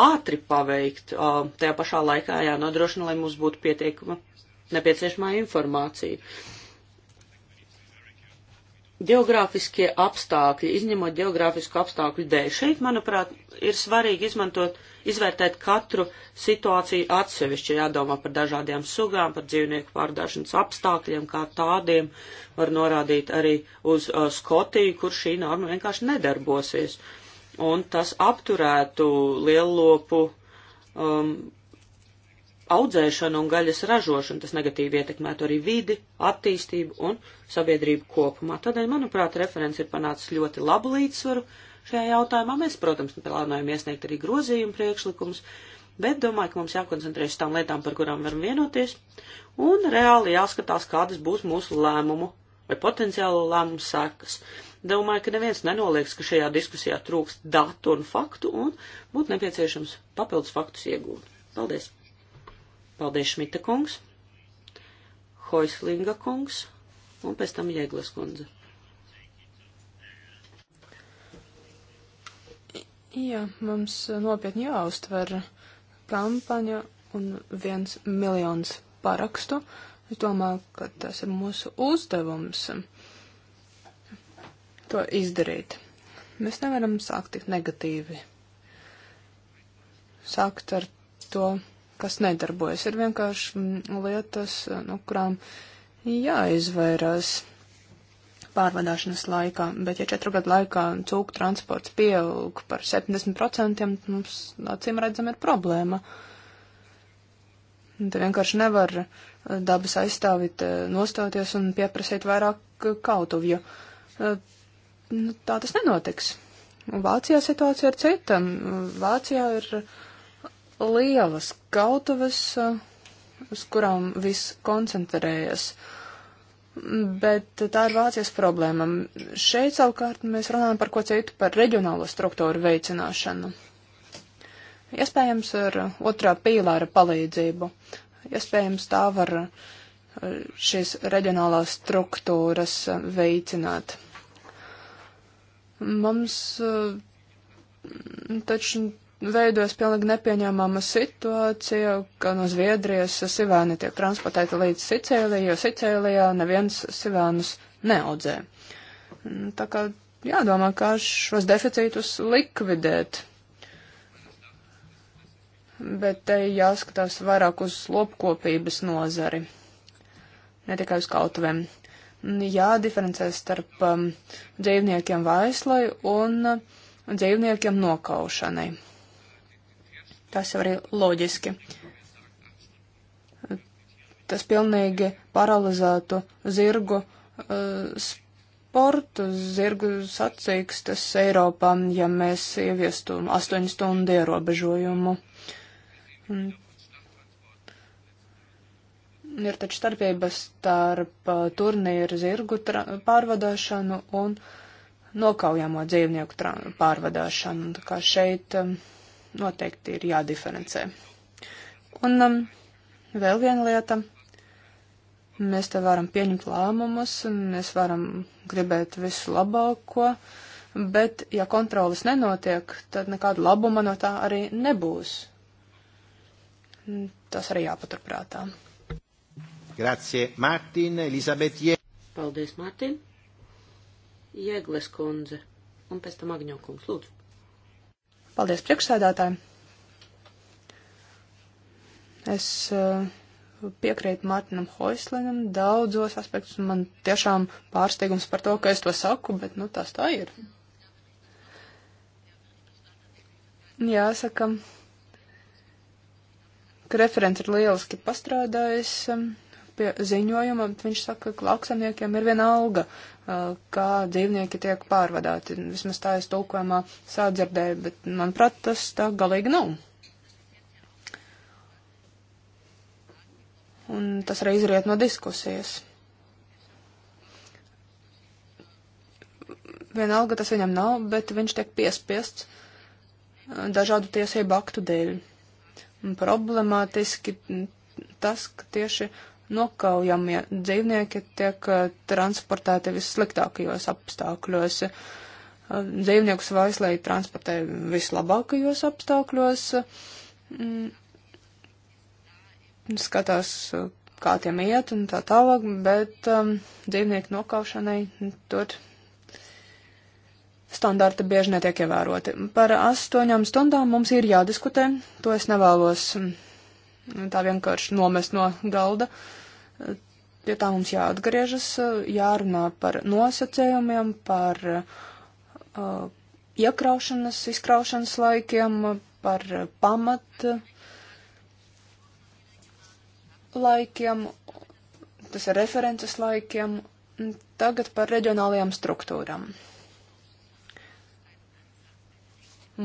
ātri paveikt. Uh, tajā pašā laikā jānodrošina, lai mums būtu pietiekama nepieciešamā informācija. Uh, Geogrāfiskie apstākļi, izņemot geogrāfisku apstākļu dēļ, šeit, manuprāt, ir svarīgi izmantot, izvērtēt katru situāciju atsevišķi, jādomā par dažādiem sugām, par dzīvnieku pārdāšanas apstākļiem, kā tādiem, var norādīt arī uz uh, Skotiju, kur šī norma vienkārši nedarbosies. Un tas apturētu lielopu um, audzēšanu un gaļas ražošanu, tas negatīvi ietekmētu arī vidi, attīstību un sabiedrību kopumā. Tādēļ, manuprāt, referents ir panācis ļoti labu līdzsvaru šajā jautājumā. Mēs, protams, plānojam iesniegt arī grozījumu priekšlikumus, bet domāju, ka mums jākoncentrēs tām lietām, par kurām varam vienoties, un reāli jāskatās, kādas būs mūsu lēmumu vai potenciālo lēmumu sekas. Domāju, ka neviens nenoliedz, ka šajā diskusijā trūkst datu un faktu, un būtu nepieciešams papildus faktus iegūt. Paldies! Paldies, Šmita kungs, Hoislinga kungs un pēc tam Jēglas kundze. Jā, mums nopietni jāuztver kampaņa un viens miljons parakstu. Es domāju, ka tas ir mūsu uzdevums to izdarīt. Mēs nevaram sākt tik negatīvi. Sākt ar to kas nedarbojas. Ir vienkārši mm, lietas, eh, no nu, kurām jāizvairās pārvadāšanas laikā, bet ja četru gadu laikā cūku transports pieaug par 70%, mums acīm redzam ir problēma. Te vienkārši nevar eh, dabas aizstāvīt, eh, nostāties un pieprasīt vairāk kautuvju. Nu, tā tas nenotiks. Vācijā situācija ir cita. Vācijā ir lielas kautuves, eh, uz kurām viss koncentrējas. Bet tā ir Vācijas problēma. Šeit savukārt mēs runājam par ko citu, par reģionālo struktūru veicināšanu. Iespējams, ar otrā pīlāra palīdzību. Iespējams, tā var eh, šīs reģionālās struktūras eh, veicināt. Mums taču veidojas pilnīgi nepieņēmama situācija, ka no Zviedrijas sivēni tiek transportēti līdz Sicēlijai, jo Sicēlijā neviens sivēnus neaudzē. Mm, tā kā jādomā, kā šos deficītus likvidēt. Bet te jāskatās vairāk uz lopkopības nozari, ne tikai uz kautuvēm. Mm, Jādiferencē starp um, dzīvniekiem vaislai un uh, dzīvniekiem nokaušanai. Tas jau arī loģiski. Tas pilnīgi paralizētu zirgu uh, sportu, zirgu sacīkstas Eiropā, ja mēs ieviestu 8 stundu ierobežojumu. Un ir taču starpība starp eh, turnīru zirgu pārvadāšanu un nokaujamo dzīvnieku pārvadāšanu. Tā kā šeit eh, noteikti ir jādiferencē. Un um, vēl viena lieta. Mēs te varam pieņemt lēmumus, mēs varam gribēt visu labāko, bet ja kontrolas nenotiek, tad nekāda labuma no tā arī nebūs. Tas arī jāpaturprātā. Grazie, Mārtiņ, Elizabet Jē. Paldies, Mārtiņ. Jēgles kundze. Un pēc tam Agņokungs, lūdzu. Paldies priekšsēdētājiem. Es uh, piekrītu Mārtiņam Hoislinam daudzos aspektus, un man tiešām pārsteigums par to, ka es to saku, bet nu tas tā ir. Jāsaka, ka referents ir lieliski pastrādājis um, pie ziņojuma, bet viņš saka, ka lauksamniekiem ir viena alga. Uh, Uh, kā dzīvnieki tiek pārvadāti. Vismaz tā es tulkojumā sādzirdēju, bet manuprāt, tas tā galīgi nav. Un tas arī izriet no diskusijas. Vienalga tas viņam nav, bet viņš tiek piespiests uh, dažādu tiesību aktu dēļ. Un problemātiski tas, ka tieši uh, nokaujamie dzīvnieki tiek eh, transportēti vissliktākajos apstākļos. Eh, Dzīvniekus vaislēji transportē vislabākajos apstākļos, mm, skatās, eh, kā tiem iet un tā tālāk, bet um, dzīvnieku nokaušanai tur standarti bieži netiek ievēroti. Par astoņām stundām mums ir jādiskutē, to es nevēlos mm, Nu, tā vienkārši nomest no galda. Pie tā mums jāatgriežas, jārunā par nosacējumiem, par uh, iekraušanas, izkraušanas laikiem, par pamat laikiem, tas ir references laikiem, tagad par reģionālajām struktūrām.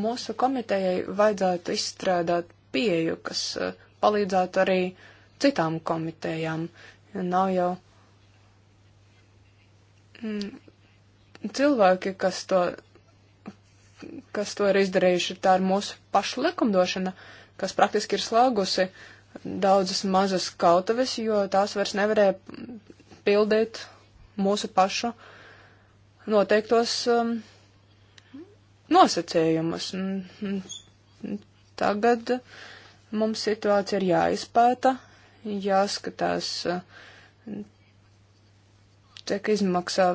Mūsu komitejai vajadzētu izstrādāt pieju, kas uh, palīdzētu arī citām komitejām. Nav jau mm, cilvēki, kas to, kas to ir izdarījuši. Tā ir mūsu pašu likumdošana, kas praktiski ir slēgusi daudzas mazas kautuves, jo tās vairs nevarēja pildīt mūsu pašu noteiktos um, nosacējumus. Mm, mm, tagad uh, Mums situācija ir jāizpēta, jāskatās, cik izmaksā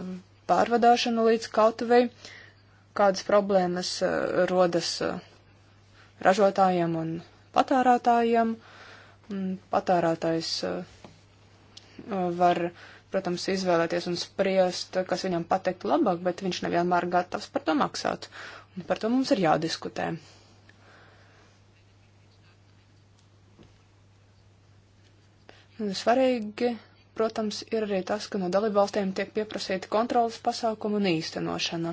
pārvadāšana līdz kautuvei, kādas problēmas eh, rodas eh, ražotājiem un patērētājiem. Patērētājs eh, var, protams, izvēlēties un spriest, kas viņam patiktu labāk, bet viņš nevienmēr gatavs par to maksāt. Un par to mums ir jādiskutē. Svarīgi, protams, ir arī tas, ka no dalībvalstīm tiek pieprasīta kontrolas pasākuma un īstenošana.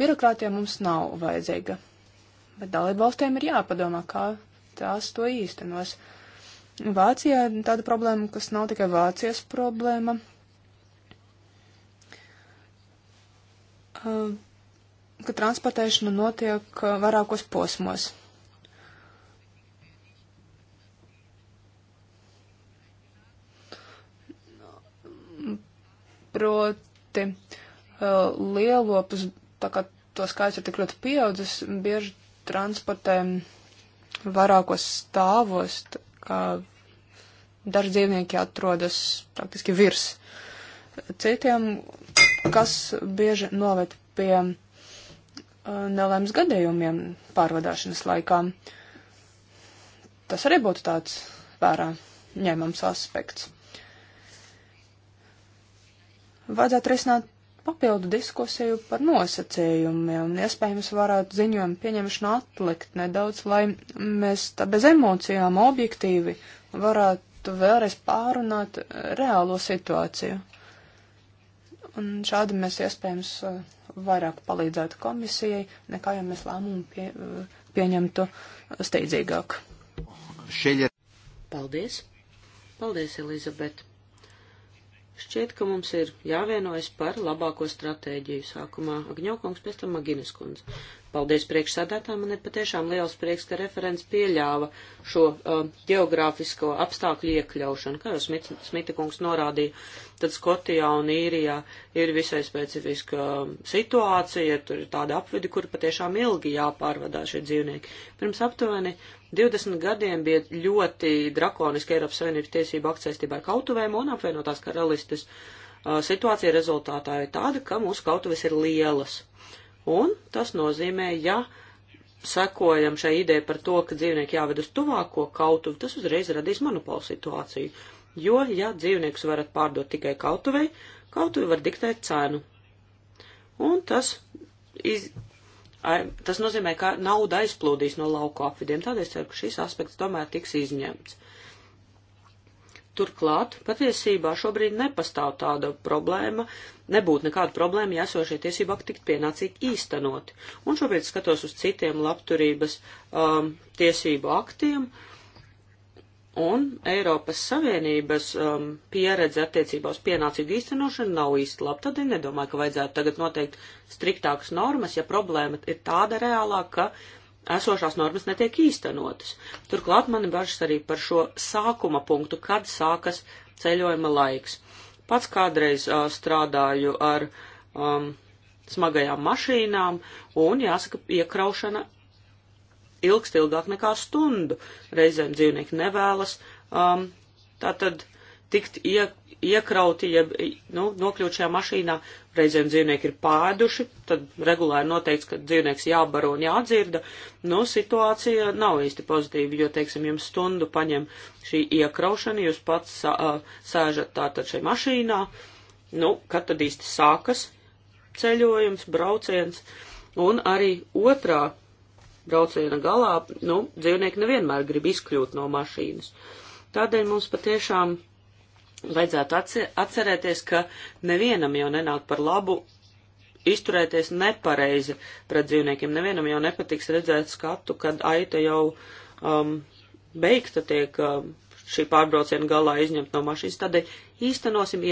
Birokrātija mums nav vajadzīga, bet dalībvalstīm ir jāpadomā, kā tās to īstenos. Vācijā ir tāda problēma, kas nav tikai Vācijas problēma. ka transportēšana notiek vairākos posmos. Proti uh, lielopus, tā kā to skaits ir tik ļoti pieaudzis, bieži transportē vairākos stāvos, kā daži dzīvnieki atrodas praktiski virs citiem, kas bieži noved pie uh, nelēmas gadījumiem pārvadāšanas laikā. Tas arī būtu tāds vērā ņēmams aspekts vajadzētu risināt papildu diskusiju par nosacējumiem. Iespējams, varētu ziņojumu pieņemšanu atlikt nedaudz, lai mēs tā bez emocijām objektīvi varētu vēlreiz pārunāt reālo situāciju. Un šādi mēs iespējams uh, vairāk palīdzētu komisijai, nekā ja mēs lēmumu pie, uh, pieņemtu steidzīgāk. Paldies! Paldies, Elizabete! Šķiet, ka mums ir jāvienojas par labāko stratēģiju sākumā Agņokungs, pēc tam Maginis kundze. Paldies priekšsādātā, man ir patiešām liels prieks, ka referents pieļāva šo uh, geogrāfisko apstākļu iekļaušanu. Kā jau Smit, Smita kungs norādīja, tad Skotijā un Īrijā ir visai specifiska um, situācija, tur ir tāda apvidi, kur patiešām ilgi jāpārvadā šie dzīvnieki. Pirms aptuveni 20 gadiem bija ļoti drakoniski Eiropas Savienības tiesība akts saistībā ar kautuvēm un apvienotās karalistes uh, situācija rezultātā ir tāda, ka mūsu kautuves ir lielas. Un tas nozīmē, ja sekojam šai ideja par to, ka dzīvnieki jāved uz tuvāko kautuvi, tas uzreiz radīs monopolu situāciju. Jo, ja dzīvniekus varat pārdot tikai kautuvei, kautuvi var diktēt cenu. Un tas iz, Ar, tas nozīmē, ka nauda aizplūdīs no lauku apvidiem, tādēļ ceru, ka šis aspekts tomēr tiks izņemts. Turklāt, patiesībā šobrīd nepastāv tāda problēma, nebūtu nekāda problēma, ja esošie tiesību akti tiktu pienācīgi īstenoti. Un šobrīd skatos uz citiem labturības um, tiesību aktiem. Uh, un Eiropas Savienības um, pieredze attiecībā uz pienācīgu īstenošanu nav īsti laba. Tad es nedomāju, ka vajadzētu tagad noteikt striktākas normas, ja problēma ir tāda reālā, ka esošās normas netiek īstenotas. Turklāt mani bažas arī par šo sākuma punktu, kad sākas ceļojuma laiks. Pats kādreiz uh, strādāju ar um, smagajām mašīnām, un jāsaka, iekraušana ilgst ilgāk nekā stundu. Reizēm dzīvnieki nevēlas um, tātad tikt ie, iekrauti, ja nu, nokļūt šajā mašīnā. Reizēm dzīvnieki ir pāduši, tad regulāri noteikts, ka dzīvnieks jābaro un jādzirda. Nu, situācija nav īsti pozitīva, jo, teiksim, jums stundu paņem šī iekraušana, jūs pats uh, sēžat tātad šajā mašīnā. Nu, kad tad īsti sākas ceļojums, brauciens? Un arī otrā brauciena galā, nu, dzīvnieki nevienmēr grib izkļūt no mašīnas. Tādēļ mums patiešām vajadzētu atcerēties, ka nevienam jau nenāk par labu izturēties nepareizi pret dzīvniekiem. Nevienam jau nepatiks redzēt skatu, kad aita jau um, beigta tiek um, šī pārbrauciena galā izņemt no mašīnas. Tādēļ īstenosim,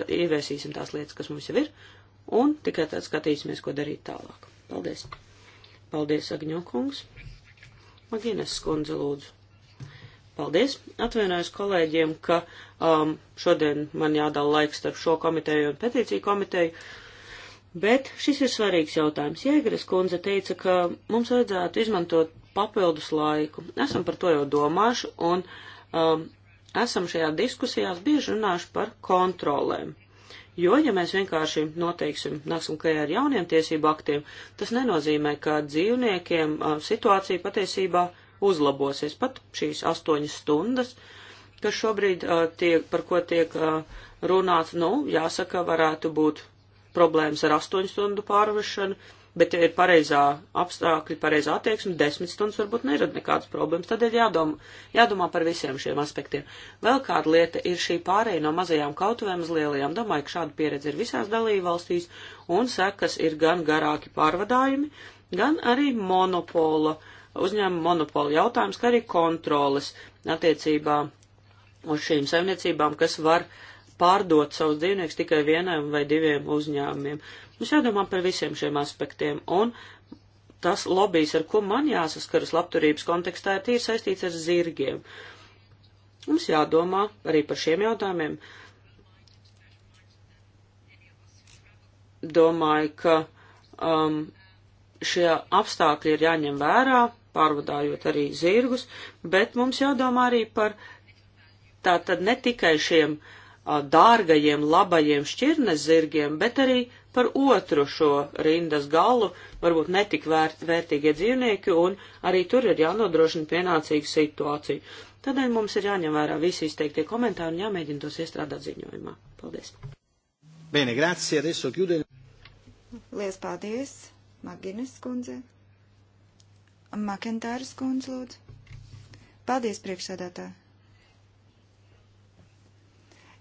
tā, ieviesīsim tās lietas, kas mums jau ir, un tikai tad skatīsimies, ko darīt tālāk. Paldies! Paldies, Agņokungs. Magīnes skundze, lūdzu. Paldies. Atvienojos kolēģiem, ka um, šodien man jādala laiks starp šo komiteju un petīciju komiteju. Bet šis ir svarīgs jautājums. Jēgres kundze teica, ka mums vajadzētu izmantot papildus laiku. Esam par to jau domāšu un um, esam šajā diskusijās bieži runājuši par kontrolēm. Jo, ja mēs vienkārši noteiksim, nāksim klajā ar jauniem tiesību aktiem, tas nenozīmē, ka dzīvniekiem situācija patiesībā uzlabosies. Pat šīs astoņas stundas, kas šobrīd tiek, par ko tiek runāts, nu, jāsaka, varētu būt problēmas ar astoņu stundu pārvešanu Bet, ja ir pareizā apstākļi, pareizā attieksme, desmit stundas varbūt nerada nekādas problēmas. Tad ir jādomā, jādomā par visiem šiem aspektiem. Vēl kāda lieta ir šī pārēja no mazajām kautuvēm uz lielajām. Domāju, ka šāda pieredze ir visās dalībvalstīs, un sekas ir gan garāki pārvadājumi, gan arī monopola, uzņēmuma monopola jautājums, kā arī kontroles attiecībā uz šīm saimniecībām, kas var pārdot savus dzīvniekus tikai vienam vai diviem uzņēmumiem. Uh, Mums jādomā par visiem šiem aspektiem, un tas lobijs, ar ko man jāsaskaras labturības kontekstā, ir tīri saistīts ar zirgiem. Mums jādomā arī par šiem jautājumiem. Domāju, ka um, šie apstākļi ir jāņem vērā, pārvadājot arī zirgus, bet mums jādomā arī par tā tad ne tikai šiem uh, dārgajiem, labajiem šķirnes zirgiem, bet arī par otru šo rindas galu, varbūt netik vērt, vērtīgie dzīvnieki, un arī tur ir jānodrošina pienācīga situācija. Tādēļ mums ir jāņem vērā visi izteiktie komentāri un jāmēģina tos iestrādāt ziņojumā. Paldies! Bene, grazie, adesso chiude. Lielas paldies, Maginis kundze. Makentāras kundze, lūdzu. Paldies, priekšsēdētāji.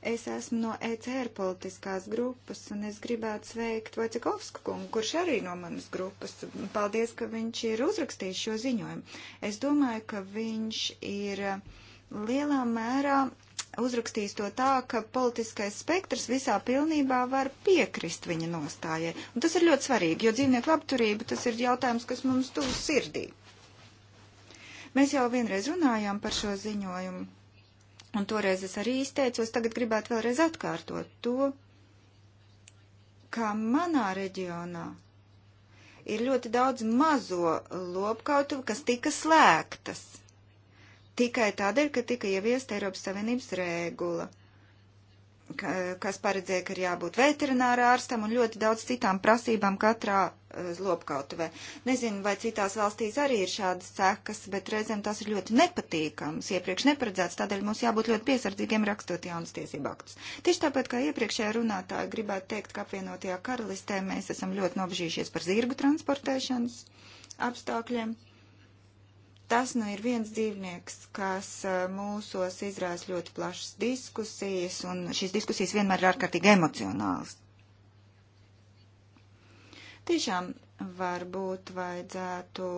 Es esmu no ECR politiskās grupas, un es gribētu sveikt Vacekovsku kungu, kurš arī no manas grupas. Paldies, ka viņš ir uzrakstījis šo ziņojumu. Es domāju, ka viņš ir uh, lielā mērā uzrakstījis to tā, ka politiskais spektrs visā pilnībā var piekrist viņa nostājai. Un tas ir ļoti svarīgi, jo dzīvnieku labturība tas ir jautājums, kas mums tūs sirdī. Mēs jau vienreiz runājām par šo ziņojumu. Un toreiz es arī izteicos, tagad gribētu vēlreiz atkārtot to, kā manā reģionā ir ļoti daudz mazo lopkautuvu, kas tika slēgtas tikai tādēļ, ka tika ieviesta Eiropas Savienības regula kas paredzēja, ka ir jābūt veterinārā ārstam un ļoti daudz citām prasībām katrā eh, lopkautuvē. Nezinu, vai citās valstīs arī ir šādas cekas, bet reizēm tas ir ļoti nepatīkams, iepriekš neparedzēts, tādēļ mums jābūt ļoti piesardzīgiem rakstot jaunas tiesību aktus. Tieši tāpēc, kā iepriekšējā runātāja gribētu teikt, ka apvienotajā karalistē mēs esam ļoti nobežījušies par zirgu transportēšanas apstākļiem. Tas nu ir viens dzīvnieks, kas eh, mūsos izrāsa ļoti plašas diskusijas, un šīs diskusijas vienmēr ir ārkārtīgi emocionālas. Tiešām varbūt vajadzētu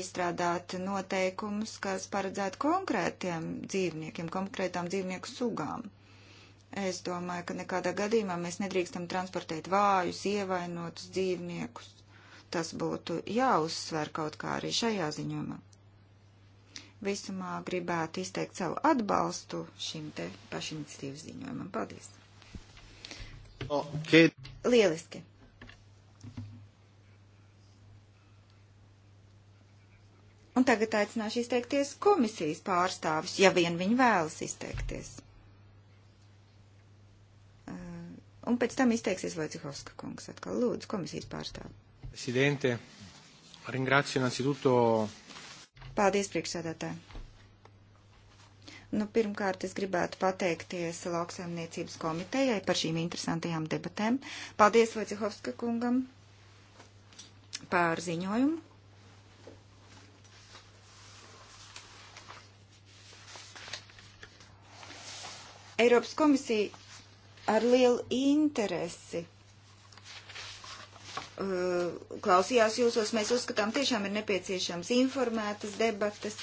izstrādāt noteikumus, kas paredzētu konkrētiem dzīvniekiem, konkrētām dzīvnieku sugām. Es domāju, ka nekādā gadījumā mēs nedrīkstam transportēt vājus, ievainotus dzīvniekus. Tas būtu jāuzsver kaut kā arī šajā ziņumā visumā gribētu izteikt savu atbalstu šim te pašiniciatīvas ziņojumam. Paldies! Okay. Lieliski! Un tagad aicināšu izteikties komisijas pārstāvis, ja vien viņi vēlas izteikties. Eh, un pēc tam izteiksies Vojcihovska kungs atkal. Lūdzu, komisijas pārstāvi. Presidente, ringrazio innanzitutto Paldies, priekšsēdētāji! Nu, pirmkārt, es gribētu pateikties lauksaimniecības komitejai par šīm interesantajām debatēm. Paldies Vojcehovska kungam par ziņojumu. Eiropas komisija ar lielu interesi Uh, klausījās jūsos. Mēs uzskatām, tiešām ir nepieciešams informētas debatas,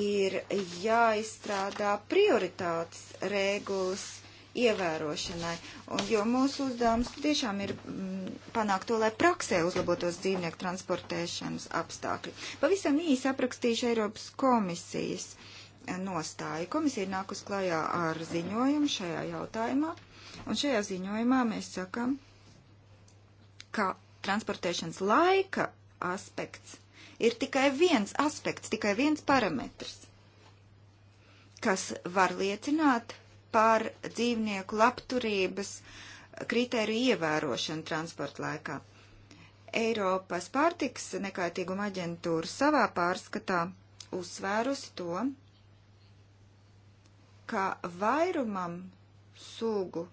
ir jāizstrādā prioritātes regulas ievērošanai, un, jo mūsu uzdevums tiešām ir m, mm, panākt to, lai praksē uzlabotos dzīvnieku transportēšanas apstākļi. Pavisam īsi aprakstīšu Eiropas komisijas eh, nostāju. Komisija ir nākus klajā ar ziņojumu šajā jautājumā, un šajā ziņojumā mēs sakam, ka transportēšanas laika aspekts ir tikai viens aspekts, tikai viens parametrs, kas var liecināt par dzīvnieku labturības kritēriju ievērošanu transporta laikā. Eiropas pārtiks nekaitīguma aģentūra savā pārskatā uzsvērusi to, ka vairumam sugu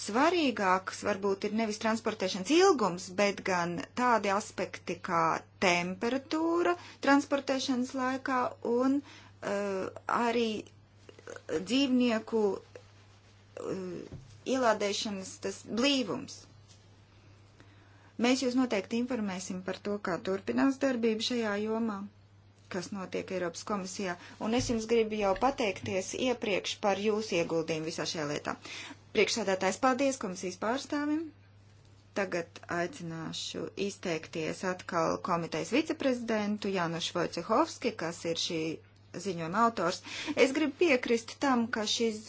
Svarīgāks varbūt ir nevis transportēšanas ilgums, bet gan tādi aspekti kā temperatūra transportēšanas laikā un uh, arī dzīvnieku uh, ielādēšanas tas blīvums. Mēs jūs noteikti informēsim par to, kā turpinās darbība šajā jomā, kas notiek Eiropas komisijā, un es jums gribu jau pateikties iepriekš par jūsu ieguldījumu visā šajā lietā. Priekšsēdētājs paldies komisijas pārstāvim. Tagad aicināšu izteikties atkal komitejas viceprezidentu Jānušu Vojcehovski, kas ir šī ziņojuma autors. Es gribu piekrist tam, ka šis,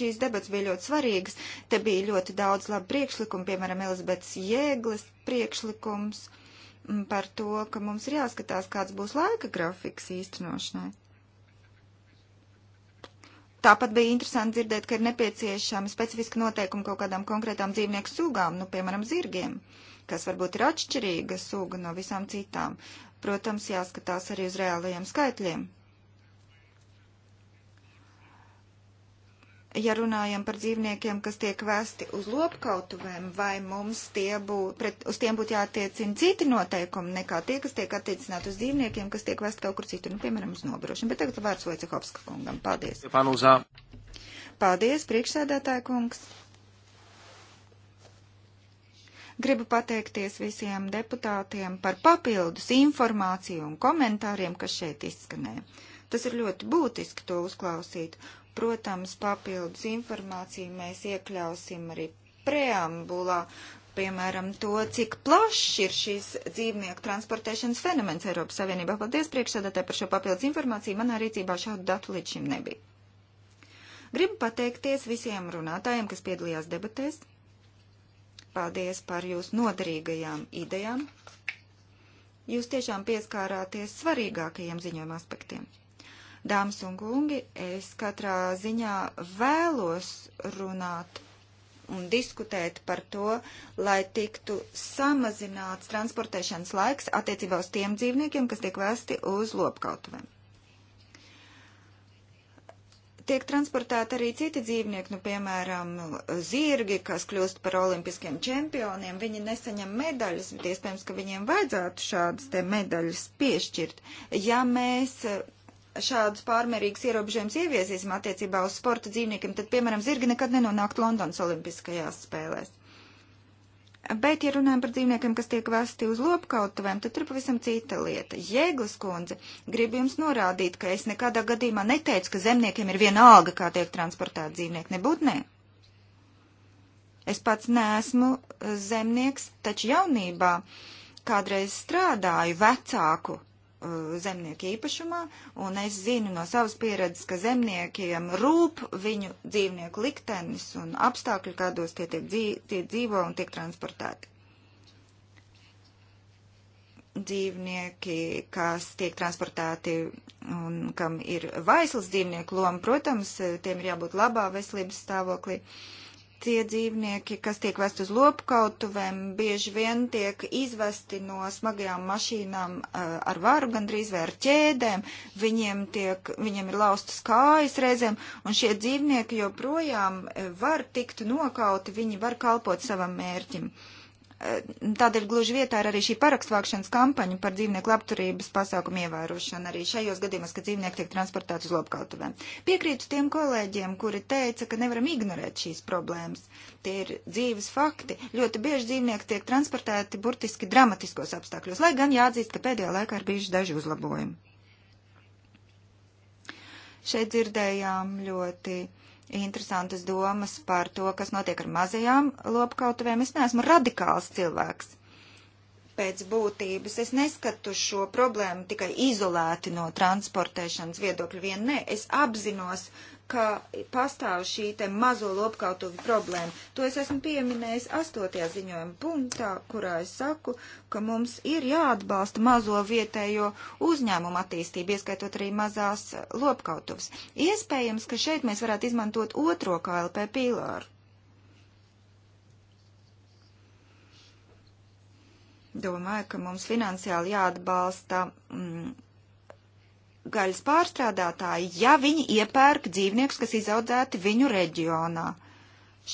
šīs debats bija ļoti svarīgas. Te bija ļoti daudz labu priekšlikumu, piemēram, Elizabetes Jēgles priekšlikums par to, ka mums ir jāskatās, kāds būs laika grafiks īstenošanai. Tāpat bija interesanti dzirdēt, ka ir nepieciešama specifiska noteikuma kaut kādām konkrētām dzīvnieku sugām, nu, piemēram, zirgiem, kas varbūt ir atšķirīga suga no visām citām. Protams, jāskatās arī uz reālajiem skaitļiem. ja runājam par dzīvniekiem, kas tiek vēsti uz lopkautuvēm, vai mums tie būtu, pret, uz tiem būtu jātiecina citi noteikumi nekā tie, kas tiek attiecināti uz dzīvniekiem, kas tiek vēsti kaut kur citur, nu, piemēram, uz nobrošanu. Bet tagad vārds Vojcehovska kungam. Paldies. Panuzā. Paldies, priekšsēdētāja kungs. Gribu pateikties visiem deputātiem par papildus informāciju un komentāriem, kas šeit izskanēja. Tas ir ļoti būtiski to uzklausīt. Protams, papildus informāciju mēs iekļausim arī preambulā, piemēram, to, cik plašs ir šis dzīvnieku transportēšanas fenomens Eiropas Savienībā. Paldies priekšsēdētāji par šo papildus informāciju. Manā rīcībā šādu datu līdz šim nebija. Gribu pateikties visiem runātājiem, kas piedalījās debatēs. Paldies par jūsu noderīgajām idejām. Jūs tiešām pieskārāties svarīgākajiem ziņojuma aspektiem. Dāmas un kungi, es katrā ziņā vēlos runāt un diskutēt par to, lai tiktu samazināts transportēšanas laiks attiecībā uz tiem dzīvniekiem, kas tiek vēsti uz lopkautuvēm. Tiek transportēti arī citi dzīvnieki, nu, piemēram, zirgi, kas kļūst par olimpiskiem čempioniem. Viņi nesaņem medaļas, bet iespējams, ka viņiem vajadzētu šādas te medaļas piešķirt. Ja mēs šādus pārmērīgus ierobežojumus ieviesīsim attiecībā uz sporta dzīvniekiem, tad, piemēram, zirgi nekad nenonākt Londonas olimpiskajās spēlēs. Bet, ja runājam par dzīvniekiem, kas tiek vesti uz lopkautuvēm, tad tur pavisam cita lieta. Jēglas kundze, gribu jums norādīt, ka es nekādā gadījumā neteicu, ka zemniekiem ir viena alga, kā tiek transportēta dzīvnieki. Nebūt nē. Es pats neesmu zemnieks, taču jaunībā kādreiz strādāju vecāku Uh, zemnieku īpašumā, un es zinu no savas pieredzes, ka zemniekiem rūp viņu dzīvnieku liktenis un apstākļi, kādos tie, tiek dzīv, tie dzīvo un tiek transportēti. Dzīvnieki, kas tiek transportēti un kam ir vaisls dzīvnieku loma, protams, tiem ir jābūt labā veselības stāvoklī. Uh, tie dzīvnieki, kas tiek vest uz lopkautuvēm, bieži vien tiek izvesti no smagajām mašīnām eh, ar varu, gandrīz vai ar ķēdēm, viņiem, tiek, viņiem ir laustas kājas reizēm, un šie dzīvnieki joprojām eh, var tikt nokauti, viņi var kalpot savam mērķim. Uh, Eh, tādēļ gluži vietā ir arī šī parakstvākšanas kampaņa par dzīvnieku labturības pasākumu ievērošanu arī šajos gadījumos, kad dzīvnieki tiek transportēti uz lopkautuvēm. Piekrītu tiem kolēģiem, kuri teica, ka nevaram ignorēt šīs problēmas. Tie ir dzīves fakti. Ļoti bieži dzīvnieki tiek transportēti burtiski dramatiskos apstākļos, lai gan jāatzīst, ka pēdējā laikā ir bijuši daži uzlabojumi. Šeit dzirdējām ļoti interesantas domas par to, kas notiek ar mazajām lopkautuvēm. Es neesmu radikāls cilvēks. Pēc būtības es neskatu šo problēmu tikai izolēti no transportēšanas viedokļa vien. Nē, es apzinos ka pastāv šī te mazo lopkautuvi problēma. To es esmu pieminējis astotajā ziņojuma punktā, kurā es saku, ka mums ir jāatbalsta mazo vietējo uzņēmumu attīstību, ieskaitot arī mazās lopkautuvas. Iespējams, ka šeit mēs varētu izmantot otro KLP pīlāru. Domāju, ka mums finansiāli jāatbalsta. Mm, gaļas pārstrādātāji, ja viņi iepērk dzīvniekus, kas izaudzēti viņu reģionā.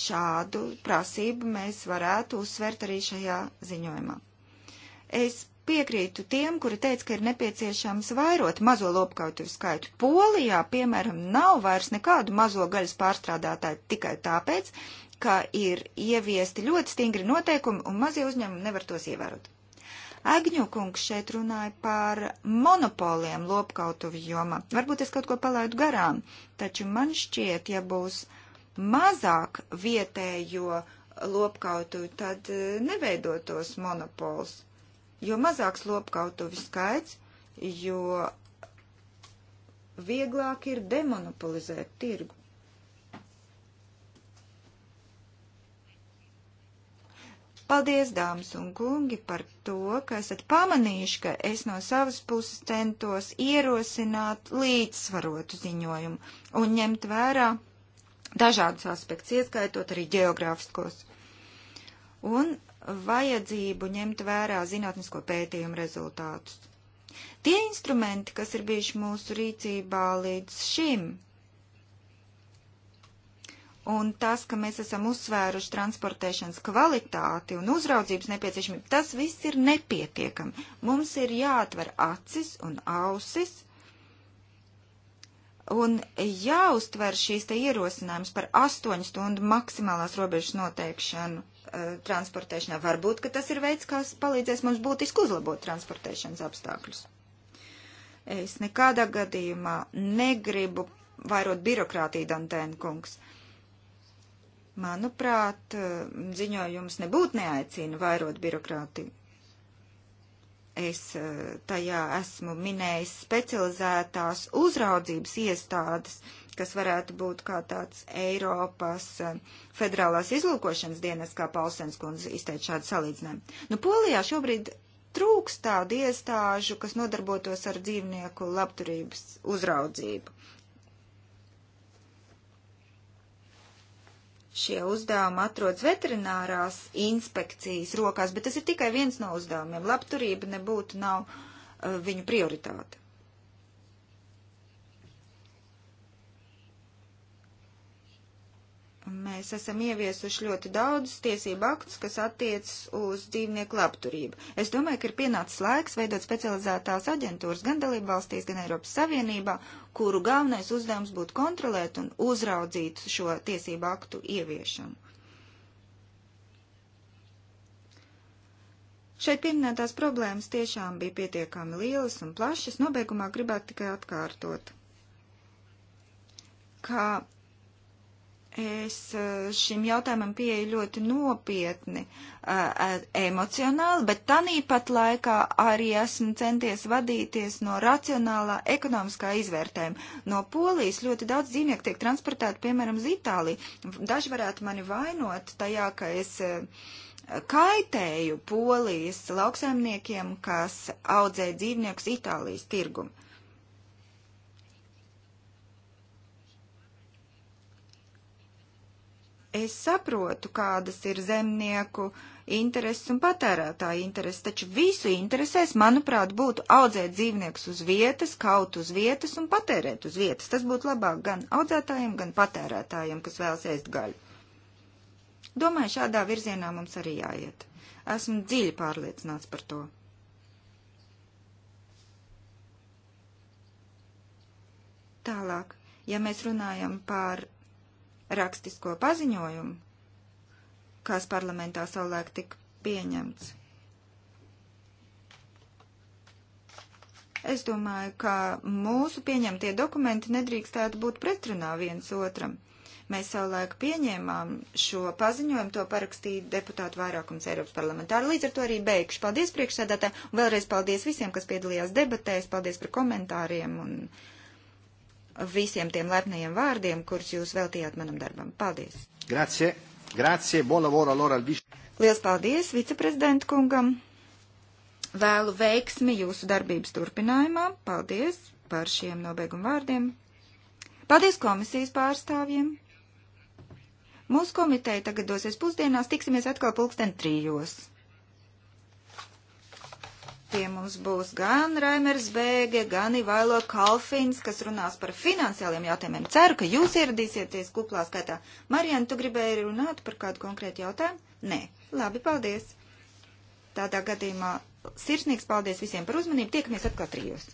Šādu prasību mēs varētu uzsvērt arī šajā ziņojumā. Es piekrītu tiem, kuri teica, ka ir nepieciešams vairot mazo lopkautuvu skaitu. Polijā, piemēram, nav vairs nekādu mazo gaļas pārstrādātāju tikai tāpēc, ka ir ieviesti ļoti stingri noteikumi un mazie uzņēmumi nevar tos ievērot. Agņukungs šeit runāja par monopoliem lopkautuvju jomā. Varbūt es kaut ko palaidu garām, taču man šķiet, ja būs mazāk vietējo lopkautuvi, tad e, neveidotos monopols. Jo mazāks lopkautuvi skaits, jo vieglāk ir demonopolizēt tirgu. Paldies, dāmas un kungi, par to, ka esat pamanījuši, ka es no savas puses centos ierosināt līdzsvarotu ziņojumu un ņemt vērā dažādus aspektus, ieskaitot arī geogrāfiskos. Un vajadzību ņemt vērā zinātnisko pētījumu rezultātus. Tie instrumenti, kas ir bijuši mūsu rīcībā līdz šim, Un tas, ka mēs esam uzsvēruši transportēšanas kvalitāti un uzraudzības nepieciešamību, tas viss ir nepietiekami. Mums ir jāatver acis un ausis un jāuztver šīs te ierosinājums par 8 stundu maksimālās robežas noteikšanu uh, transportēšanā. Varbūt, ka tas ir veids, kas palīdzēs mums būtiski uzlabot transportēšanas apstākļus. Es nekādā gadījumā negribu vairot birokrātiju, Dantēna kungs. Uh, Manuprāt, ziņojums nebūtu neaicina vairot birokrātiju. Es eh, tajā esmu minējis specializētās uzraudzības iestādes, kas varētu būt kā tāds Eiropas eh, federālās izlūkošanas dienas, kā Paulsens kundze izteica šādu salīdzinājumu. Nu, Polijā šobrīd trūkst tādu iestāžu, kas nodarbotos ar dzīvnieku labturības uzraudzību. šie uzdevumi atrodas veterinārās inspekcijas rokās, bet tas ir tikai viens no uzdevumiem. Labturība nebūtu nav uh, viņu prioritāte. Mēs esam ieviesuši ļoti daudz tiesību aktus, kas attiecas uz dzīvnieku labturību. Es domāju, ka ir pienācis laiks veidot specializētās aģentūras gan dalību valstīs, gan Eiropas Savienībā, kuru galvenais uzdevums būtu kontrolēt un uzraudzīt šo tiesību aktu ieviešanu. Šeit pieminētās problēmas tiešām bija pietiekami lielas un plašas. Nobeigumā gribētu tikai atkārtot, ka Es eh, šim jautājumam pieeju ļoti nopietni, eh, eh, emocionāli, bet tanīpat laikā arī esmu centies vadīties no racionālā ekonomiskā izvērtējuma. No Polijas ļoti daudz dzīvnieku tiek transportēti, piemēram, uz Itāliju. Daži varētu mani vainot tajā, ka es kaitēju Polijas lauksaimniekiem, kas audzē dzīvniekus Itālijas tirgumu. Es saprotu, kādas ir zemnieku intereses un patērētāju intereses, taču visu interesēs, manuprāt, būtu audzēt dzīvniekus uz vietas, kaut uz vietas un patērēt uz vietas. Tas būtu labāk gan audzētājiem, gan patērētājiem, kas vēlas ēst gaļu. Domāju, šādā virzienā mums arī jāiet. Esmu dziļi pārliecināts par to. Tālāk, ja mēs runājam par rakstisko paziņojumu, kas parlamentā savulaik tika pieņemts. Es domāju, ka mūsu pieņemtie dokumenti nedrīkstētu būt pretrunā viens otram. Mēs savulaik pieņēmām šo paziņojumu, to parakstīja deputātu vairākums Eiropas parlamentāri. Līdz ar to arī beigšu. Paldies priekšsēdētāji, un vēlreiz paldies visiem, kas piedalījās debatēs, paldies par komentāriem un visiem tiem lepniem vārdiem, kurus jūs veltījāt manam darbam. Paldies! Grazie! Grazie! Buon lavoro allora al vice! Lielas paldies viceprezidentu kungam! Vēlu veiksmi jūsu darbības turpinājumā. Paldies par šiem nobeiguma vārdiem. Paldies komisijas pārstāvjiem. Mūsu komiteja tagad dosies pusdienās, tiksimies atkal pulksten trijos. Pie mums būs gan Raimers Bēge, gan Ivailo Kalfins, kas runās par finansiāliem jautājumiem. Ceru, ka jūs ieradīsieties kuplā skaitā. Marian, tu gribēji runāt par kādu konkrētu jautājumu? Nē. Labi, paldies. Tādā gadījumā sirsnīgs paldies visiem par uzmanību. Tiekamies atkal trijos.